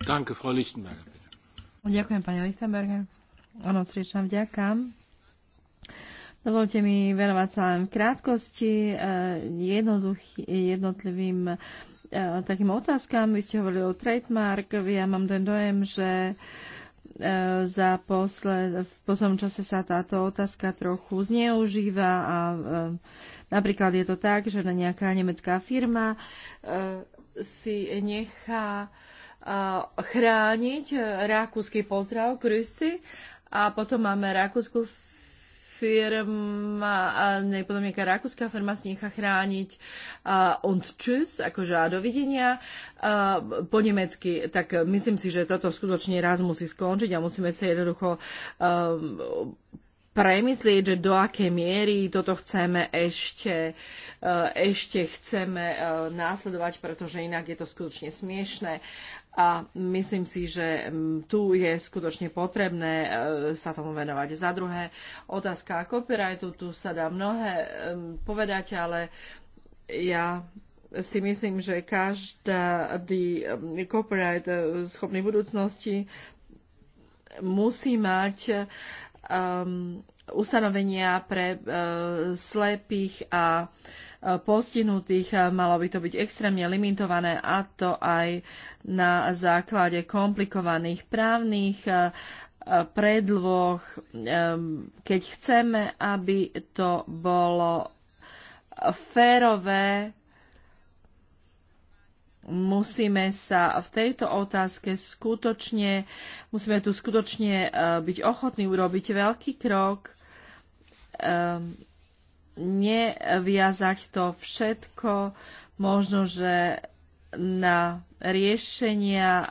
Danke, Frau Lichtenberger. Ďakujem, pani Lichtenberger. Ono, srdečná vďaka. Dovolte mi venovať sa len v krátkosti jednotlivým takým otázkam. Vy ste hovorili o trademark. Ja mám ten dojem, že E, za posled, v poslednom čase sa táto otázka trochu zneužíva a e, napríklad je to tak, že nejaká nemecká firma e, si nechá chrániť rakúsky pozdrav krysy a potom máme rakúsku firma, nejpodom nejaká rakúska firma si nechá chrániť und tschüss, akože a dovidenia po nemecky, tak myslím si, že toto skutočne raz musí skončiť a musíme sa jednoducho um, premyslieť, že do aké miery toto chceme ešte, uh, ešte chceme uh, následovať, pretože inak je to skutočne smiešné. A myslím si, že mm, tu je skutočne potrebné e, sa tomu venovať. Za druhé, otázka copyrightu, tu sa dá mnohé povedať, ale ja si myslím, že každý copyright e, schopný budúcnosti musí mať um, ustanovenia pre uh, slepých a uh, postihnutých. Malo by to byť extrémne limitované a to aj na základe komplikovaných právnych eh, predloh, eh, keď chceme, aby to bolo férové, musíme sa v tejto otázke skutočne, musíme tu skutočne eh, byť ochotní urobiť veľký krok. Ehm, neviazať to všetko, možno, že na riešenia e,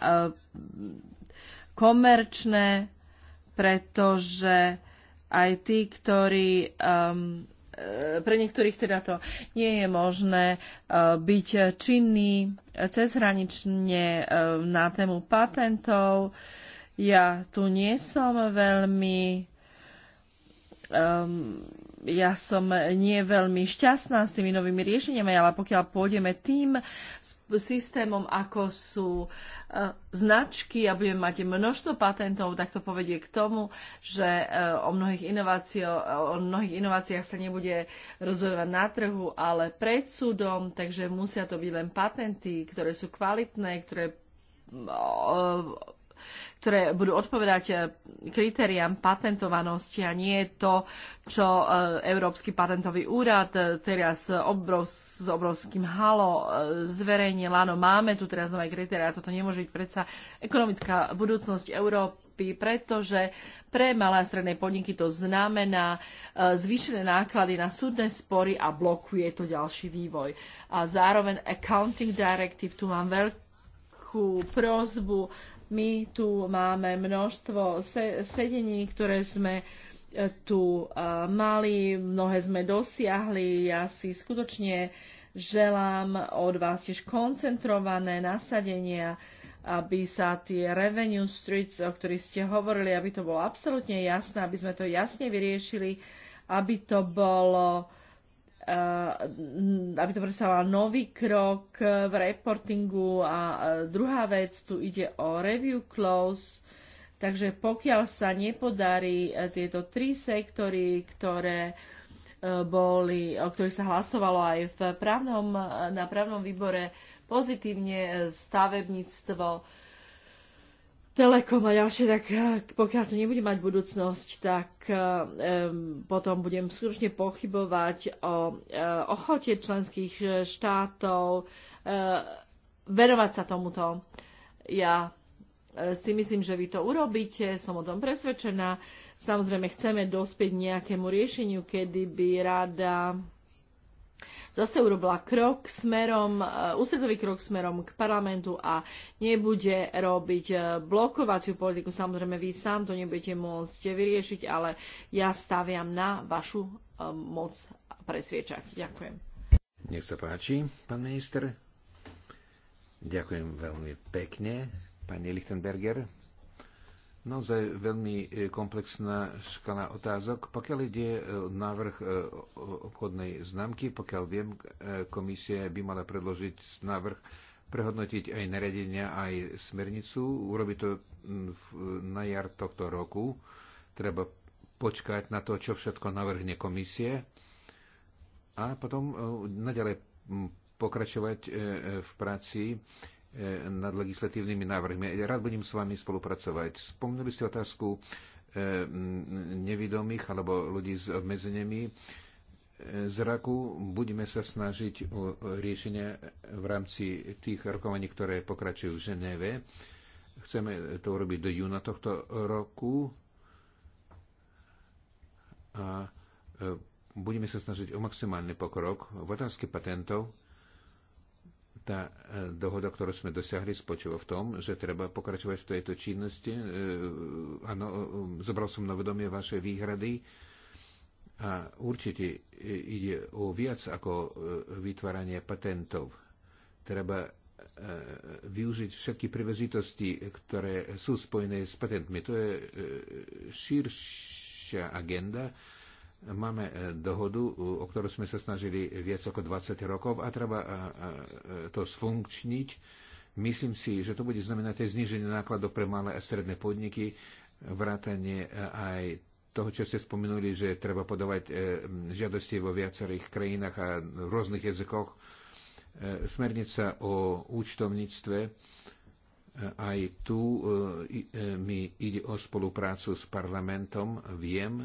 komerčné, pretože aj tí, ktorí um, pre niektorých teda to nie je možné e, byť činný cezhranične na tému patentov. Ja tu nie som veľmi um, ja som nie veľmi šťastná s tými novými riešeniami, ale pokiaľ pôjdeme tým systémom, ako sú e, značky a budeme mať množstvo patentov, tak to povedie k tomu, že e, o mnohých, o mnohých inováciách sa nebude rozvojovať na trhu, ale pred súdom, takže musia to byť len patenty, ktoré sú kvalitné, ktoré ktoré budú odpovedať e, kritériám patentovanosti a nie to, čo e, Európsky patentový úrad e, teraz obrov, s obrovským halo zverejnil. Áno, máme tu teraz nové kritéria, toto nemôže byť predsa ekonomická budúcnosť Európy, pretože pre malé a stredné podniky to znamená zvýšené náklady na súdne spory a blokuje to ďalší vývoj. A zároveň Accounting Directive, tu mám veľkú prozbu my tu máme množstvo se sedení, ktoré sme e, tu e, mali, mnohé sme dosiahli. Ja si skutočne želám od vás tiež koncentrované nasadenia, aby sa tie revenue streets, o ktorých ste hovorili, aby to bolo absolútne jasné, aby sme to jasne vyriešili, aby to bolo Eh, aby to predstavila nový krok v reportingu a druhá vec, tu ide o review close. takže pokiaľ sa nepodarí eh, tieto tri sektory, ktoré eh, boli, o ktorých sa hlasovalo aj v právnom, na právnom výbore, pozitívne stavebníctvo, Telekom a ďalšie, tak eh, pokiaľ to nebude mať budúcnosť, tak um, potom budem skutočne pochybovať o uh, ochote členských štátov uh, venovať sa tomuto. Ja uh, si myslím, že vy to urobíte, som o tom presvedčená. Samozrejme, chceme dospieť nejakému riešeniu, kedy by rada zase urobila krok smerom, eh, ústredový krok smerom k parlamentu a nebude robiť eh, blokovaciu politiku. Samozrejme, vy sám to nebudete môcť vyriešiť, ale ja staviam na vašu eh, moc presviečať. Ďakujem. Nech sa páči, pán minister. Ďakujem veľmi pekne, pani Lichtenberger naozaj veľmi e, komplexná škala otázok. Pokiaľ ide e, návrh e, obchodnej známky, pokiaľ viem, komisia by mala predložiť návrh prehodnotiť aj naredenia, aj smernicu. Urobi to na jar tohto roku. Treba počkať na to, čo všetko navrhne komisie a potom naďalej pokračovať v práci E, nad legislatívnymi návrhmi. Rád budem s vami spolupracovať. Spomnuli ste otázku e, nevidomých alebo ľudí s obmedzeniami e, zraku. Budeme sa snažiť o riešenie v rámci tých rokovaní, ktoré pokračujú v Ženeve. Chceme to urobiť do júna tohto roku a budeme sa snažiť o maximálny pokrok v otázke patentov tá e, dohoda, ktorú sme dosiahli, spočíva v tom, že treba pokračovať v tejto činnosti. E, áno, e, zobral som na vedomie vaše výhrady a určite ide o viac ako vytváranie patentov. Treba využiť všetky príležitosti, ktoré sú spojené s patentmi. To je širšia agenda, Máme e, dohodu, o ktorú sme sa snažili viac ako 20 rokov a treba e, e, to sfunkčniť. Myslím si, že to bude znamenať aj zniženie nákladov pre malé a stredné podniky, vrátanie aj toho, čo ste spomenuli, že treba podávať žiadosti vo viacerých krajinách a v rôznych jazykoch. Smernica o účtovníctve aj tu mi ide o spoluprácu s parlamentom. Viem,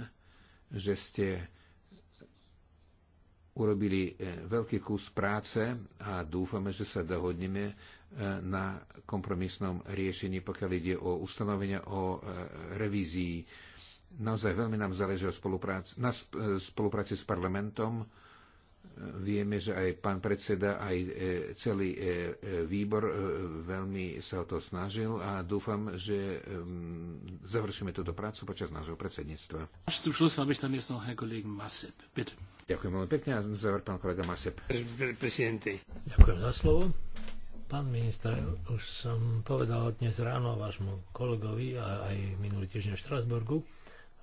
že ste urobili e, veľký kus práce a dúfame, že sa dohodneme e, na kompromisnom riešení, pokiaľ ide o ustanovenia o e, revízii. Naozaj veľmi nám záleží o spolupráci, na spolupráci s parlamentom Vieme, že aj pán predseda, aj e, celý e, e, výbor veľmi sa o to snažil a dúfam, že završíme túto prácu počas nášho predsedníctva. Ďakujem veľmi pekne a záver pán kolega Masep. Ďakujem za slovo. Pán minister, už som povedal dnes ráno vášmu kolegovi a aj minulý týždeň v Štrasburgu,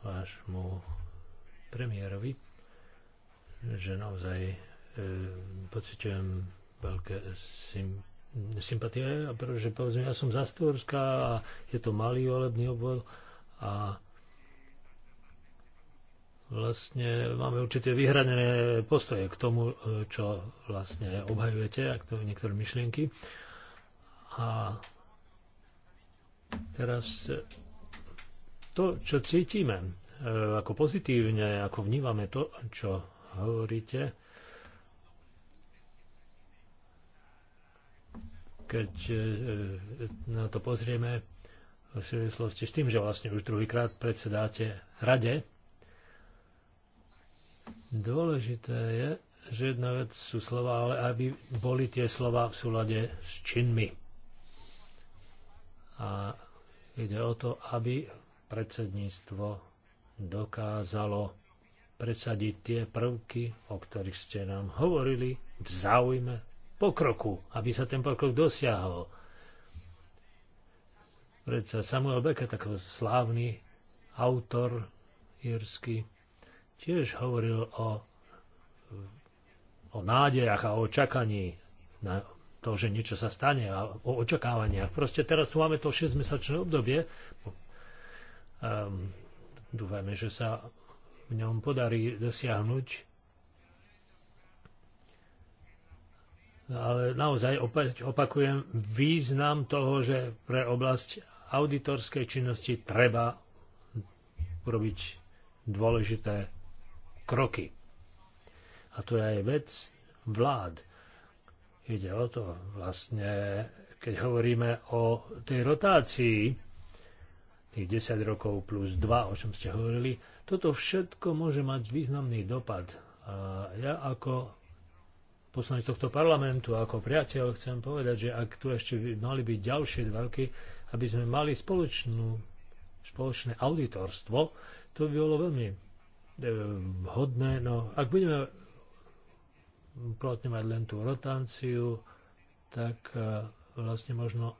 vášmu premiérovi, že naozaj e, pocitujem veľké sim, sympatie, pretože povedzme, ja som z Astvorska a je to malý volebný obvod a vlastne máme určite vyhranené postoje k tomu, e, čo vlastne obhajujete a k tomu niektoré myšlienky. A teraz e, to, čo cítime, e, ako pozitívne, ako vnímame to, čo hovoríte, keď e, e, na to pozrieme v súvislosti s tým, že vlastne už druhýkrát predsedáte rade, dôležité je, že jedna vec sú slova, ale aby boli tie slova v súlade s činmi. A ide o to, aby predsedníctvo dokázalo presadiť tie prvky, o ktorých ste nám hovorili, v záujme pokroku, aby sa ten pokrok dosiahol. Predsa Samuel Becker, taký slávny autor írsky, tiež hovoril o, o nádejach a o čakaní na to, že niečo sa stane a o očakávaniach. Proste teraz tu máme to 6-mesačné obdobie. Um, dúfajme, že sa v ňom podarí dosiahnuť. Ale naozaj opäť opakujem význam toho, že pre oblasť auditorskej činnosti treba urobiť dôležité kroky. A to je aj vec vlád. Ide o to vlastne, keď hovoríme o tej rotácii, tých 10 rokov plus 2, o čom ste hovorili, toto všetko môže mať významný dopad. A ja ako poslanec tohto parlamentu, ako priateľ chcem povedať, že ak tu ešte mali byť ďalšie dva aby sme mali spoločnú, spoločné auditorstvo, to by bolo veľmi e, hodné. No, ak budeme uplatňovať len tú rotáciu, tak e, vlastne možno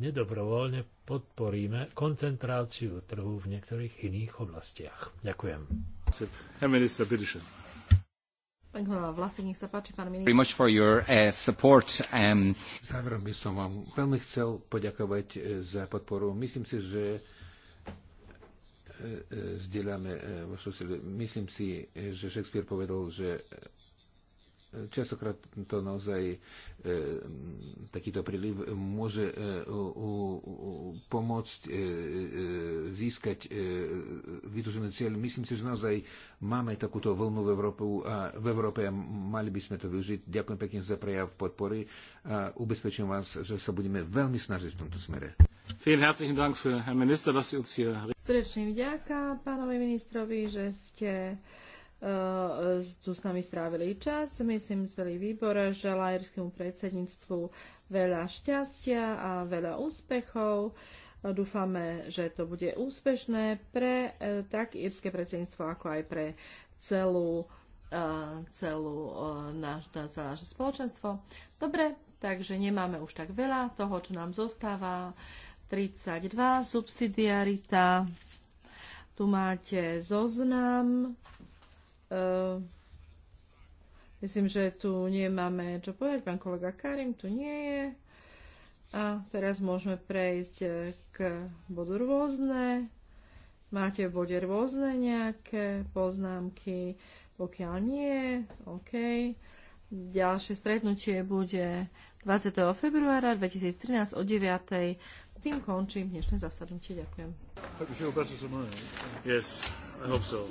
nedobrovoľne podporíme koncentráciu trhu v niektorých iných oblastiach. Ďakujem. Herr Minister, Much for your, uh, support, um... Záverom by som vám veľmi chcel poďakovať uh, za podporu. Myslím si, že uh, uh, zdieľame vašu silu. Myslím si, že Shakespeare povedal, že Častokrát to naozaj e, takýto príliv môže e, u, u, pomôcť e, e, získať e, vytúžený cieľ. Myslím si, že naozaj máme takúto vlnu v, Európu a, v Európe a mali by sme to využiť. Ďakujem pekne za prejav podpory a ubezpečím vás, že sa budeme veľmi snažiť v tomto smere. Vielen herzlichen Dank für Herrn Minister, dass Sie uns hier... Srdečne vďaka pánovi ministrovi, že ste E, tu s nami strávili čas. Myslím celý výbor želá írskému predsedníctvu veľa šťastia a veľa úspechov. E, dúfame, že to bude úspešné pre e, tak írske predsedníctvo, ako aj pre celú, celú náš, naše spoločenstvo. Dobre, takže nemáme už tak veľa toho, čo nám zostáva. 32, subsidiarita. Tu máte zoznam Eh, myslím, že tu nemáme čo povedať. Pán kolega Karim tu nie je. A teraz môžeme prejsť eh, k bodu rôzne. Máte v bode rôzne nejaké poznámky? Pokiaľ nie, OK. Ďalšie stretnutie bude 20. februára 2013 o 9. Tým končím dnešné zasadnutie. Ďakujem. Yes, I hope so.